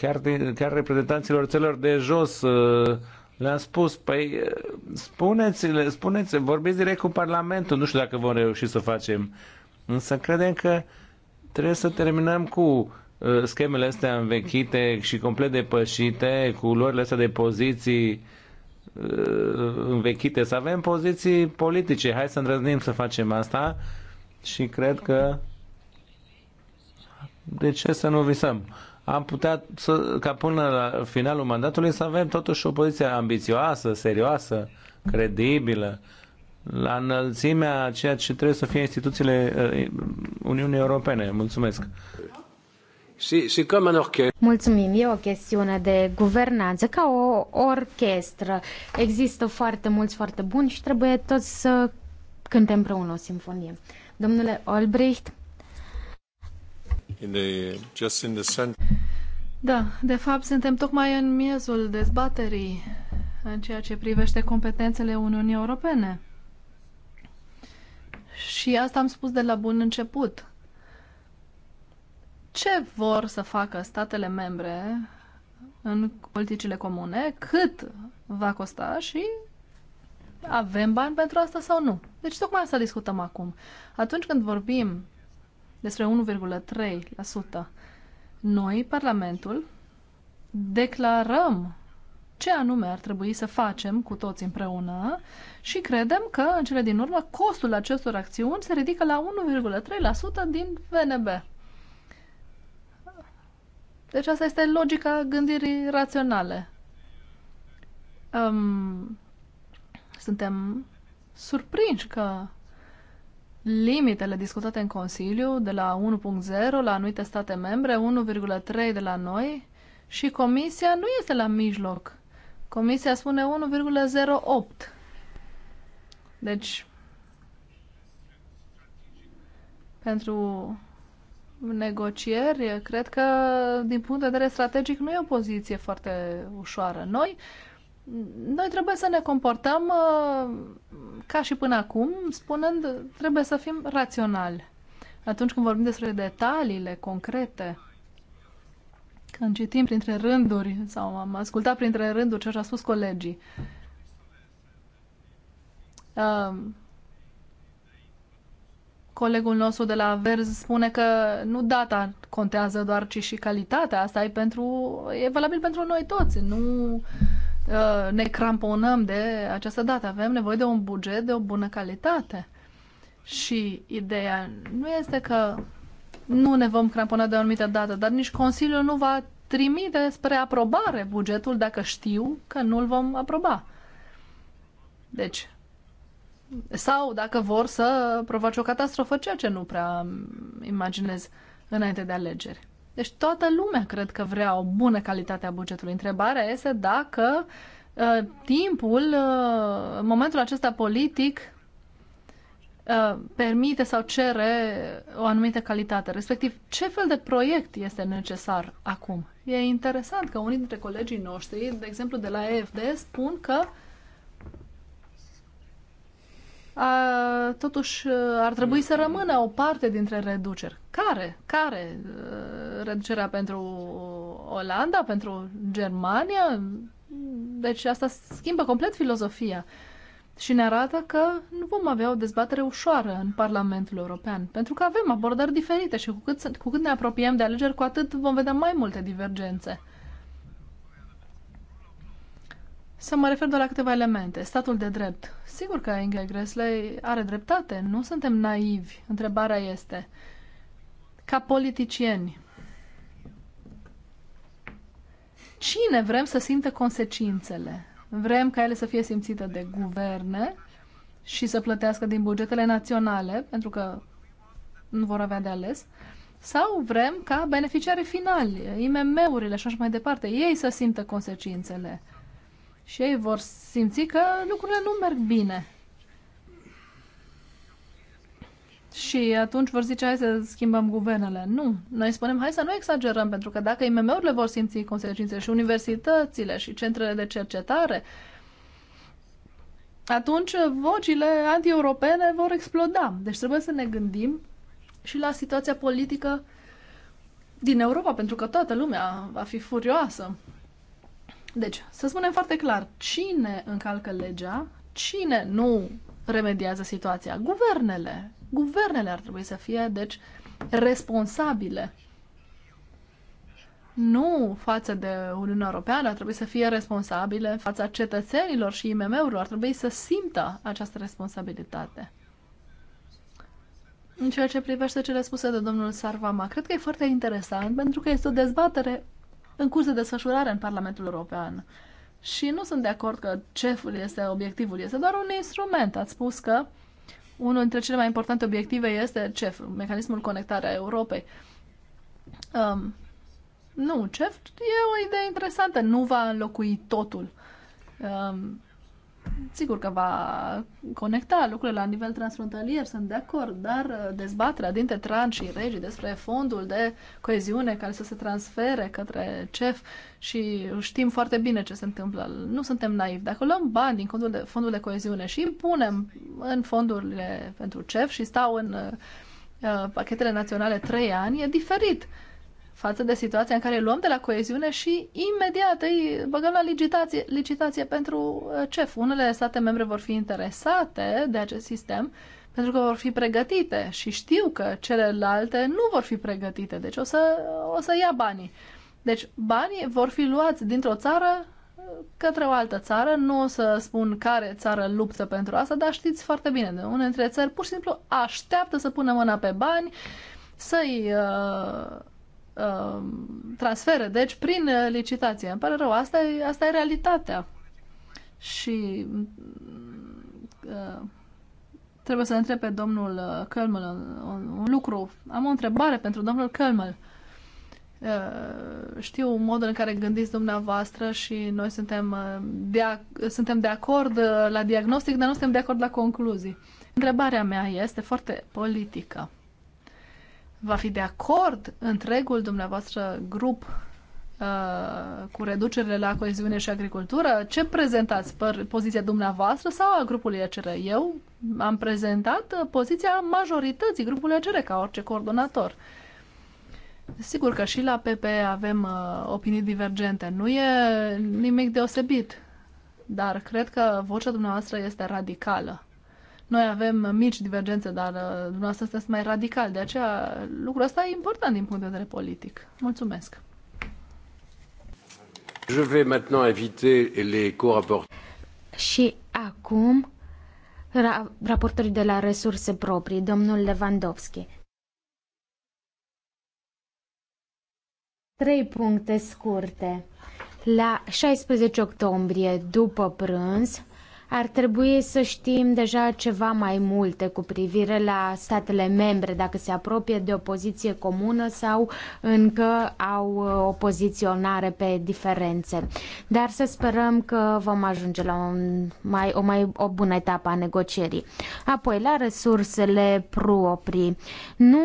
[SPEAKER 1] chiar, de, chiar reprezentanților celor de jos uh, le-am spus, păi spuneți-le, spuneți vorbiți direct cu Parlamentul, nu știu dacă vom reuși să facem, însă credem că trebuie să terminăm cu uh, schemele astea învechite și complet depășite, cu luările astea de poziții uh, învechite, să avem poziții politice. Hai să îndrăznim să facem asta și cred că de ce să nu visăm? am putea să, ca până la finalul mandatului să avem totuși o poziție ambițioasă, serioasă, credibilă, la înălțimea ceea ce trebuie să fie instituțiile uh, Uniunii Europene. Mulțumesc!
[SPEAKER 3] Mulțumim, e o chestiune de guvernanță, ca o orchestră. Există foarte mulți foarte buni și trebuie toți să cântem împreună o simfonie. Domnule Olbricht,
[SPEAKER 1] in the, just in the center.
[SPEAKER 2] Da, de fapt suntem tocmai în miezul dezbaterii în ceea ce privește competențele Uniunii Europene. Și asta am spus de la bun început. Ce vor să facă statele membre în politicile comune, cât va costa și avem bani pentru asta sau nu. Deci tocmai asta discutăm acum. Atunci când vorbim despre 1,3%. Noi, Parlamentul, declarăm ce anume ar trebui să facem cu toți împreună și credem că, în cele din urmă, costul acestor acțiuni se ridică la 1,3% din VNB. Deci asta este logica gândirii raționale. Um, suntem surprinși că limitele discutate în Consiliu de la 1.0 la anumite state membre, 1.3 de la noi și Comisia nu este la mijloc. Comisia spune 1,08. Deci, pentru negocieri, cred că din punct de vedere strategic nu e o poziție foarte ușoară. Noi noi trebuie să ne comportăm uh, ca și până acum, spunând trebuie să fim raționali. Atunci când vorbim despre detaliile concrete, când citim printre rânduri sau am ascultat printre rânduri ce și-au spus colegii, uh, colegul nostru de la Verz spune că nu data contează doar, ci și calitatea. Asta e, pentru, e valabil pentru noi toți, nu Uh, ne cramponăm de această dată. Avem nevoie de un buget de o bună calitate. Și ideea nu este că nu ne vom crampona de o anumită dată, dar nici Consiliul nu va trimite spre aprobare bugetul dacă știu că nu-l vom aproba. Deci, sau dacă vor să provoace o catastrofă, ceea ce nu prea imaginez înainte de alegeri. Deci toată lumea cred că vrea o bună calitate a bugetului. Întrebarea este dacă uh, timpul, uh, momentul acesta politic, uh, permite sau cere o anumită calitate. Respectiv, ce fel de proiect este necesar acum? E interesant că unii dintre colegii noștri, de exemplu de la EFD, spun că a, totuși uh, ar trebui să rămână o parte dintre reduceri. Care? Care? Uh, reducerea pentru Olanda, pentru Germania. Deci asta schimbă complet filozofia și ne arată că nu vom avea o dezbatere ușoară în Parlamentul European, pentru că avem abordări diferite și cu cât, cu cât ne apropiem de alegeri, cu atât vom vedea mai multe divergențe. Să mă refer doar la câteva elemente. Statul de drept. Sigur că Inge Gresley are dreptate, nu suntem naivi. Întrebarea este, ca politicieni, cine vrem să simtă consecințele. Vrem ca ele să fie simțite de guverne și să plătească din bugetele naționale, pentru că nu vor avea de ales, sau vrem ca beneficiarii finali, IMM-urile și așa mai departe, ei să simtă consecințele. Și ei vor simți că lucrurile nu merg bine. și atunci vor zice hai să schimbăm guvernele. Nu, noi spunem hai să nu exagerăm, pentru că dacă IMM-urile vor simți consecințe și universitățile și centrele de cercetare, atunci vocile anti-europene vor exploda. Deci trebuie să ne gândim și la situația politică din Europa, pentru că toată lumea va fi furioasă. Deci, să spunem foarte clar, cine încalcă legea, cine nu remediază situația? Guvernele, Guvernele ar trebui să fie, deci, responsabile. Nu față de Uniunea Europeană, ar trebui să fie responsabile fața cetățenilor și IMM-urilor, ar trebui să simtă această responsabilitate. În ceea ce privește cele spuse de domnul Sarvama, cred că e foarte interesant pentru că este o dezbatere în curs de desfășurare în Parlamentul European. Și nu sunt de acord că ceful este obiectivul, este doar un instrument. Ați spus că uh, unul dintre cele mai importante obiective este CEF, mecanismul conectare a Europei. Um, nu, CEF e o idee interesantă, nu va înlocui totul. Um, Sigur că va conecta lucrurile la nivel transfrontalier, sunt de acord, dar uh, dezbaterea dintre tran și regii despre fondul de coeziune care să se transfere către CEF și știm foarte bine ce se întâmplă. Nu suntem naivi. Dacă luăm bani din fondul de, fondul de coeziune și îi punem în fondurile pentru CEF și stau în uh, uh pachetele naționale trei ani, e diferit. Uh, față de situația în care luăm de la coeziune și imediat îi băgăm la licitație, licitație pentru uh, CEF. Unele state membre vor fi interesate de acest sistem pentru că vor fi pregătite și știu că celelalte nu vor fi pregătite, deci o să, o să ia banii. Deci banii vor fi luați dintr-o țară uh, către o altă țară, nu o să spun care țară luptă pentru asta, dar știți foarte bine, de unele dintre țări pur și simplu așteaptă să pună mâna pe bani, să-i uh, Um, transfere, deci prin uh, licitație. Îmi pare rău, asta e, asta e realitatea. Și mm, uh, trebuie să întreb pe domnul uh, Kölmel un, un lucru. Am o întrebare pentru domnul Kölmel. Uh, știu modul în care gândiți dumneavoastră și noi suntem uh, de, suntem de acord la diagnostic, dar nu suntem de acord la concluzii. Întrebarea mea este foarte politică va fi de acord întregul dumneavoastră grup uh, cu reducerile la coeziune și agricultură? Ce prezentați? Păr poziția dumneavoastră sau a grupului ACR? Eu am prezentat uh, poziția majorității grupului ACR ca orice coordonator. Sigur că și la PP avem uh, opinii divergente. Nu e nimic deosebit, dar cred că vocea dumneavoastră este radicală. Noi avem mici divergențe, dar uh, dumneavoastră sunteți mai radical. De aceea lucrul ăsta e important din punct de vedere politic. Mulțumesc.
[SPEAKER 1] Je vais maintenant inviter les co
[SPEAKER 3] Și acum ra- raportorii de la resurse proprii, domnul Lewandowski. Trei puncte scurte. La 16 octombrie, după prânz, ar trebui să știm deja ceva mai multe cu privire la statele membre, dacă se apropie de o poziție comună sau încă au uh, o poziționare pe diferențe. Dar să sperăm că vom ajunge la un, mai, o mai o bună etapă a negocierii. Apoi, la resursele proprii, Nu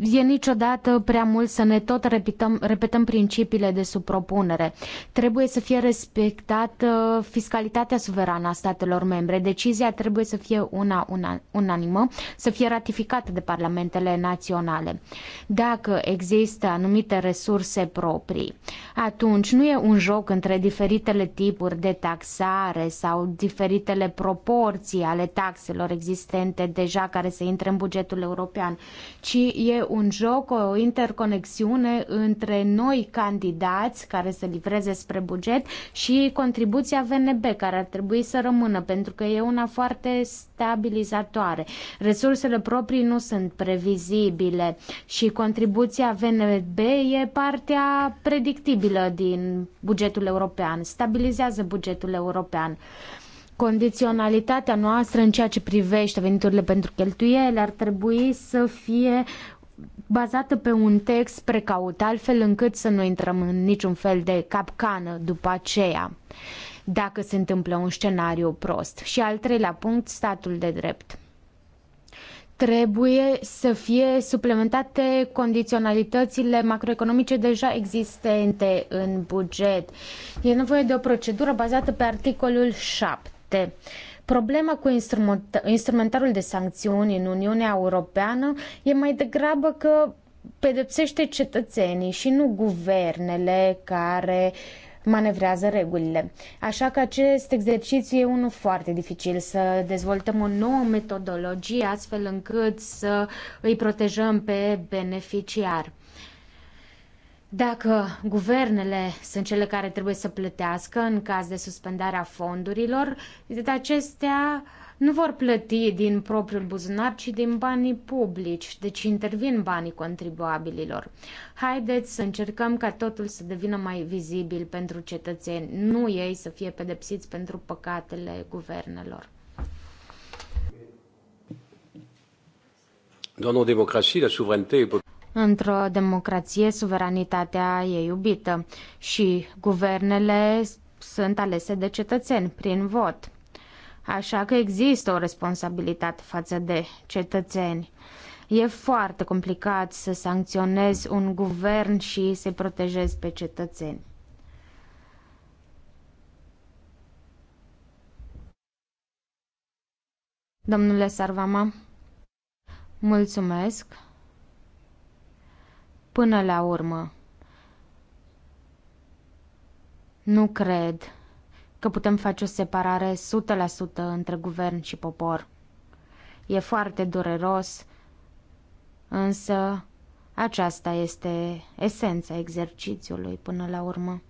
[SPEAKER 3] e niciodată prea mult să ne tot repetăm, repetăm principiile de supropunere. Trebuie să fie respectată fiscalitatea suverană a statelor membre. Decizia trebuie să fie una, una unanimă, să fie ratificată de parlamentele naționale. Dacă există anumite resurse proprii, atunci nu e un joc între diferitele tipuri de taxare sau diferitele proporții ale taxelor existente deja care se intre în bugetul european, ci e un joc, o interconexiune între noi candidați care se livreze spre buget și contribuția VNB care ar trebui să rămână pentru că e una foarte stabilizatoare. Resursele proprii nu sunt previzibile și contribuția VNB e partea predictibilă din bugetul european, stabilizează bugetul european condiționalitatea noastră în ceea ce privește veniturile pentru cheltuieli ar trebui să fie bazată pe un text precaut, altfel încât să nu intrăm în niciun fel de capcană după aceea, dacă se întâmplă un scenariu prost. Și al treilea punct, statul de drept trebuie să fie suplementate condiționalitățile macroeconomice deja existente în buget. E nevoie de o procedură bazată pe articolul 7 Problema cu instrumentarul de sancțiuni în Uniunea Europeană e mai degrabă că pedepsește cetățenii și nu guvernele care manevrează regulile. Așa că acest exercițiu e unul foarte dificil să dezvoltăm o nouă metodologie astfel încât să îi protejăm pe beneficiar. Dacă guvernele sunt cele care trebuie să plătească în caz de suspendarea fondurilor, acestea nu vor plăti din propriul buzunar, ci din banii publici, deci intervin banii contribuabililor. Haideți să încercăm ca totul să devină mai vizibil pentru cetățeni, nu ei să fie pedepsiți pentru păcatele guvernelor.
[SPEAKER 1] Dans nos démocraties, la souveraineté est
[SPEAKER 3] Într-o democrație, suveranitatea e iubită și guvernele sunt alese de cetățeni prin vot. Așa că există o responsabilitate față de cetățeni. E foarte complicat să sancționezi un guvern și să-i protejezi pe cetățeni. Domnule Sarvama, mulțumesc. Până la urmă, nu cred că putem face o separare 100% între guvern și popor. E foarte dureros, însă aceasta este esența exercițiului până la urmă.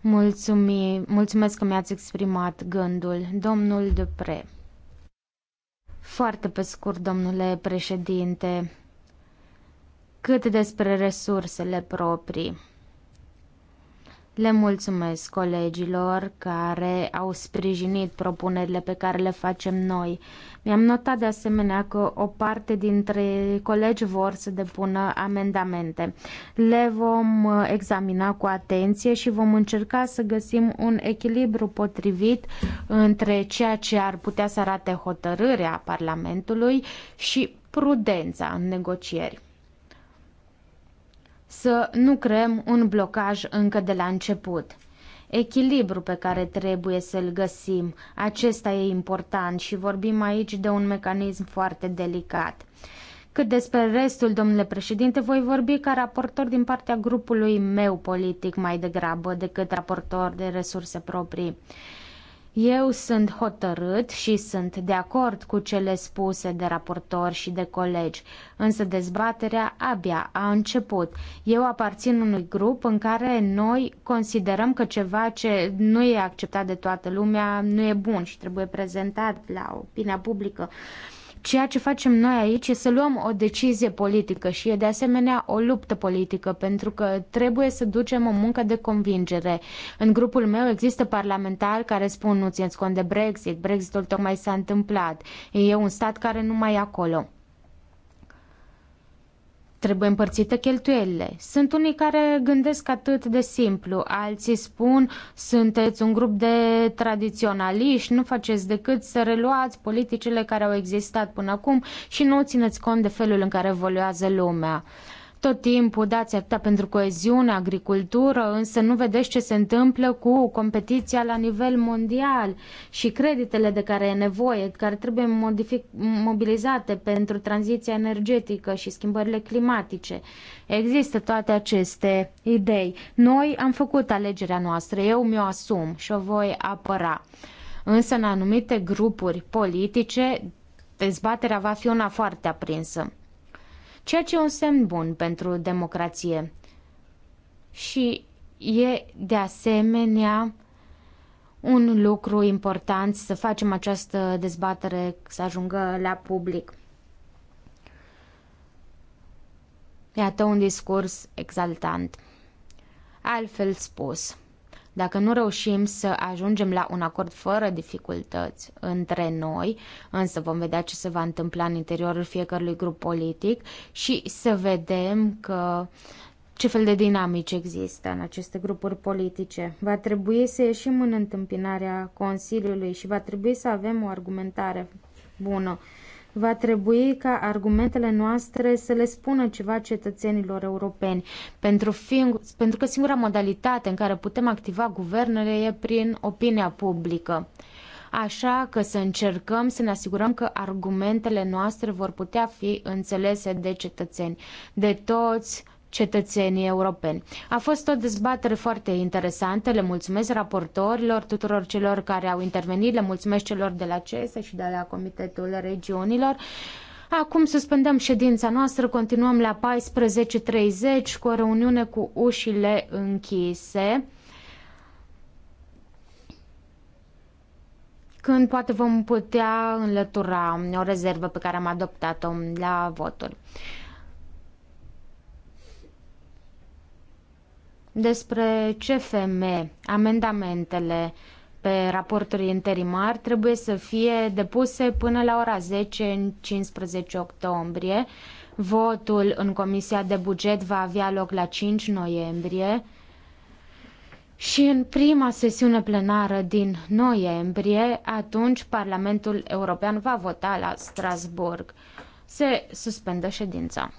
[SPEAKER 3] Mulțumim, mulțumesc că mi-ați exprimat gândul, domnul Dupre. Foarte pe scurt, domnule președinte, cât despre resursele proprii. Le mulțumesc colegilor care au sprijinit propunerile pe care le facem noi. Mi-am notat de asemenea că o parte dintre colegi vor să depună amendamente. Le vom examina cu atenție și vom încerca să găsim un echilibru potrivit între ceea ce ar putea să arate hotărârea Parlamentului și prudența în negocieri să nu creăm un blocaj încă de la început. Echilibru pe care trebuie să-l găsim, acesta e important și vorbim aici de un mecanism foarte delicat. Cât despre restul, domnule președinte, voi vorbi ca raportor din partea grupului meu politic mai degrabă decât raportor de resurse proprii. Eu sunt hotărât și sunt de acord cu cele spuse de raportori și de colegi, însă dezbaterea abia a început. Eu aparțin unui grup în care noi considerăm că ceva ce nu e acceptat de toată lumea nu e bun și trebuie prezentat la opinia publică. Uh, Ceea ce facem noi aici e să luăm o decizie politică și e de asemenea o luptă politică, pentru că trebuie să ducem o muncă de convingere. În grupul meu există parlamentari care spun nu țineți cont de Brexit, Brexitul tocmai s-a întâmplat, e un stat care nu mai e acolo trebuie împărțite cheltuielile. Sunt unii care gândesc atât de simplu, alții spun sunteți un grup de tradiționaliști, nu faceți decât să reluați politicile care au existat până acum și nu țineți cont de felul în care evoluează lumea. Tot timpul dați atâta pentru coeziune, agricultură, însă nu vedeți ce se întâmplă cu competiția la nivel mondial și creditele de care e nevoie, care trebuie modific- mobilizate pentru tranziția energetică și schimbările climatice. Există toate aceste idei. Noi am făcut alegerea noastră, eu mi-o asum și o voi apăra. Însă în anumite grupuri politice dezbaterea va fi una foarte aprinsă ceea ce e un semn bun pentru democrație. Și e de asemenea un lucru important să facem această dezbatere să ajungă la public. Iată un discurs exaltant. Altfel spus, dacă nu reușim să ajungem la un acord fără dificultăți între noi, însă vom vedea ce se va întâmpla în interiorul fiecărui grup politic și să vedem că ce fel de dinamici există în aceste grupuri politice. Va trebui să ieșim în întâmpinarea Consiliului și va trebui să avem o argumentare bună. Va trebui ca argumentele noastre să le spună ceva cetățenilor europeni, pentru, fiind, pentru că singura modalitate în care putem activa guvernele e prin opinia publică. Așa că să încercăm să ne asigurăm că argumentele noastre vor putea fi înțelese de cetățeni, de toți cetățenii europeni. A fost o dezbatere foarte interesantă. Le mulțumesc raportorilor, tuturor celor care au intervenit, le mulțumesc celor de la CESE și de la Comitetul Regiunilor. Acum suspendăm ședința noastră, continuăm la 14.30 cu o reuniune cu ușile închise. când poate vom putea înlătura o rezervă pe care am adoptat-o la voturi. Despre CFM, amendamentele pe raportul interimar trebuie să fie depuse până la ora 10 în 15 octombrie. Votul în Comisia de Buget va avea loc la 5 noiembrie și în prima sesiune plenară din noiembrie, atunci Parlamentul European va vota la Strasburg. Se suspendă ședința.